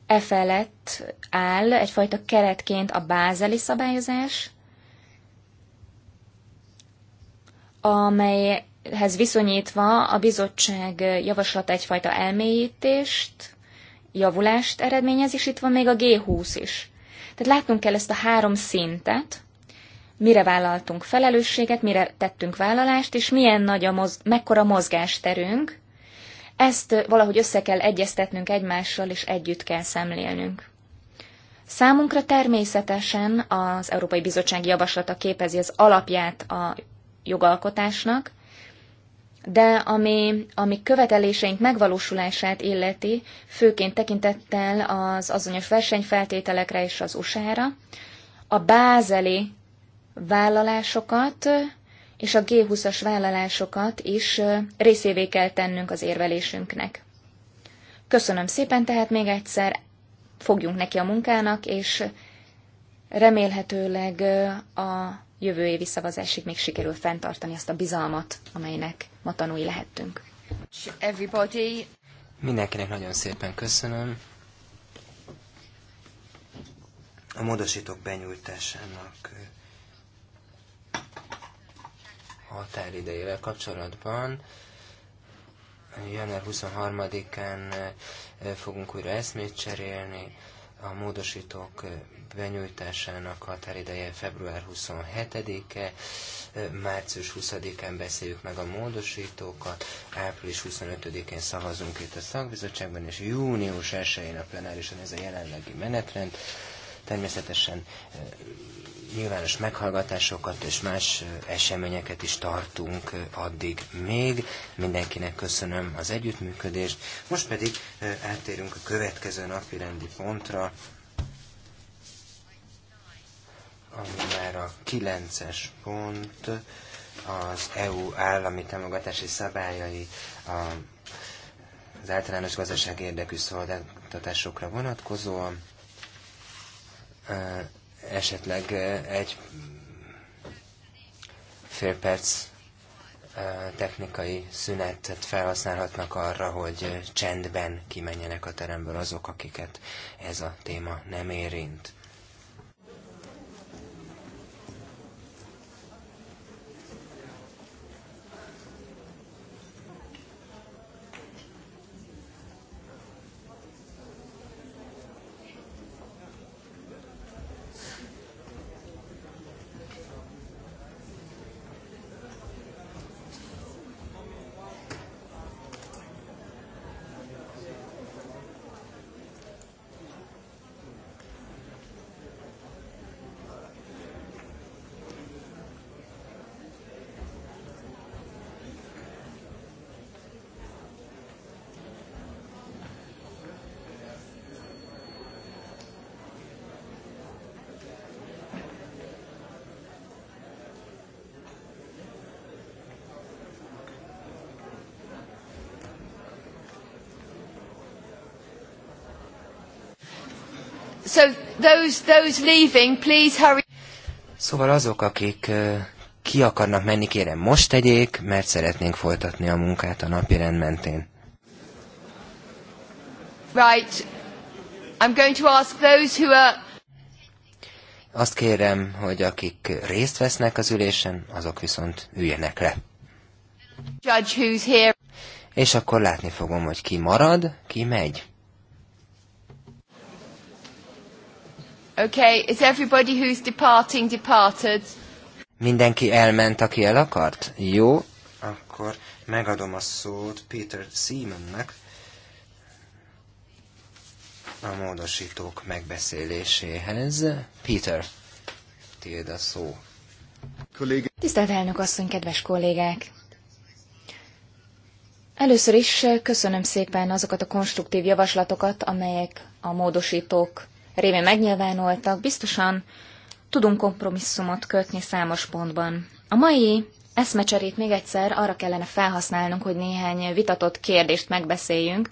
e felett áll egyfajta keretként a bázeli szabályozás, amelyhez viszonyítva a bizottság javaslat egyfajta elmélyítést, javulást eredményez, és itt van még a G20 is. Tehát látnunk kell ezt a három szintet, mire vállaltunk felelősséget, mire tettünk vállalást, és milyen nagy a moz, mekkora mozgásterünk. Ezt valahogy össze kell egyeztetnünk egymással, és együtt kell szemlélnünk. Számunkra természetesen az Európai Bizottság javaslata képezi az alapját a jogalkotásnak, de ami, ami követeléseink megvalósulását illeti, főként tekintettel az azonos versenyfeltételekre és az USA-ra, a bázeli vállalásokat és a G20-as vállalásokat is részévé kell tennünk az érvelésünknek. Köszönöm szépen tehát még egyszer, fogjunk neki a munkának, és remélhetőleg a jövő évi szavazásig még sikerül fenntartani azt a bizalmat, amelynek ma tanúi lehettünk. Everybody. Mindenkinek nagyon szépen köszönöm. A módosítók benyújtásának határidejével kapcsolatban január 23-án eh, eh, fogunk újra eszmét cserélni, a módosítók eh, benyújtásának határideje február 27-e, március 20-án beszéljük meg a módosítókat, április 25-én szavazunk itt a szakbizottságban, és június 1-én a plenárisan ez a jelenlegi menetrend. Természetesen nyilvános meghallgatásokat és más eseményeket is tartunk addig még. Mindenkinek köszönöm az együttműködést. Most pedig eltérünk a következő napi rendi pontra, ami már a kilences pont, az EU állami támogatási szabályai a az általános gazdaság érdekű szolgáltatásokra vonatkozóan esetleg egy fél perc technikai szünetet felhasználhatnak arra, hogy csendben kimenjenek a teremből azok, akiket ez a téma nem érint. So those, those leaving, please hurry. Szóval azok, akik ki akarnak menni, kérem most tegyék, mert szeretnénk folytatni a munkát a napi rend mentén. Right. I'm going to ask those who are... Azt kérem, hogy akik részt vesznek az ülésen, azok viszont üljenek le. Judge who's here. És akkor látni fogom, hogy ki marad, ki megy. Okay, is everybody who's departing departed? Mindenki elment, aki el akart? Jó, akkor megadom a szót Peter Seamannek a módosítók megbeszéléséhez. Peter, tiéd a szó. Tisztelt elnök asszony, kedves kollégák! Először is köszönöm szépen azokat a konstruktív javaslatokat, amelyek a módosítók révén megnyilvánultak, biztosan tudunk kompromisszumot kötni számos pontban. A mai eszmecserét még egyszer arra kellene felhasználnunk, hogy néhány vitatott kérdést megbeszéljünk,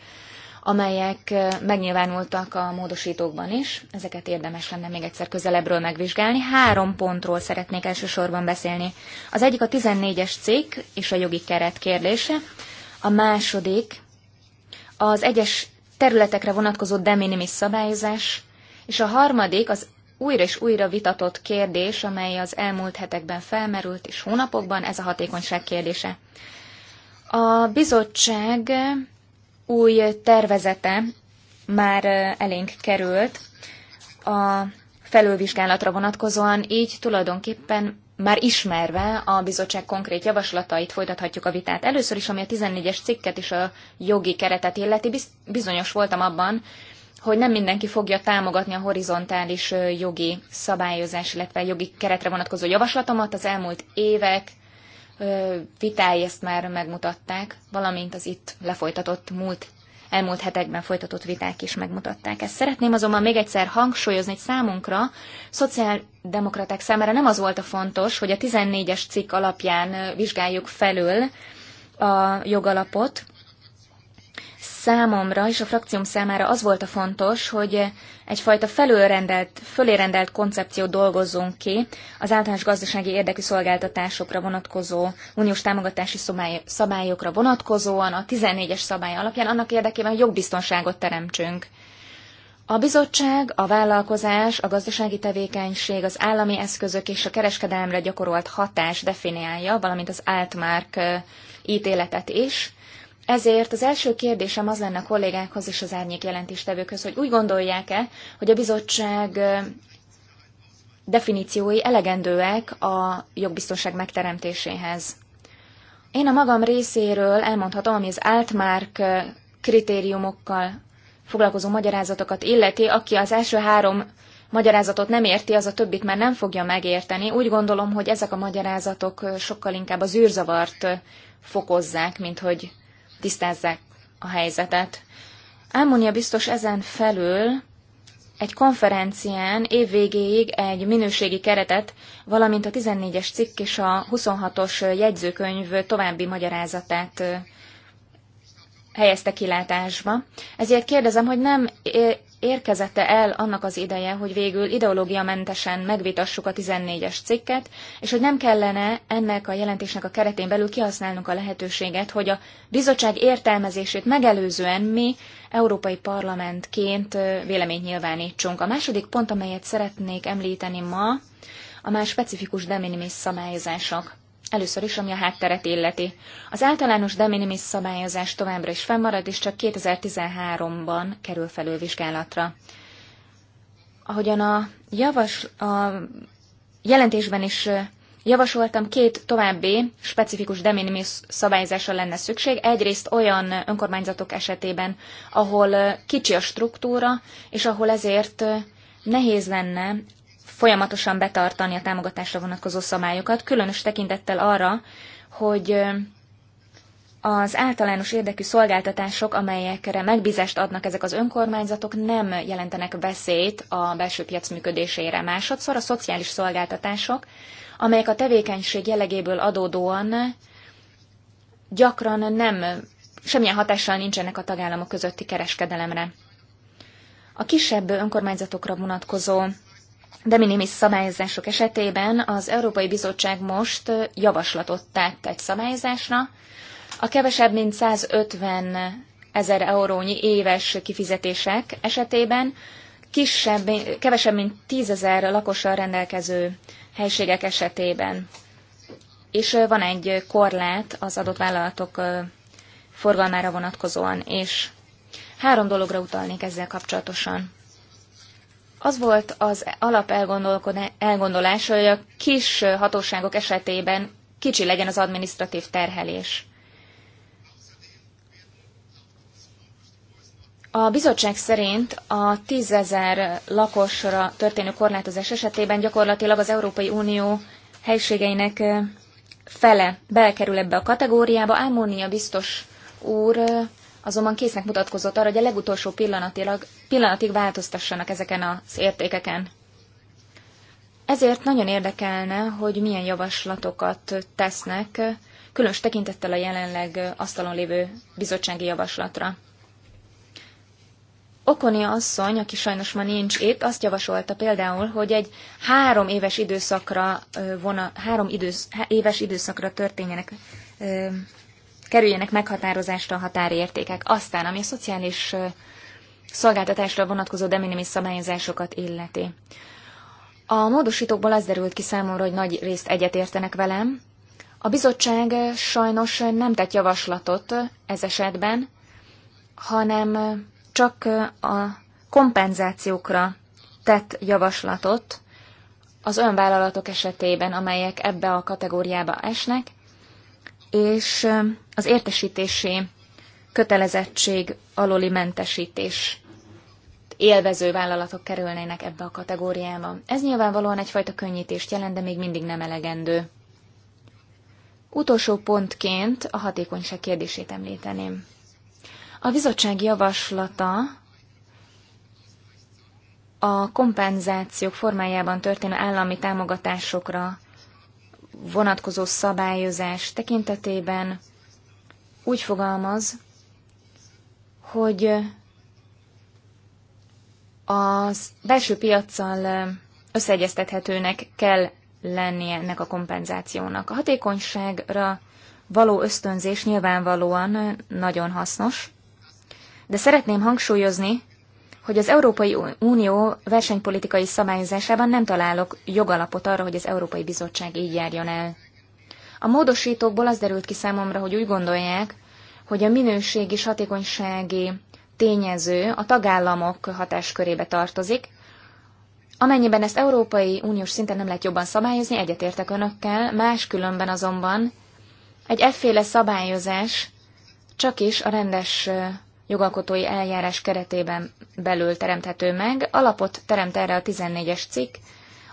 amelyek megnyilvánultak a módosítókban is. Ezeket érdemes lenne még egyszer közelebbről megvizsgálni. Három pontról szeretnék elsősorban beszélni. Az egyik a 14-es cikk és a jogi keret kérdése. A második az egyes területekre vonatkozó de minimis szabályozás és a harmadik az újra és újra vitatott kérdés, amely az elmúlt hetekben felmerült és hónapokban, ez a hatékonyság kérdése. A bizottság új tervezete már elénk került a felülvizsgálatra vonatkozóan, így tulajdonképpen már ismerve a bizottság konkrét javaslatait folytathatjuk a vitát. Először is, ami a 14-es cikket és a jogi keretet illeti, bizonyos voltam abban, hogy nem mindenki fogja támogatni a horizontális jogi szabályozás, illetve jogi keretre vonatkozó javaslatomat. Az elmúlt évek vitái ezt már megmutatták, valamint az itt lefolytatott múlt elmúlt hetekben folytatott viták is megmutatták ezt. Szeretném azonban még egyszer hangsúlyozni, hogy számunkra, szociáldemokraták számára nem az volt a fontos, hogy a 14-es cikk alapján vizsgáljuk felül a jogalapot, számomra és a frakcióm számára az volt a fontos, hogy egyfajta felőrendelt, fölérendelt koncepciót dolgozzunk ki az általános gazdasági érdekű szolgáltatásokra vonatkozó, uniós támogatási szabályokra vonatkozóan, a 14-es szabály alapján, annak érdekében, hogy jogbiztonságot teremtsünk. A bizottság, a vállalkozás, a gazdasági tevékenység, az állami eszközök és a kereskedelemre gyakorolt hatás definiálja, valamint az Altmark ítéletet is, ezért az első kérdésem az lenne a kollégákhoz és az árnyék jelentéstevőkhöz, hogy úgy gondolják-e, hogy a bizottság definíciói elegendőek a jogbiztonság megteremtéséhez. Én a magam részéről elmondhatom, ami az Altmark kritériumokkal foglalkozó magyarázatokat illeti, aki az első három magyarázatot nem érti, az a többit már nem fogja megérteni. Úgy gondolom, hogy ezek a magyarázatok sokkal inkább az űrzavart fokozzák, mint hogy tisztázzák a helyzetet. Ámonia biztos ezen felül egy konferencián évvégéig egy minőségi keretet, valamint a 14-es cikk és a 26-os jegyzőkönyv további magyarázatát helyezte kilátásba. Ezért kérdezem, hogy nem érkezette el annak az ideje, hogy végül ideológiamentesen megvitassuk a 14-es cikket, és hogy nem kellene ennek a jelentésnek a keretén belül kihasználnunk a lehetőséget, hogy a bizottság értelmezését megelőzően mi Európai Parlamentként véleményt nyilvánítsunk. A második pont, amelyet szeretnék említeni ma, a más specifikus de minimis szabályozások. Először is, ami a hátteret illeti. Az általános de minimis szabályozás továbbra is fennmarad, és csak 2013-ban kerül felülvizsgálatra. Ahogyan a, javas, a jelentésben is javasoltam, két további specifikus de minimis szabályzásra lenne szükség. Egyrészt olyan önkormányzatok esetében, ahol kicsi a struktúra, és ahol ezért nehéz lenne folyamatosan betartani a támogatásra vonatkozó szabályokat, különös tekintettel arra, hogy az általános érdekű szolgáltatások, amelyekre megbízást adnak ezek az önkormányzatok, nem jelentenek veszélyt a belső piac működésére. Másodszor a szociális szolgáltatások, amelyek a tevékenység jellegéből adódóan gyakran nem, semmilyen hatással nincsenek a tagállamok közötti kereskedelemre. A kisebb önkormányzatokra vonatkozó de minimis szabályozások esetében az Európai Bizottság most javaslatot tett egy szabályozásra. A kevesebb mint 150 ezer eurónyi éves kifizetések esetében kisebb, kevesebb mint 10 ezer lakossal rendelkező helységek esetében. És van egy korlát az adott vállalatok forgalmára vonatkozóan, és három dologra utalnék ezzel kapcsolatosan az volt az alap elgondolás, hogy a kis hatóságok esetében kicsi legyen az administratív terhelés. A bizottság szerint a tízezer lakosra történő korlátozás esetében gyakorlatilag az Európai Unió helységeinek fele belkerül ebbe a kategóriába. Ámónia biztos úr azonban késznek mutatkozott arra, hogy a legutolsó pillanatilag, pillanatig változtassanak ezeken az értékeken. Ezért nagyon érdekelne, hogy milyen javaslatokat tesznek, különös tekintettel a jelenleg asztalon lévő bizottsági javaslatra. Okoni asszony, aki sajnos ma nincs itt, azt javasolta például, hogy egy három éves időszakra, vona, három idősz, éves időszakra történjenek kerüljenek meghatározásra a határértékek. Aztán, ami a szociális szolgáltatásra vonatkozó de minimis szabályozásokat illeti. A módosítókból az derült ki számomra, hogy nagy részt egyetértenek velem. A bizottság sajnos nem tett javaslatot ez esetben, hanem csak a kompenzációkra tett javaslatot az olyan vállalatok esetében, amelyek ebbe a kategóriába esnek, és az értesítési kötelezettség aluli mentesítés élvező vállalatok kerülnének ebbe a kategóriába. Ez nyilvánvalóan egyfajta könnyítést jelent, de még mindig nem elegendő. Utolsó pontként a hatékonyság kérdését említeném. A bizottság javaslata a kompenzációk formájában történő állami támogatásokra vonatkozó szabályozás tekintetében úgy fogalmaz, hogy az belső piaccal összeegyeztethetőnek kell lennie ennek a kompenzációnak. A hatékonyságra való ösztönzés nyilvánvalóan nagyon hasznos, de szeretném hangsúlyozni, hogy az Európai Unió versenypolitikai szabályozásában nem találok jogalapot arra, hogy az Európai Bizottság így járjon el. A módosítókból az derült ki számomra, hogy úgy gondolják, hogy a minőségi és hatékonysági tényező a tagállamok hatáskörébe tartozik, Amennyiben ezt Európai Uniós szinten nem lehet jobban szabályozni, egyetértek önökkel, máskülönben azonban egy efféle szabályozás csak is a rendes jogalkotói eljárás keretében belül teremthető meg. Alapot teremt erre a 14-es cikk,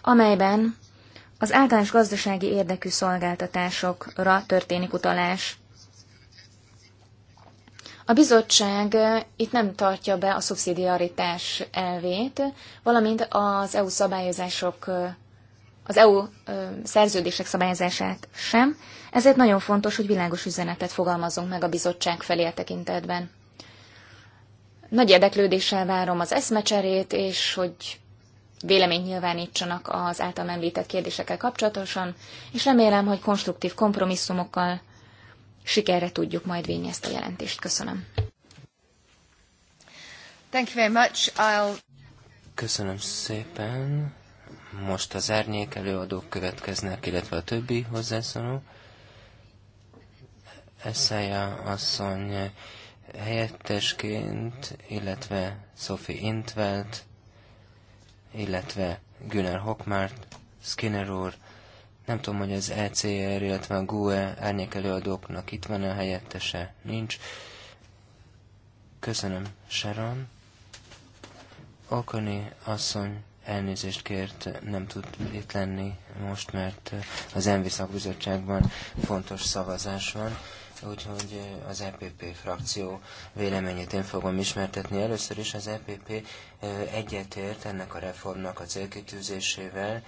amelyben az általános gazdasági érdekű szolgáltatásokra történik utalás. A bizottság eh, itt nem tartja be a szubszidiaritás elvét, valamint az EU szabályozások, eh, az EU eh, szerződések szabályozását sem, ezért nagyon fontos, hogy világos üzenetet fogalmazunk meg a bizottság felé a tekintetben. Nagy érdeklődéssel várom az eszmecserét, és hogy véleményt nyilvánítsanak az által említett kérdésekkel kapcsolatosan, és remélem, hogy konstruktív kompromisszumokkal sikerre tudjuk majd vinni ezt a jelentést. Köszönöm. Thank you very much. I'll... Köszönöm szépen. Most az árnyék előadók következnek, illetve a többi hozzászóló. Eszeja asszony helyettesként, illetve Sophie Intvelt, illetve Gunnar Hockmart, Skinner úr, nem tudom, hogy az ECR, illetve a GUE árnyékelőadóknak itt van a helyettese, nincs. Köszönöm, Sharon. Okoni asszony elnézést kért, nem tud itt lenni most, mert az ENVI szakbizottságban fontos szavazás van úgyhogy az EPP frakció véleményét én fogom ismertetni. Először is az EPP egyetért ennek a reformnak a célkitűzésével,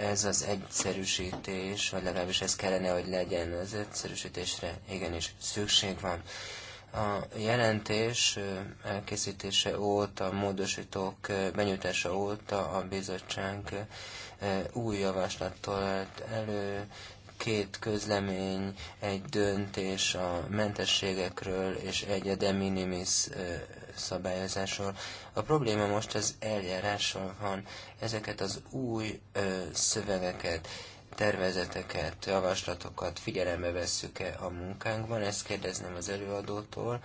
ez az egyszerűsítés, vagy legalábbis ez kellene, hogy legyen, az egyszerűsítésre igenis szükség van. A jelentés elkészítése óta, módosítók benyújtása óta a bizottság új javaslattól elő, két közlemény, egy döntés a mentességekről és egy a de minimis szabályozásról. A probléma most az eljárással van. Ezeket az új ö, szövegeket, tervezeteket, javaslatokat figyelembe vesszük-e a munkánkban? Ezt kérdezném az előadótól,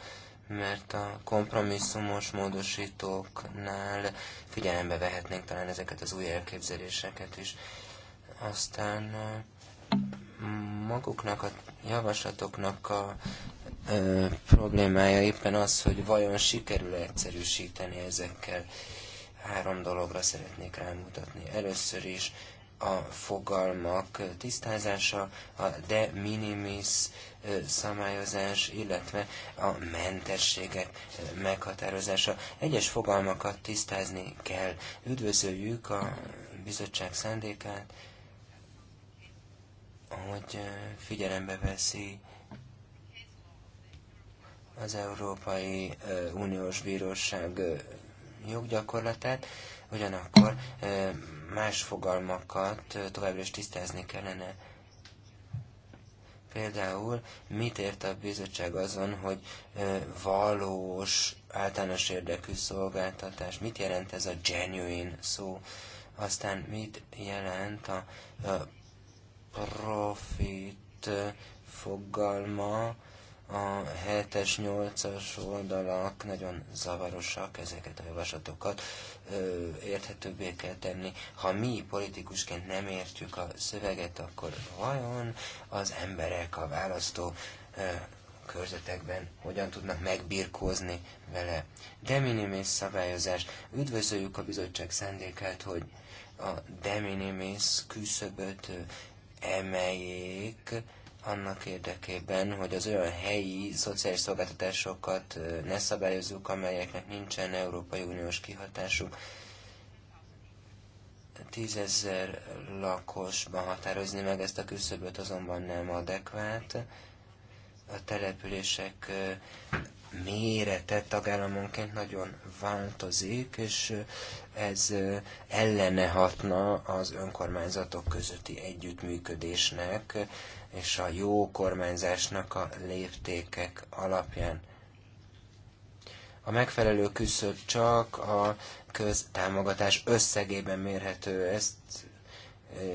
mert a kompromisszumos módosítóknál figyelembe vehetnénk talán ezeket az új elképzeléseket is. Aztán maguknak a javaslatoknak a ö, problémája éppen az, hogy vajon sikerül egyszerűsíteni ezekkel. Három dologra szeretnék rámutatni. Először is a fogalmak tisztázása, a de minimis szabályozás, illetve a mentességek meghatározása. Egyes fogalmakat tisztázni kell. Üdvözöljük a bizottság szándékát, hogy figyelembe veszi az Európai Uniós Bíróság joggyakorlatát, ugyanakkor más fogalmakat továbbra is tisztázni kellene. Például mit ért a bizottság azon, hogy valós általános érdekű szolgáltatás, mit jelent ez a genuine szó, aztán mit jelent a, a profit fogalma a 7-es, 8-as oldalak nagyon zavarosak, ezeket a javaslatokat ö, érthetőbbé kell tenni. Ha mi politikusként nem értjük a szöveget, akkor vajon az emberek a választó ö, körzetekben hogyan tudnak megbirkózni vele. De minimis szabályozás. Üdvözöljük a bizottság szándékát, hogy a de minimis küszöböt emeljék annak érdekében, hogy az olyan helyi szociális szolgáltatásokat ne szabályozzuk, amelyeknek nincsen Európai Uniós kihatásuk. Tízezer lakosban határozni meg ezt a küszöböt azonban nem adekvát. A települések mérete tagállamonként nagyon változik, és ez ellene hatna az önkormányzatok közötti együttműködésnek és a jó kormányzásnak a léptékek alapján. A megfelelő küszöb csak a köztámogatás összegében mérhető, ezt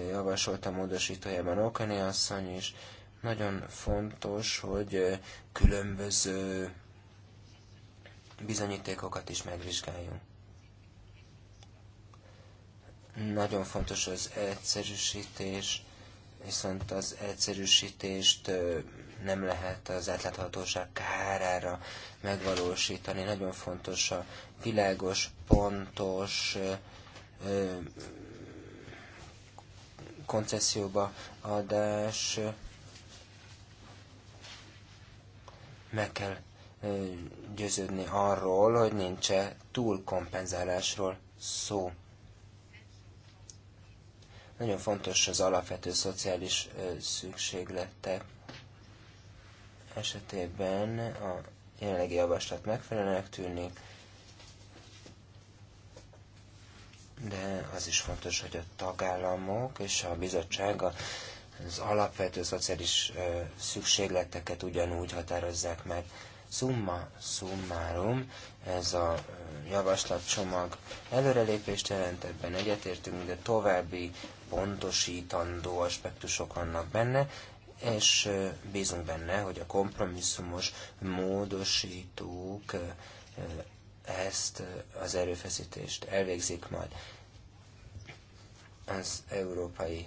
javasolta módosítójában Okani asszony is. Nagyon fontos, hogy különböző bizonyítékokat is megvizsgáljunk. Nagyon fontos az egyszerűsítés, viszont az egyszerűsítést nem lehet az átláthatóság kárára megvalósítani. Nagyon fontos a világos, pontos koncesszióba adás. Meg kell győződni arról, hogy nincs-e túlkompenzálásról szó. Nagyon fontos az alapvető szociális szükségletek esetében a jelenlegi javaslat megfelelőnek tűnik, de az is fontos, hogy a tagállamok és a bizottság az alapvető szociális szükségleteket ugyanúgy határozzák meg. Summa summarum, ez a javaslatcsomag előrelépést jelent, ebben egyetértünk, de további pontosítandó aspektusok vannak benne, és bízunk benne, hogy a kompromisszumos módosítók ezt az erőfeszítést elvégzik majd. Az Európai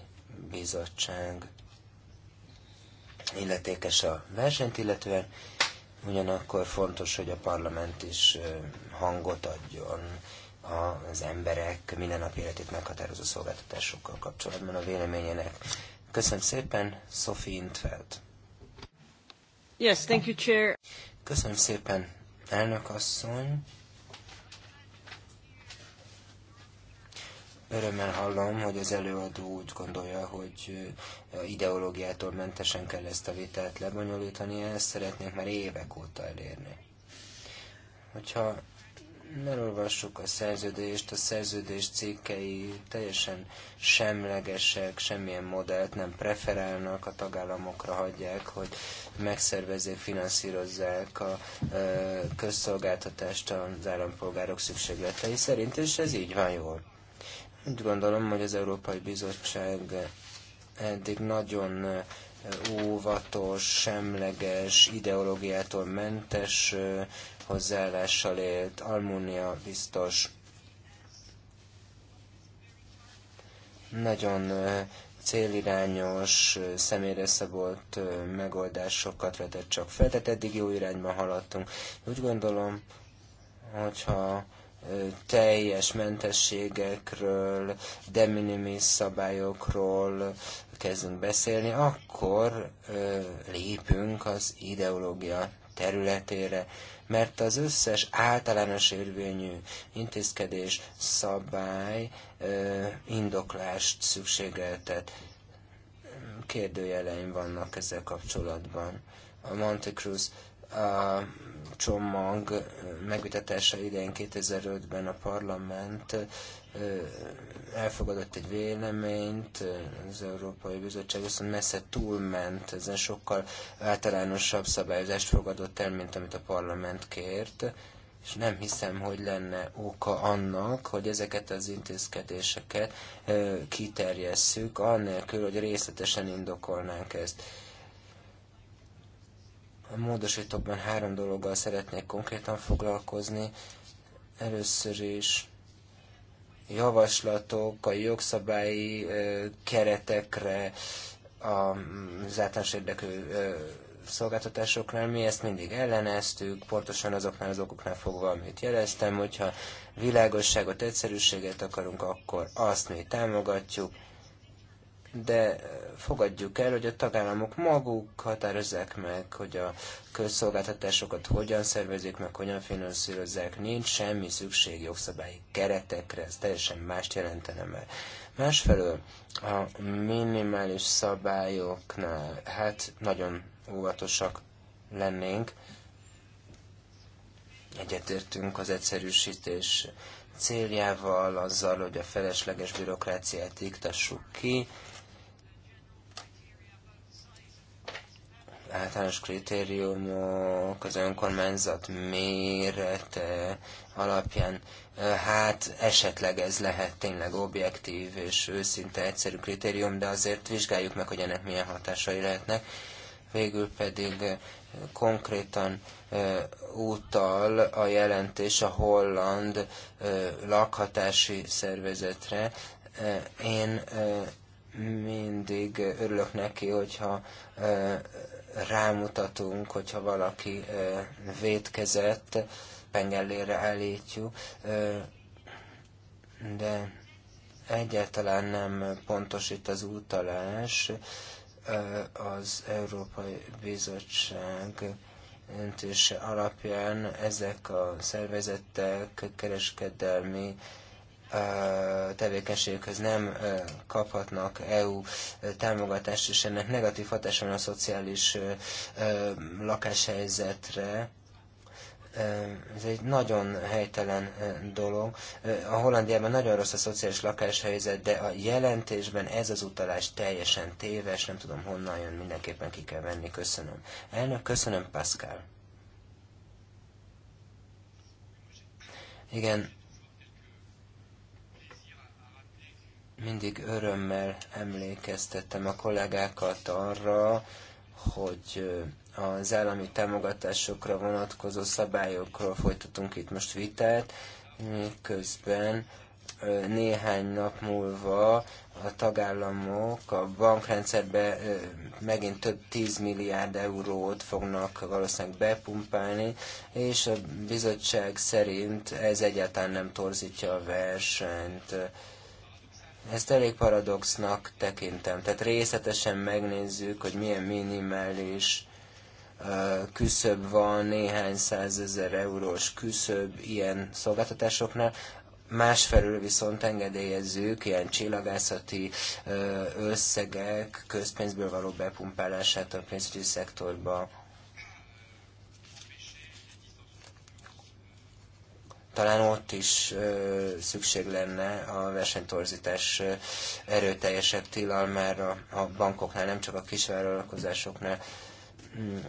Bizottság illetékes a versenyt illetően, Ugyanakkor fontos, hogy a parlament is hangot adjon az emberek mindennapi életét meghatározó szolgáltatásokkal kapcsolatban a véleményének. Köszönöm szépen, Sophie Intfeld. Yes, thank you, Chair. Köszönöm szépen, elnök asszony. Örömmel hallom, hogy az előadó úgy gondolja, hogy ideológiától mentesen kell ezt a vitát lebonyolítani, ezt szeretnék már évek óta elérni. Hogyha elolvassuk a szerződést, a szerződés cikkei teljesen semlegesek, semmilyen modellt nem preferálnak, a tagállamokra hagyják, hogy megszervezzék, finanszírozzák a közszolgáltatást az állampolgárok szükségletei szerint, és ez így van jól. Úgy gondolom, hogy az Európai Bizottság eddig nagyon óvatos, semleges, ideológiától mentes hozzáállással élt Almunia biztos. Nagyon célirányos, személyre szabott megoldásokat vetett csak fel, tehát eddig jó irányba haladtunk. Úgy gondolom, hogyha teljes mentességekről, de minimis szabályokról kezdünk beszélni, akkor lépünk az ideológia területére, mert az összes általános érvényű intézkedés, szabály indoklást szükségeltet. Kérdőjeleim vannak ezzel kapcsolatban. A Monte Cruz a csomag megvitatása idején 2005-ben a parlament elfogadott egy véleményt, az Európai Bizottság viszont messze túlment, ezen sokkal általánosabb szabályozást fogadott el, mint amit a parlament kért, és nem hiszem, hogy lenne oka annak, hogy ezeket az intézkedéseket kiterjesszük, annélkül, hogy részletesen indokolnánk ezt a módosítókban három dologgal szeretnék konkrétan foglalkozni. Először is javaslatok a jogszabályi keretekre, az általános érdeklő szolgáltatásoknál, mi ezt mindig elleneztük, pontosan azoknál az okoknál fogva, amit jeleztem, hogyha világosságot, egyszerűséget akarunk, akkor azt mi támogatjuk, de fogadjuk el, hogy a tagállamok maguk határozzák meg, hogy a közszolgáltatásokat hogyan szervezik, meg hogyan finanszírozzák. Nincs semmi szükség jogszabályi keretekre, ez teljesen mást jelentene már. Másfelől a minimális szabályoknál, hát nagyon óvatosak lennénk, egyetértünk az egyszerűsítés céljával, azzal, hogy a felesleges bürokráciát iktassuk ki, általános kritériumok, az önkormányzat mérete alapján, hát esetleg ez lehet tényleg objektív és őszinte egyszerű kritérium, de azért vizsgáljuk meg, hogy ennek milyen hatásai lehetnek. Végül pedig konkrétan utal a jelentés a holland lakhatási szervezetre. Én mindig örülök neki, hogyha rámutatunk, hogyha valaki vétkezett, pengellére állítjuk, de egyáltalán nem pontosít az utalás az Európai Bizottság döntése alapján ezek a szervezetek kereskedelmi tevékenységükhöz nem kaphatnak EU támogatást, és ennek negatív hatása van a szociális lakáshelyzetre. Ez egy nagyon helytelen dolog. A Hollandiában nagyon rossz a szociális lakáshelyzet, de a jelentésben ez az utalás teljesen téves, nem tudom honnan jön, mindenképpen ki kell venni. Köszönöm. Elnök, köszönöm, Pascal. Igen, mindig örömmel emlékeztettem a kollégákat arra, hogy az állami támogatásokra vonatkozó szabályokról folytatunk itt most vitát, miközben néhány nap múlva a tagállamok a bankrendszerbe megint több 10 milliárd eurót fognak valószínűleg bepumpálni, és a bizottság szerint ez egyáltalán nem torzítja a versenyt ezt elég paradoxnak tekintem. Tehát részletesen megnézzük, hogy milyen minimális küszöb van, néhány százezer eurós küszöb ilyen szolgáltatásoknál, másfelől viszont engedélyezzük ilyen csillagászati összegek közpénzből való bepumpálását a pénzügyi szektorba. talán ott is szükség lenne a versenytorzítás erőteljesebb tilalmára a bankoknál, nem csak a kisvállalkozásoknál. Hmm.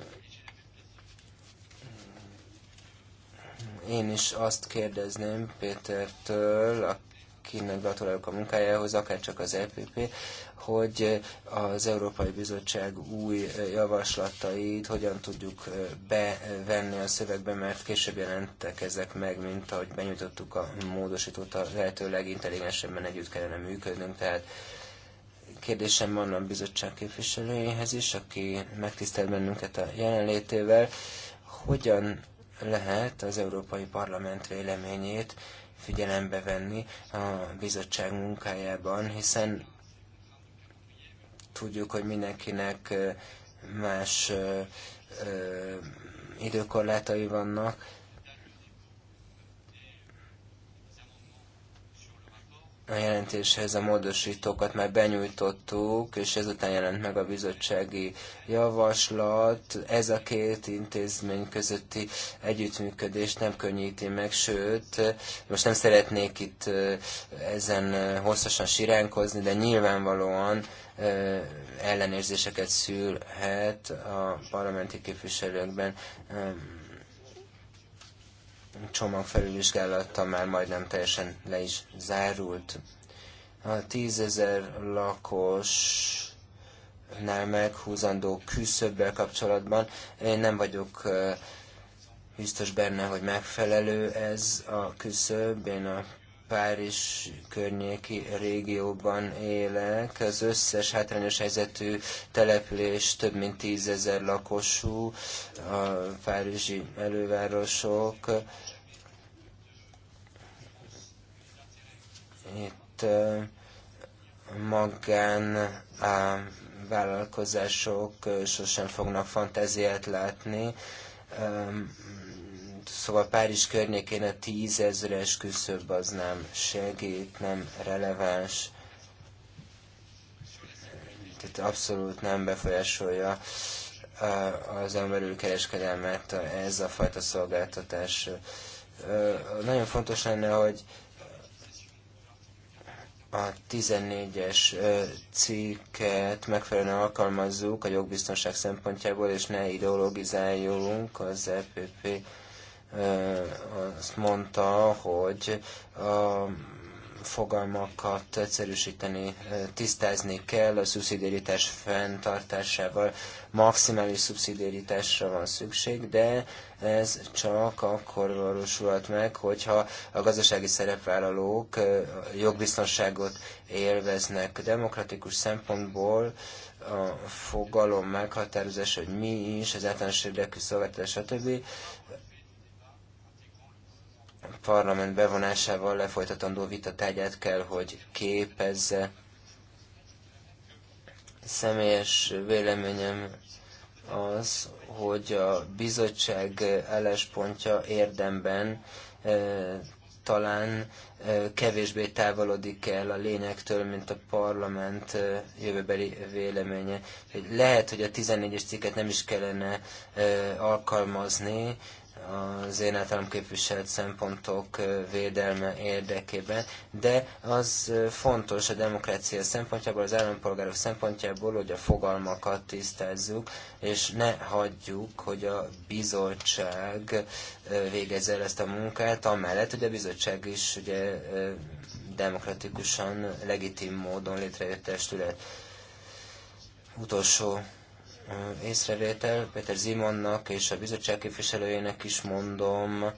Én is azt kérdezném Pétertől, aki akinek gratulálok a munkájához, akár csak az EPP, hogy az Európai Bizottság új javaslatait hogyan tudjuk bevenni a szövegbe, mert később jelentek ezek meg, mint ahogy benyújtottuk a módosítót, a lehető legintelligensebben együtt kellene működnünk, tehát kérdésem van a bizottság képviselőjéhez is, aki megtisztel bennünket a jelenlétével, hogyan lehet az Európai Parlament véleményét figyelembe venni a bizottság munkájában, hiszen tudjuk, hogy mindenkinek más időkorlátai vannak, A jelentéshez a módosítókat már benyújtottuk, és ezután jelent meg a bizottsági javaslat. Ez a két intézmény közötti együttműködést nem könnyíti meg, sőt, most nem szeretnék itt ezen hosszasan siránkozni, de nyilvánvalóan ellenérzéseket szülhet a parlamenti képviselőkben csomag felülvizsgálata már majdnem teljesen le is zárult. A tízezer lakos nál meghúzandó küszöbbel kapcsolatban én nem vagyok biztos benne, hogy megfelelő ez a küszöbb. Én a Párizs környéki régióban élek. Az összes hátrányos helyzetű település több mint tízezer lakosú, a párizsi elővárosok. Itt magán vállalkozások sosem fognak fantáziát látni Szóval Párizs környékén a tízezres küszöb az nem segít, nem releváns, tehát abszolút nem befolyásolja az emberül kereskedelmet ez a fajta szolgáltatás. Nagyon fontos lenne, hogy a 14-es cikket megfelelően alkalmazzuk a jogbiztonság szempontjából, és ne ideologizáljunk az EPP azt mondta, hogy a fogalmakat egyszerűsíteni, tisztázni kell a szubszidiaritás fenntartásával. Maximális szubszidiaritásra van szükség, de ez csak akkor valósulhat meg, hogyha a gazdasági szerepvállalók jogbiztonságot élveznek. Demokratikus szempontból a fogalom meghatározása, hogy mi is, az általános érdekű szolgáltatás, stb parlament bevonásával lefolytatandó vita tárgyát kell, hogy képezze. Személyes véleményem az, hogy a bizottság álláspontja érdemben e, talán e, kevésbé távolodik el a lényektől, mint a parlament e, jövőbeli véleménye. Lehet, hogy a 14-es cikket nem is kellene alkalmazni, az én általam képviselt szempontok védelme érdekében, de az fontos a demokrácia szempontjából, az állampolgárok szempontjából, hogy a fogalmakat tisztázzuk, és ne hagyjuk, hogy a bizottság végezze el ezt a munkát, amellett, hogy a bizottság is ugye demokratikusan, legitim módon létrejött testület. Utolsó észrevétel. Péter Zimonnak és a bizottság képviselőjének is mondom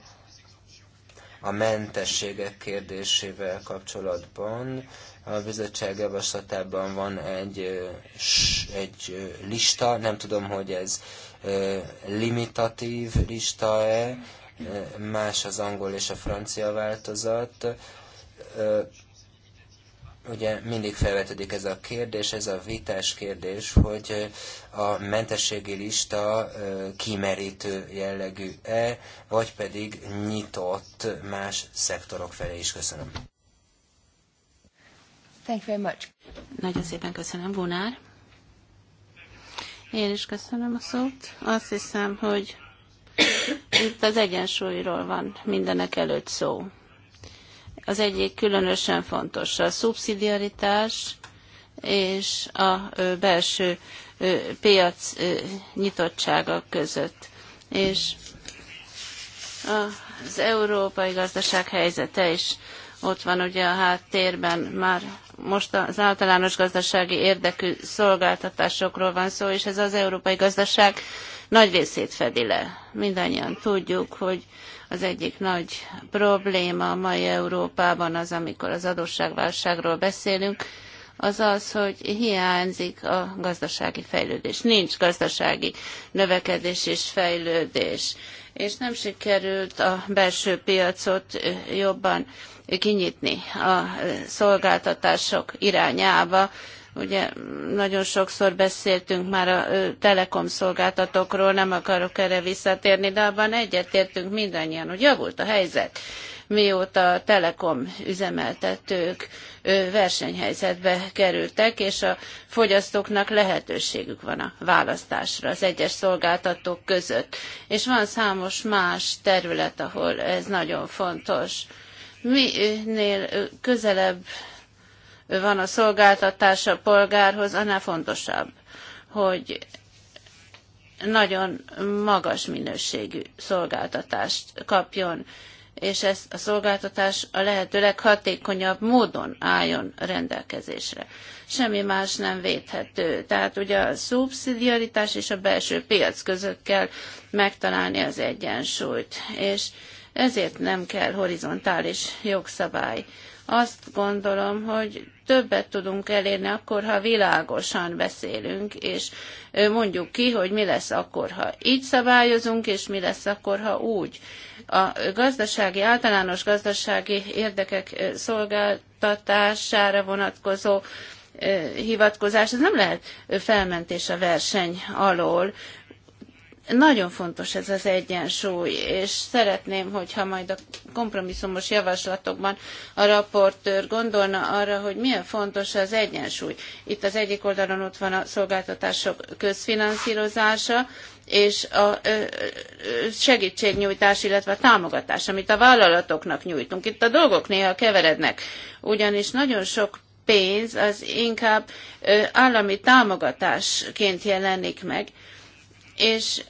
a mentességek kérdésével kapcsolatban. A bizottság javaslatában van egy, egy lista, nem tudom, hogy ez limitatív lista-e, más az angol és a francia változat ugye mindig felvetődik ez a kérdés, ez a vitás kérdés, hogy a mentességi lista kimerítő jellegű-e, vagy pedig nyitott más szektorok felé is. Köszönöm. Thank you very much. Nagyon szépen köszönöm, Bunár. Én is köszönöm a szót. Azt hiszem, hogy itt az egyensúlyról van mindenek előtt szó. Az egyik különösen fontos a szubszidiaritás és a belső piac nyitottsága között. És az európai gazdaság helyzete is ott van ugye a háttérben már most az általános gazdasági érdekű szolgáltatásokról van szó, és ez az európai gazdaság nagy részét fedi le. Mindannyian tudjuk, hogy az egyik nagy probléma a mai Európában az, amikor az adósságválságról beszélünk, az az, hogy hiányzik a gazdasági fejlődés. Nincs gazdasági növekedés és fejlődés. És nem sikerült a belső piacot jobban kinyitni a szolgáltatások irányába, Ugye nagyon sokszor beszéltünk már a telekom szolgáltatókról, nem akarok erre visszatérni, de abban egyetértünk mindannyian, hogy javult a helyzet mióta a telekom üzemeltetők versenyhelyzetbe kerültek, és a fogyasztóknak lehetőségük van a választásra az egyes szolgáltatók között. És van számos más terület, ahol ez nagyon fontos. Minél közelebb van a szolgáltatása a polgárhoz, annál fontosabb, hogy nagyon magas minőségű szolgáltatást kapjon, és ez a szolgáltatás a lehető leghatékonyabb módon álljon rendelkezésre. Semmi más nem védhető. Tehát ugye a szubszidiaritás és a belső piac között kell megtalálni az egyensúlyt, és ezért nem kell horizontális jogszabály. Azt gondolom, hogy többet tudunk elérni akkor, ha világosan beszélünk, és mondjuk ki, hogy mi lesz akkor, ha így szabályozunk, és mi lesz akkor, ha úgy. A gazdasági, általános gazdasági érdekek szolgáltatására vonatkozó hivatkozás, ez nem lehet felmentés a verseny alól, nagyon fontos ez az egyensúly, és szeretném, hogyha majd a kompromisszumos javaslatokban a raportőr gondolna arra, hogy milyen fontos az egyensúly. Itt az egyik oldalon ott van a szolgáltatások közfinanszírozása, és a segítségnyújtás, illetve a támogatás, amit a vállalatoknak nyújtunk. Itt a dolgok néha keverednek, ugyanis nagyon sok pénz az inkább állami támogatásként jelenik meg, és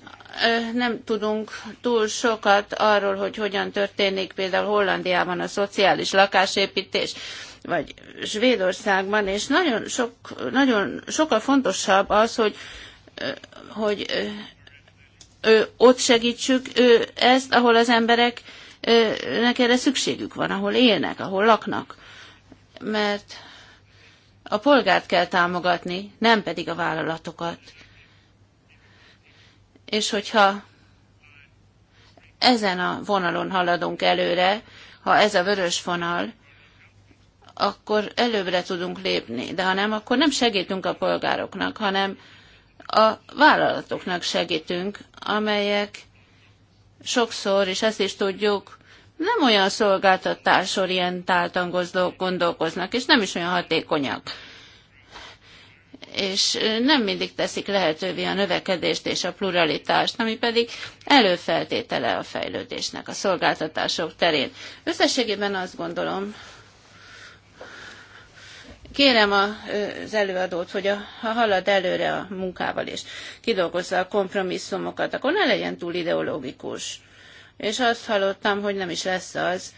nem tudunk túl sokat arról, hogy hogyan történik például Hollandiában a szociális lakásépítés vagy Svédországban, és nagyon, sok, nagyon sokkal fontosabb az, hogy, hogy ott segítsük ezt, ahol az embereknek erre szükségük van, ahol élnek, ahol laknak. Mert a polgárt kell támogatni, nem pedig a vállalatokat és hogyha ezen a vonalon haladunk előre, ha ez a vörös vonal, akkor előbbre tudunk lépni, de ha nem, akkor nem segítünk a polgároknak, hanem a vállalatoknak segítünk, amelyek sokszor, és ezt is tudjuk, nem olyan szolgáltatásorientáltan gondolkoznak, és nem is olyan hatékonyak és nem mindig teszik lehetővé a növekedést és a pluralitást, ami pedig előfeltétele a fejlődésnek a szolgáltatások terén. Összességében azt gondolom, kérem az előadót, hogy a, ha halad előre a munkával és kidolgozza a kompromisszumokat, akkor ne legyen túl ideológikus. És azt hallottam, hogy nem is lesz az,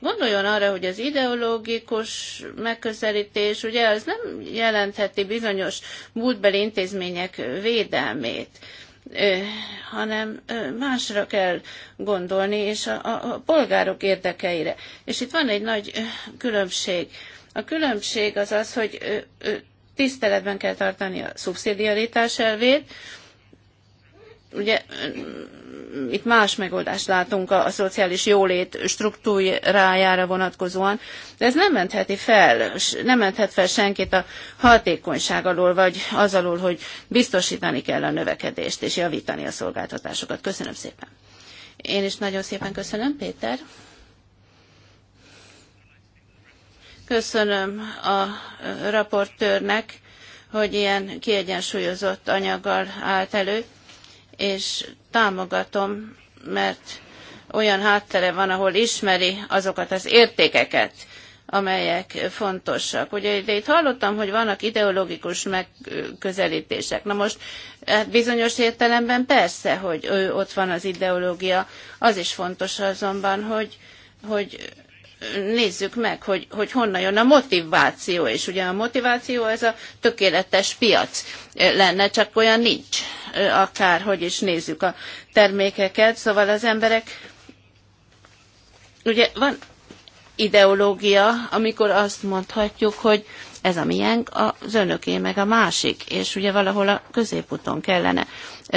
Gondoljon arra, hogy az ideológikus megközelítés, ugye az nem jelentheti bizonyos múltbeli intézmények védelmét hanem másra kell gondolni, és a, a polgárok érdekeire. És itt van egy nagy különbség. A különbség az az, hogy tiszteletben kell tartani a szubszidiaritás elvét, ugye itt más megoldást látunk a, a szociális jólét struktúrájára vonatkozóan, de ez nem mentheti fel, nem menthet fel senkit a hatékonyság alól, vagy az alól, hogy biztosítani kell a növekedést és javítani a szolgáltatásokat. Köszönöm szépen. Én is nagyon szépen köszönöm, Péter. Köszönöm a raportőrnek, hogy ilyen kiegyensúlyozott anyaggal állt elő és támogatom, mert olyan háttere van, ahol ismeri azokat az értékeket, amelyek fontosak. Ugye de itt hallottam, hogy vannak ideológikus megközelítések. Na most hát bizonyos értelemben persze, hogy ő, ott van az ideológia. Az is fontos azonban, hogy, hogy nézzük meg, hogy, hogy honnan jön a motiváció, és ugye a motiváció ez a tökéletes piac lenne, csak olyan nincs akárhogy is nézzük a termékeket. Szóval az emberek, ugye van ideológia, amikor azt mondhatjuk, hogy ez a miénk, az önöké, meg a másik, és ugye valahol a középuton kellene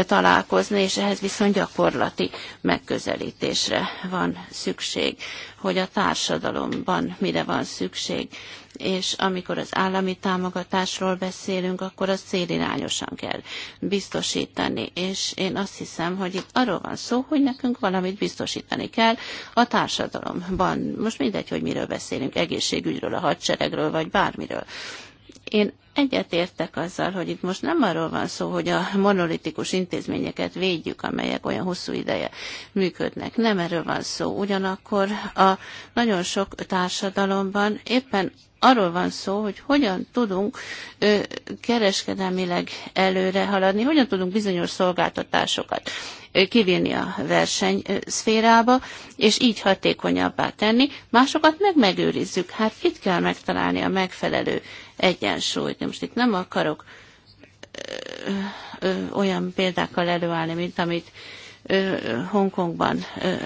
találkozni, és ehhez viszont gyakorlati megközelítésre van szükség, hogy a társadalomban mire van szükség, és amikor az állami támogatásról beszélünk, akkor az célirányosan kell biztosítani. És én azt hiszem, hogy itt arról van szó, hogy nekünk valamit biztosítani kell a társadalomban. Most mindegy, hogy miről beszélünk, egészségügyről, a hadseregről, vagy bármiről. Én egyetértek azzal, hogy itt most nem arról van szó, hogy a monolitikus intézményeket védjük, amelyek olyan hosszú ideje működnek. Nem erről van szó. Ugyanakkor a nagyon sok társadalomban éppen arról van szó, hogy hogyan tudunk ö, kereskedelmileg előre haladni, hogyan tudunk bizonyos szolgáltatásokat kivinni a verseny szférába, és így hatékonyabbá tenni, másokat meg megőrizzük. Hát itt kell megtalálni a megfelelő egyensúlyt. Most itt nem akarok ö, ö, olyan példákkal előállni, mint amit Hongkongban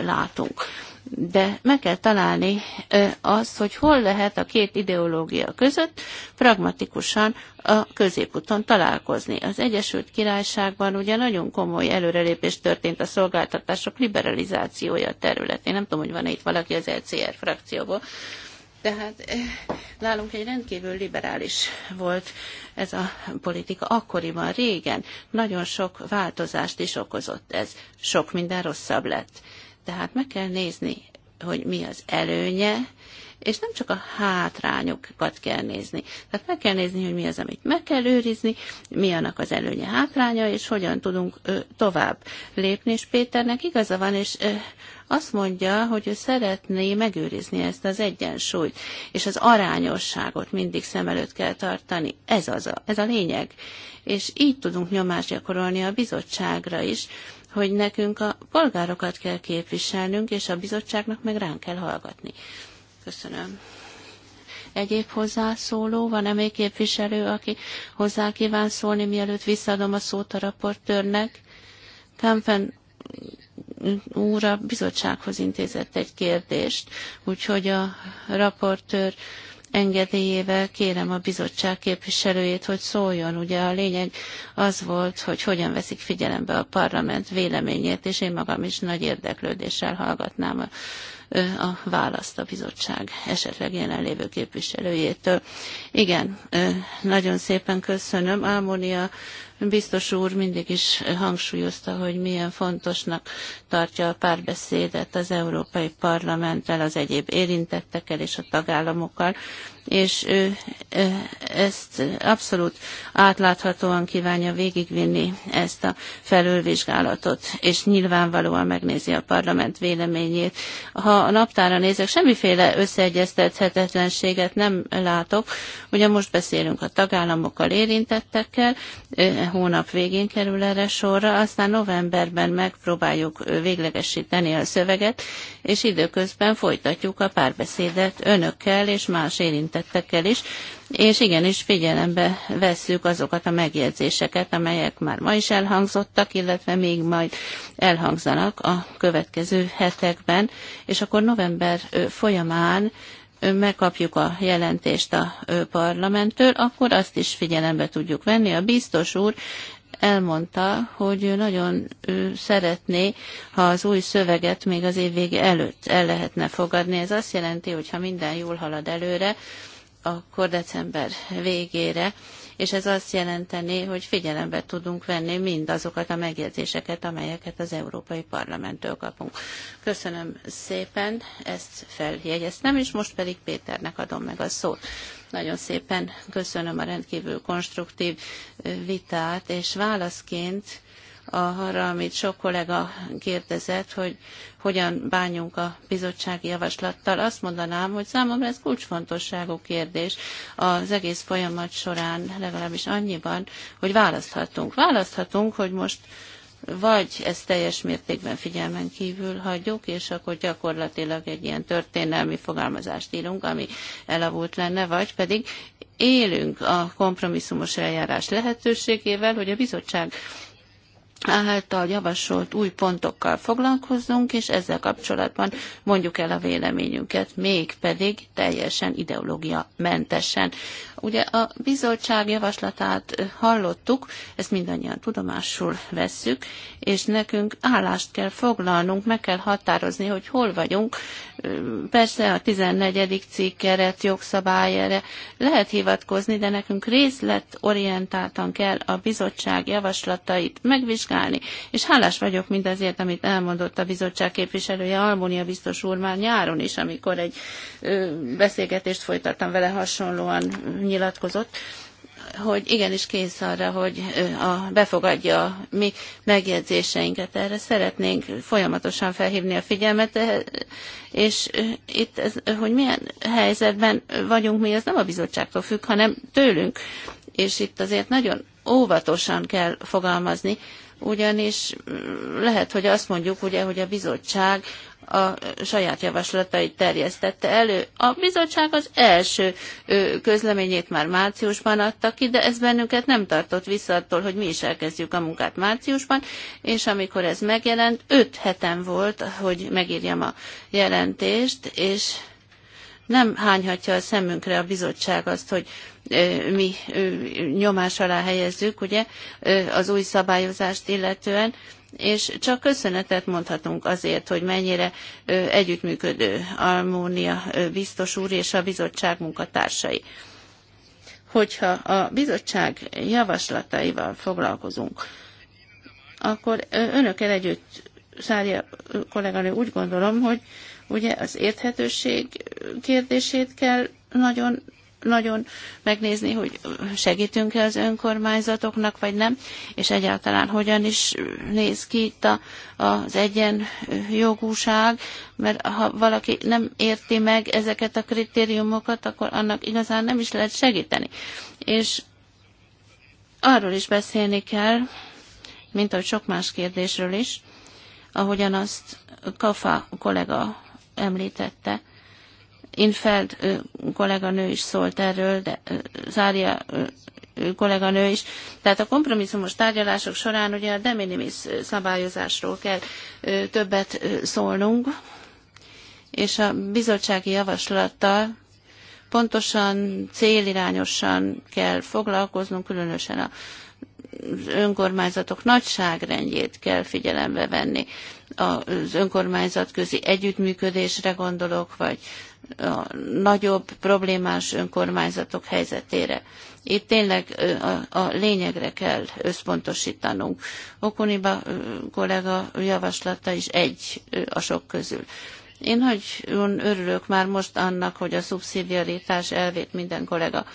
látunk de meg kell találni az, hogy hol lehet a két ideológia között pragmatikusan a középuton találkozni. Az Egyesült Királyságban ugye nagyon komoly előrelépés történt a szolgáltatások liberalizációja területén. Nem tudom, hogy van-e itt valaki az LCR e frakcióból. Tehát nálunk egy rendkívül liberális volt ez a politika. Akkoriban, régen nagyon sok változást is okozott ez. Sok minden rosszabb lett tehát meg kell nézni, hogy mi az előnye, és nem csak a hátrányokat kell nézni. Tehát meg kell nézni, hogy mi az, amit meg kell őrizni, mi annak az előnye, hátránya, és hogyan tudunk ö, tovább lépni. És Péternek igaza van, és ö, azt mondja, hogy ő szeretné megőrizni ezt az egyensúlyt, és az arányosságot mindig szem előtt kell tartani. Ez, az a, ez a lényeg. És így tudunk nyomást gyakorolni a bizottságra is, hogy nekünk a polgárokat kell képviselnünk, és a bizottságnak meg ránk kell hallgatni. Köszönöm. Egyéb hozzászóló, van-e még képviselő, aki hozzá kíván szólni, mielőtt visszaadom a szót a raportőrnek? Kempen úr a bizottsághoz intézett egy kérdést, úgyhogy a raportőr engedélyével kérem a bizottság képviselőjét, hogy szóljon. Ugye a lényeg az volt, hogy hogyan veszik figyelembe a parlament véleményét, és én magam is nagy érdeklődéssel hallgatnám a, a választ a bizottság esetleg jelenlévő képviselőjétől. Igen, nagyon szépen köszönöm. Ámonia Biztos úr mindig is hangsúlyozta, hogy milyen fontosnak tartja a párbeszédet az Európai Parlamenttel, az egyéb érintettekkel és a tagállamokkal, és ő ezt abszolút átláthatóan kívánja végigvinni ezt a felülvizsgálatot, és nyilvánvalóan megnézi a parlament véleményét. Ha a naptára nézek, semmiféle összeegyeztethetetlenséget nem látok, ugye most beszélünk a tagállamokkal érintettekkel, hónap végén kerül erre sorra, aztán novemberben megpróbáljuk véglegesíteni a szöveget, és időközben folytatjuk a párbeszédet önökkel és más érintettekkel is, és igenis figyelembe vesszük azokat a megjegyzéseket, amelyek már ma is elhangzottak, illetve még majd elhangzanak a következő hetekben, és akkor november folyamán megkapjuk a jelentést a parlamenttől, akkor azt is figyelembe tudjuk venni. A biztos úr elmondta, hogy ő nagyon ő szeretné, ha az új szöveget még az év előtt el lehetne fogadni. Ez azt jelenti, hogy ha minden jól halad előre, akkor december végére és ez azt jelenteni, hogy figyelembe tudunk venni mindazokat a megjegyzéseket, amelyeket az Európai Parlamenttől kapunk. Köszönöm szépen, ezt feljegyeztem, és most pedig Péternek adom meg a szót. Nagyon szépen köszönöm a rendkívül konstruktív vitát, és válaszként arra, amit sok kollega kérdezett, hogy hogyan bánjunk a bizottsági javaslattal. Azt mondanám, hogy számomra ez kulcsfontosságú kérdés az egész folyamat során, legalábbis annyiban, hogy választhatunk. Választhatunk, hogy most vagy ezt teljes mértékben figyelmen kívül hagyjuk, és akkor gyakorlatilag egy ilyen történelmi fogalmazást írunk, ami elavult lenne, vagy pedig élünk a kompromisszumos eljárás lehetőségével, hogy a bizottság által javasolt új pontokkal foglalkozzunk, és ezzel kapcsolatban mondjuk el a véleményünket, mégpedig teljesen ideológia mentesen. Ugye a bizottság javaslatát hallottuk, ezt mindannyian tudomásul vesszük, és nekünk állást kell foglalnunk, meg kell határozni, hogy hol vagyunk. Persze a 14. cikkeret, keret jogszabály erre lehet hivatkozni, de nekünk részletorientáltan kell a bizottság javaslatait megvizsgálni, és hálás vagyok mindazért, amit elmondott a bizottság képviselője Almónia biztos úr már nyáron is, amikor egy beszélgetést folytattam vele hasonlóan nyilatkozott, hogy igenis kész arra, hogy a, befogadja a mi megjegyzéseinket. Erre szeretnénk folyamatosan felhívni a figyelmet, eh, és itt, ez, hogy milyen helyzetben vagyunk mi, ez nem a bizottságtól függ, hanem tőlünk. És itt azért nagyon óvatosan kell fogalmazni, ugyanis lehet, hogy azt mondjuk, ugye, hogy a bizottság a saját javaslatait terjesztette elő. A bizottság az első közleményét már márciusban adta ki, de ez bennünket nem tartott vissza attól, hogy mi is elkezdjük a munkát márciusban, és amikor ez megjelent, öt hetem volt, hogy megírjam a jelentést, és nem hányhatja a szemünkre a bizottság azt, hogy mi nyomás alá helyezzük, ugye, az új szabályozást illetően, és csak köszönetet mondhatunk azért, hogy mennyire együttműködő Almónia biztos úr és a bizottság munkatársai. Hogyha a bizottság javaslataival foglalkozunk, akkor önökkel együtt, Szárja kolléganő, úgy gondolom, hogy ugye az érthetőség kérdését kell nagyon nagyon megnézni, hogy segítünk-e az önkormányzatoknak, vagy nem, és egyáltalán hogyan is néz ki itt a, az egyenjogúság, mert ha valaki nem érti meg ezeket a kritériumokat, akkor annak igazán nem is lehet segíteni. És arról is beszélni kell, mint ahogy sok más kérdésről is, ahogyan azt Kafa kollega említette, Infeld kolléganő is szólt erről, de Zária kolléganő is. Tehát a kompromisszumos tárgyalások során ugye a de minimis szabályozásról kell többet szólnunk, és a bizottsági javaslattal pontosan, célirányosan kell foglalkoznunk, különösen a önkormányzatok nagyságrendjét kell figyelembe venni. Az önkormányzatközi együttműködésre gondolok, vagy a nagyobb problémás önkormányzatok helyzetére. Itt tényleg a, a lényegre kell összpontosítanunk. Okuniba kollega javaslata is egy a sok közül. Én hogy örülök már most annak, hogy a szubszidiaritás elvét minden kollega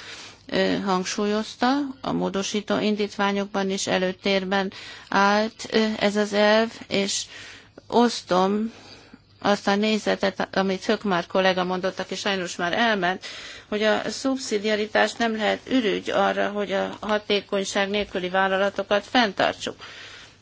hangsúlyozta, a módosító indítványokban is előtérben állt ez az elv, és osztom azt a nézetet, amit már kollega mondott, aki sajnos már elment, hogy a szubszidiaritás nem lehet ürügy arra, hogy a hatékonyság nélküli vállalatokat fenntartsuk.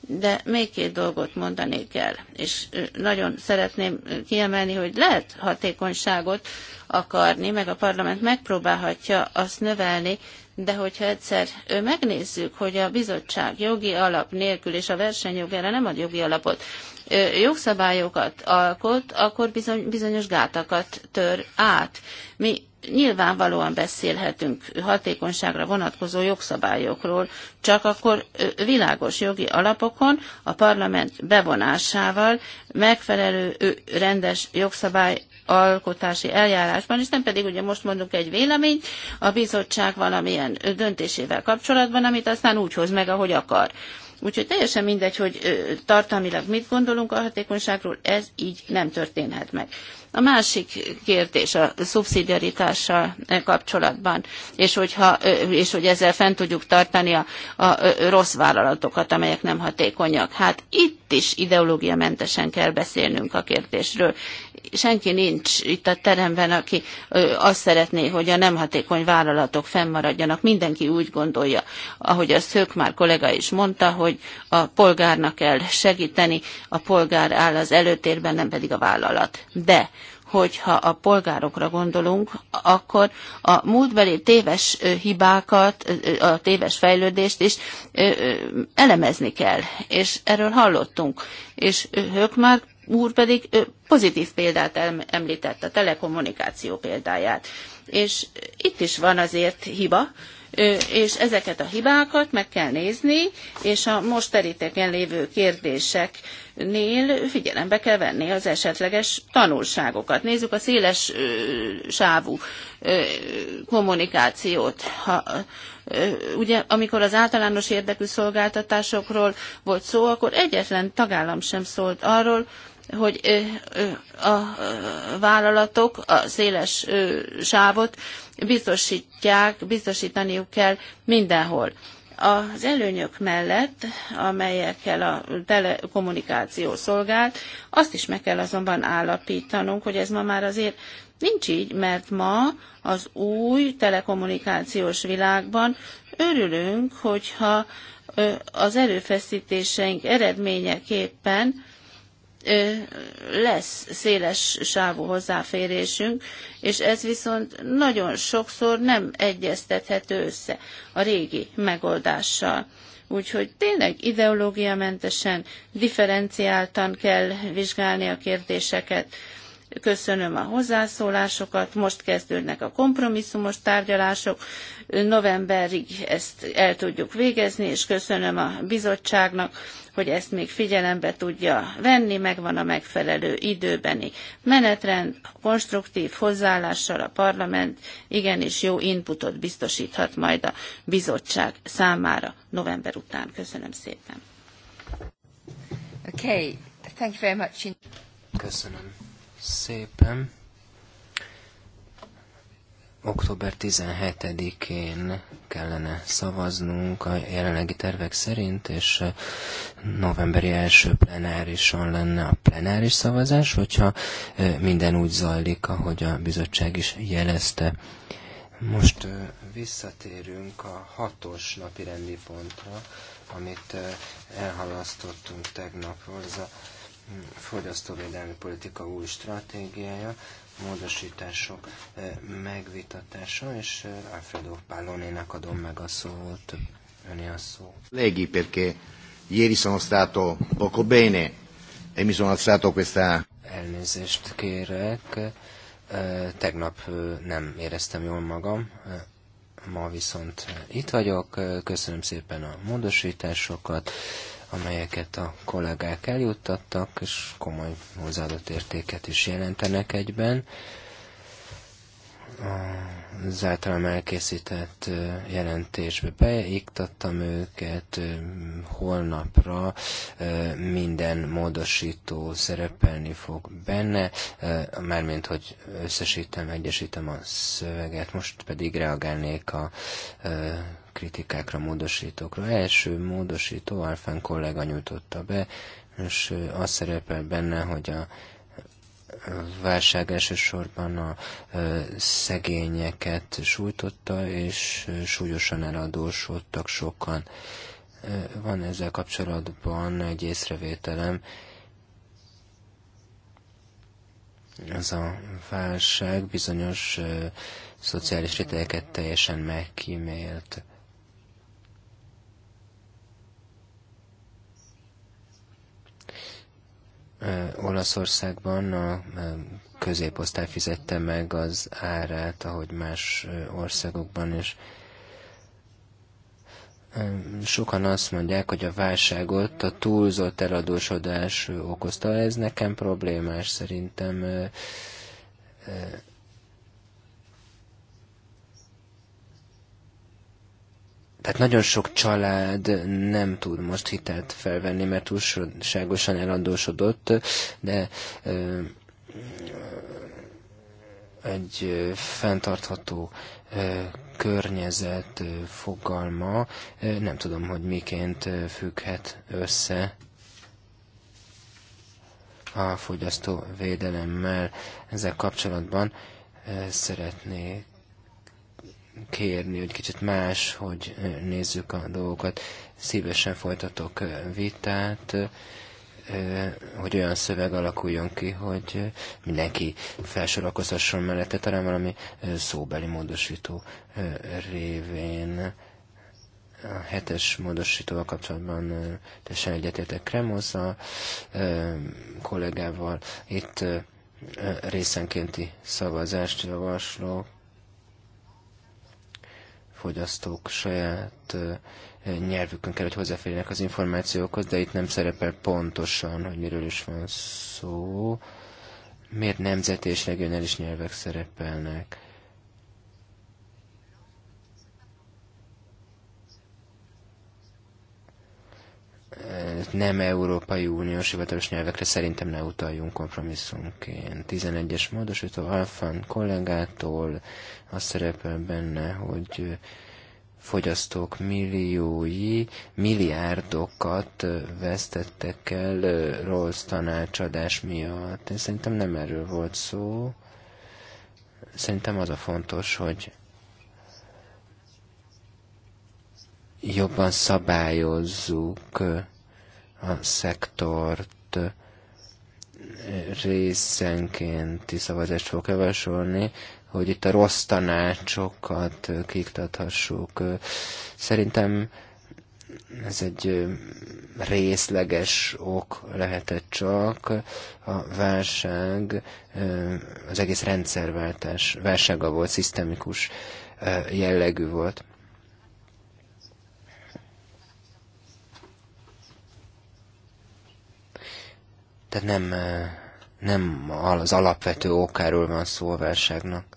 De még két dolgot mondanék el, és nagyon szeretném kiemelni, hogy lehet hatékonyságot akarni, meg a parlament megpróbálhatja azt növelni, de hogyha egyszer megnézzük, hogy a bizottság jogi alap nélkül és a versenyjog erre nem ad jogi alapot, jogszabályokat alkot, akkor bizony, bizonyos gátakat tör át. Mi nyilvánvalóan beszélhetünk hatékonyságra vonatkozó jogszabályokról, csak akkor világos jogi alapokon a parlament bevonásával megfelelő rendes jogszabály alkotási eljárásban, és nem pedig ugye most mondunk egy véleményt a bizottság valamilyen döntésével kapcsolatban, amit aztán úgy hoz meg, ahogy akar. Úgyhogy teljesen mindegy, hogy tartalmilag mit gondolunk a hatékonyságról, ez így nem történhet meg. A másik kérdés a szubszidiaritással kapcsolatban, és, hogyha, és hogy ezzel fent tudjuk tartani a, a rossz vállalatokat, amelyek nem hatékonyak. Hát itt is ideológiamentesen kell beszélnünk a kérdésről. Senki nincs itt a teremben, aki azt szeretné, hogy a nem hatékony vállalatok fennmaradjanak. Mindenki úgy gondolja, ahogy a Szők már kollega is mondta, hogy a polgárnak kell segíteni, a polgár áll az előtérben, nem pedig a vállalat. De hogyha a polgárokra gondolunk, akkor a múltbeli téves hibákat, a téves fejlődést is elemezni kell, és erről hallottunk. És ők már úr pedig pozitív példát említett, a telekommunikáció példáját. És itt is van azért hiba, és ezeket a hibákat meg kell nézni, és a most terítéken lévő kérdéseknél figyelembe kell venni az esetleges tanulságokat. Nézzük a széles sávú kommunikációt. Ha, ugye, amikor az általános érdekű szolgáltatásokról volt szó, akkor egyetlen tagállam sem szólt arról, hogy a vállalatok a széles sávot biztosítják, biztosítaniuk kell mindenhol. Az előnyök mellett, amelyekkel a telekommunikáció szolgált, azt is meg kell azonban állapítanunk, hogy ez ma már azért nincs így, mert ma az új telekommunikációs világban örülünk, hogyha az erőfeszítéseink eredményeképpen lesz széles sávú hozzáférésünk, és ez viszont nagyon sokszor nem egyeztethető össze a régi megoldással. Úgyhogy tényleg ideológiamentesen, differenciáltan kell vizsgálni a kérdéseket. Köszönöm a hozzászólásokat, most kezdődnek a kompromisszumos tárgyalások, novemberig ezt el tudjuk végezni, és köszönöm a bizottságnak hogy ezt még figyelembe tudja venni, megvan a megfelelő időbeni menetrend, konstruktív hozzáállással a parlament igenis jó inputot biztosíthat majd a bizottság számára november után. Köszönöm szépen. Okay. Thank you very much. Köszönöm szépen október 17-én kellene szavaznunk a jelenlegi tervek szerint, és novemberi első plenárison lenne a plenáris szavazás, hogyha minden úgy zajlik, ahogy a bizottság is jelezte. Most visszatérünk a hatos napi rendi pontra, amit elhalasztottunk tegnapról, ez a mm, fogyasztóvédelmi politika új stratégiája módosítások megvitatása, és Alfredo Pallonének adom meg a szót, öné a szó. Légi, perché ieri sono stato poco bene, e mi sono alzato questa... Elnézést kérek, tegnap nem éreztem jól magam, ma viszont itt vagyok, köszönöm szépen a módosításokat, amelyeket a kollégák eljuttattak, és komoly hozzáadott értéket is jelentenek egyben. Az általam elkészített jelentésbe beiktattam őket, holnapra minden módosító szerepelni fog benne, mármint hogy összesítem, egyesítem a szöveget, most pedig reagálnék a kritikákra, módosítókra. Első módosító Alfán kollega nyújtotta be, és az szerepel benne, hogy a válság elsősorban a szegényeket sújtotta, és súlyosan eladósodtak sokan. Van ezzel kapcsolatban egy észrevételem, ez a válság bizonyos ö, szociális rétegeket teljesen megkímélt. Olaszországban a középosztály fizette meg az árát, ahogy más országokban is. Sokan azt mondják, hogy a válságot a túlzott eladósodás okozta. Ez nekem problémás szerintem Tehát nagyon sok család nem tud most hitelt felvenni, mert túlságosan eladósodott, de egy fenntartható környezet fogalma, nem tudom, hogy miként függhet össze a fogyasztó védelemmel. Ezzel kapcsolatban szeretnék kérni, hogy kicsit más, hogy nézzük a dolgokat. Szívesen folytatok vitát, hogy olyan szöveg alakuljon ki, hogy mindenki felsorakozhasson mellette, talán valami szóbeli módosító révén a hetes módosítóval kapcsolatban teljesen egyetértek a kollégával. Itt részenkénti szavazást javaslok fogyasztók saját nyelvükön kell, hogy hozzáférjenek az információkhoz, de itt nem szerepel pontosan, hogy miről is van szó. Miért nemzet és regionális nyelvek szerepelnek? nem Európai Uniós hivatalos nyelvekre szerintem ne utaljunk kompromisszumként. 11-es módosító Alfan kollégától az szerepel benne, hogy fogyasztók milliói, milliárdokat vesztettek el Rolls tanácsadás miatt. Én szerintem nem erről volt szó. Szerintem az a fontos, hogy jobban szabályozzuk a szektort részenkénti szavazást fog javasolni, hogy itt a rossz tanácsokat kiktathassuk. Szerintem ez egy részleges ok lehetett csak, a válság, az egész rendszerváltás válsága volt, szisztemikus jellegű volt. Tehát nem, nem az alapvető okáról van szó a válságnak.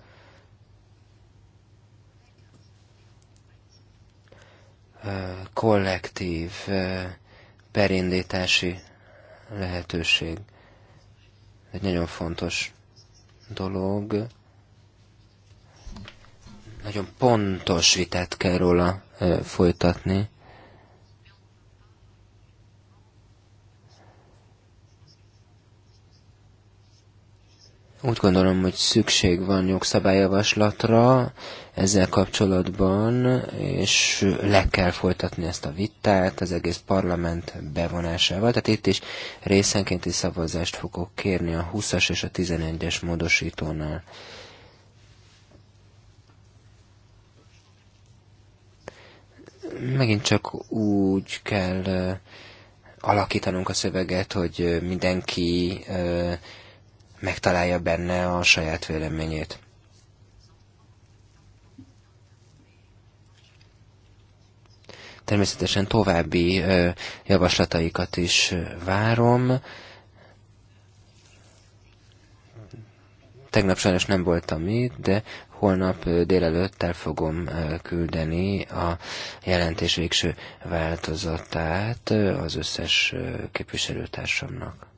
Kollektív perindítási lehetőség. Egy nagyon fontos dolog. Nagyon pontos vitát kell róla folytatni. Úgy gondolom, hogy szükség van jogszabályjavaslatra ezzel kapcsolatban, és le kell folytatni ezt a vitát az egész parlament bevonásával. Tehát itt is részenkénti szavazást fogok kérni a 20-as és a 11-es módosítónál. Megint csak úgy kell alakítanunk a szöveget, hogy mindenki megtalálja benne a saját véleményét. Természetesen további javaslataikat is várom. Tegnap sajnos nem voltam itt, de holnap délelőtt el fogom küldeni a jelentés végső változatát az összes képviselőtársamnak.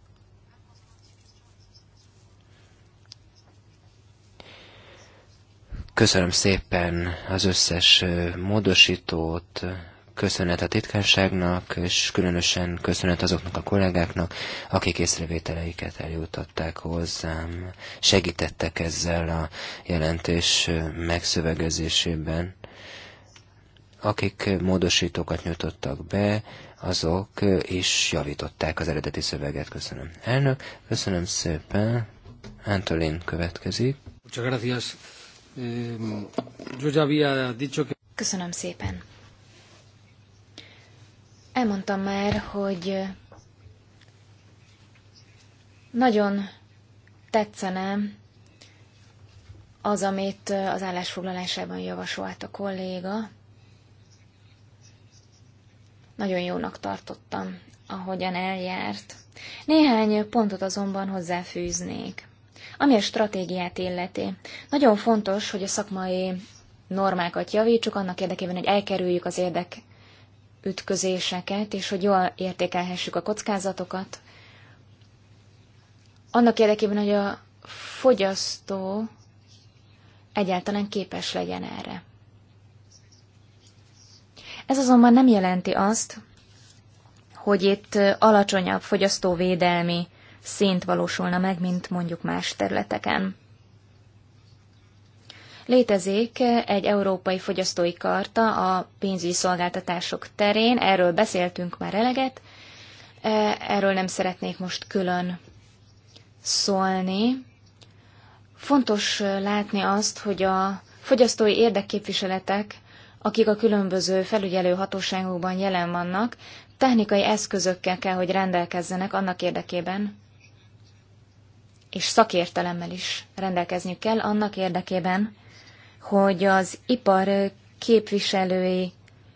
Köszönöm szépen az összes módosítót, köszönet a titkárságnak, és különösen köszönet azoknak a kollégáknak, akik észrevételeiket eljutották hozzám, segítettek ezzel a jelentés megszövegezésében. Akik módosítókat nyújtottak be, azok is javították az eredeti szöveget. Köszönöm. Elnök, köszönöm szépen. Antolin következik. Muchas gracias. Eh, Köszönöm szépen. Elmondtam már, hogy nagyon tetszene az, amit az állásfoglalásában javasolt a kolléga. Nagyon jónak tartottam, ahogyan eljárt. Néhány pontot azonban hozzáfűznék ami a stratégiát illeti. Nagyon fontos, hogy a szakmai normákat javítsuk, annak érdekében, hogy elkerüljük az érdek ütközéseket, és hogy jól értékelhessük a kockázatokat. Annak érdekében, hogy a fogyasztó egyáltalán képes legyen erre. Ez azonban nem jelenti azt, hogy itt alacsonyabb fogyasztóvédelmi szint valósulna meg, mint mondjuk más területeken. Létezik egy európai fogyasztói karta a pénzügyi szolgáltatások terén, erről beszéltünk már eleget, e, erről nem szeretnék most külön szólni. Fontos látni azt, hogy a fogyasztói érdekképviseletek, akik a különböző felügyelő hatóságokban jelen vannak, technikai eszközökkel kell, hogy rendelkezzenek annak érdekében, és szakértelemmel is rendelkezniük kell annak érdekében, hogy az ipar képviselői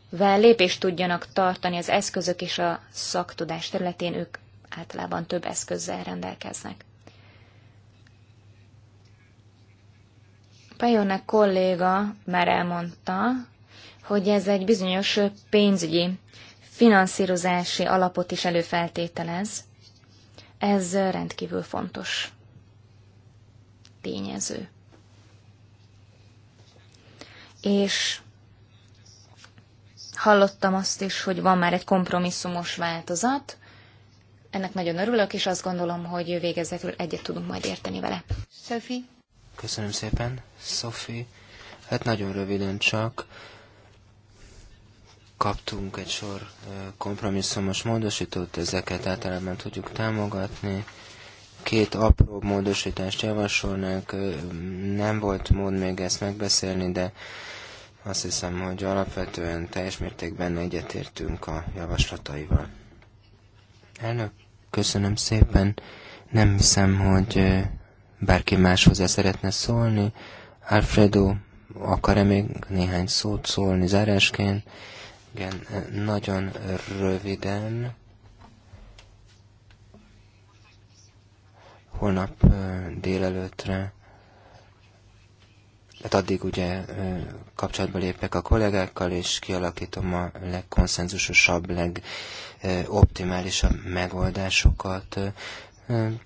vel lépést tudjanak tartani az eszközök és a szaktudás területén, ők általában több eszközzel rendelkeznek. Pajornek kolléga már elmondta, hogy ez egy bizonyos pénzügyi finanszírozási alapot is előfeltételez. Ez rendkívül fontos tényező. És hallottam azt is, hogy van már egy kompromisszumos változat, ennek nagyon örülök, és azt gondolom, hogy végezetül egyet tudunk majd érteni vele. Sophie? Köszönöm szépen, Sophie. Hát nagyon röviden csak kaptunk egy sor kompromisszumos módosítót, ezeket általában tudjuk támogatni két apró módosítást javasolnánk. Nem volt mód még ezt megbeszélni, de azt hiszem, hogy alapvetően teljes mértékben egyetértünk a javaslataival. Elnök, köszönöm szépen. Nem hiszem, hogy bárki máshoz el szeretne szólni. Alfredo, akar-e még néhány szót szólni zárásként? Igen, nagyon röviden holnap délelőtre. Hát addig ugye kapcsolatba lépek a kollégákkal, és kialakítom a legkonszenzusosabb, legoptimálisabb megoldásokat.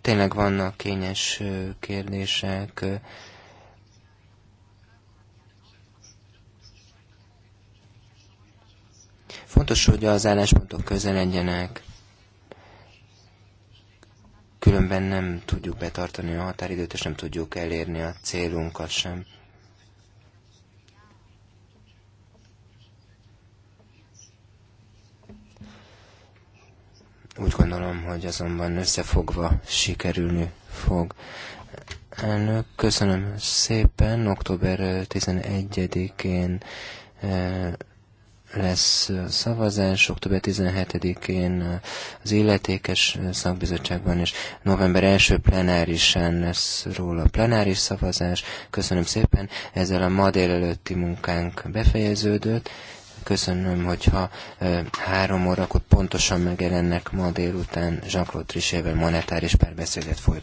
Tényleg vannak kényes kérdések, Fontos, hogy az álláspontok közel legyenek különben nem tudjuk betartani a határidőt, és nem tudjuk elérni a célunkat sem. Úgy gondolom, hogy azonban összefogva sikerülni fog. Elnök, köszönöm szépen. Október 11-én lesz szavazás, október 17-én az illetékes szakbizottságban, és november első plenárisán lesz róla plenáris szavazás. Köszönöm szépen, ezzel a ma délelőtti munkánk befejeződött. Köszönöm, hogyha három órakor pontosan megjelennek ma délután Jean-Claude Trichével monetáris párbeszédet folyt.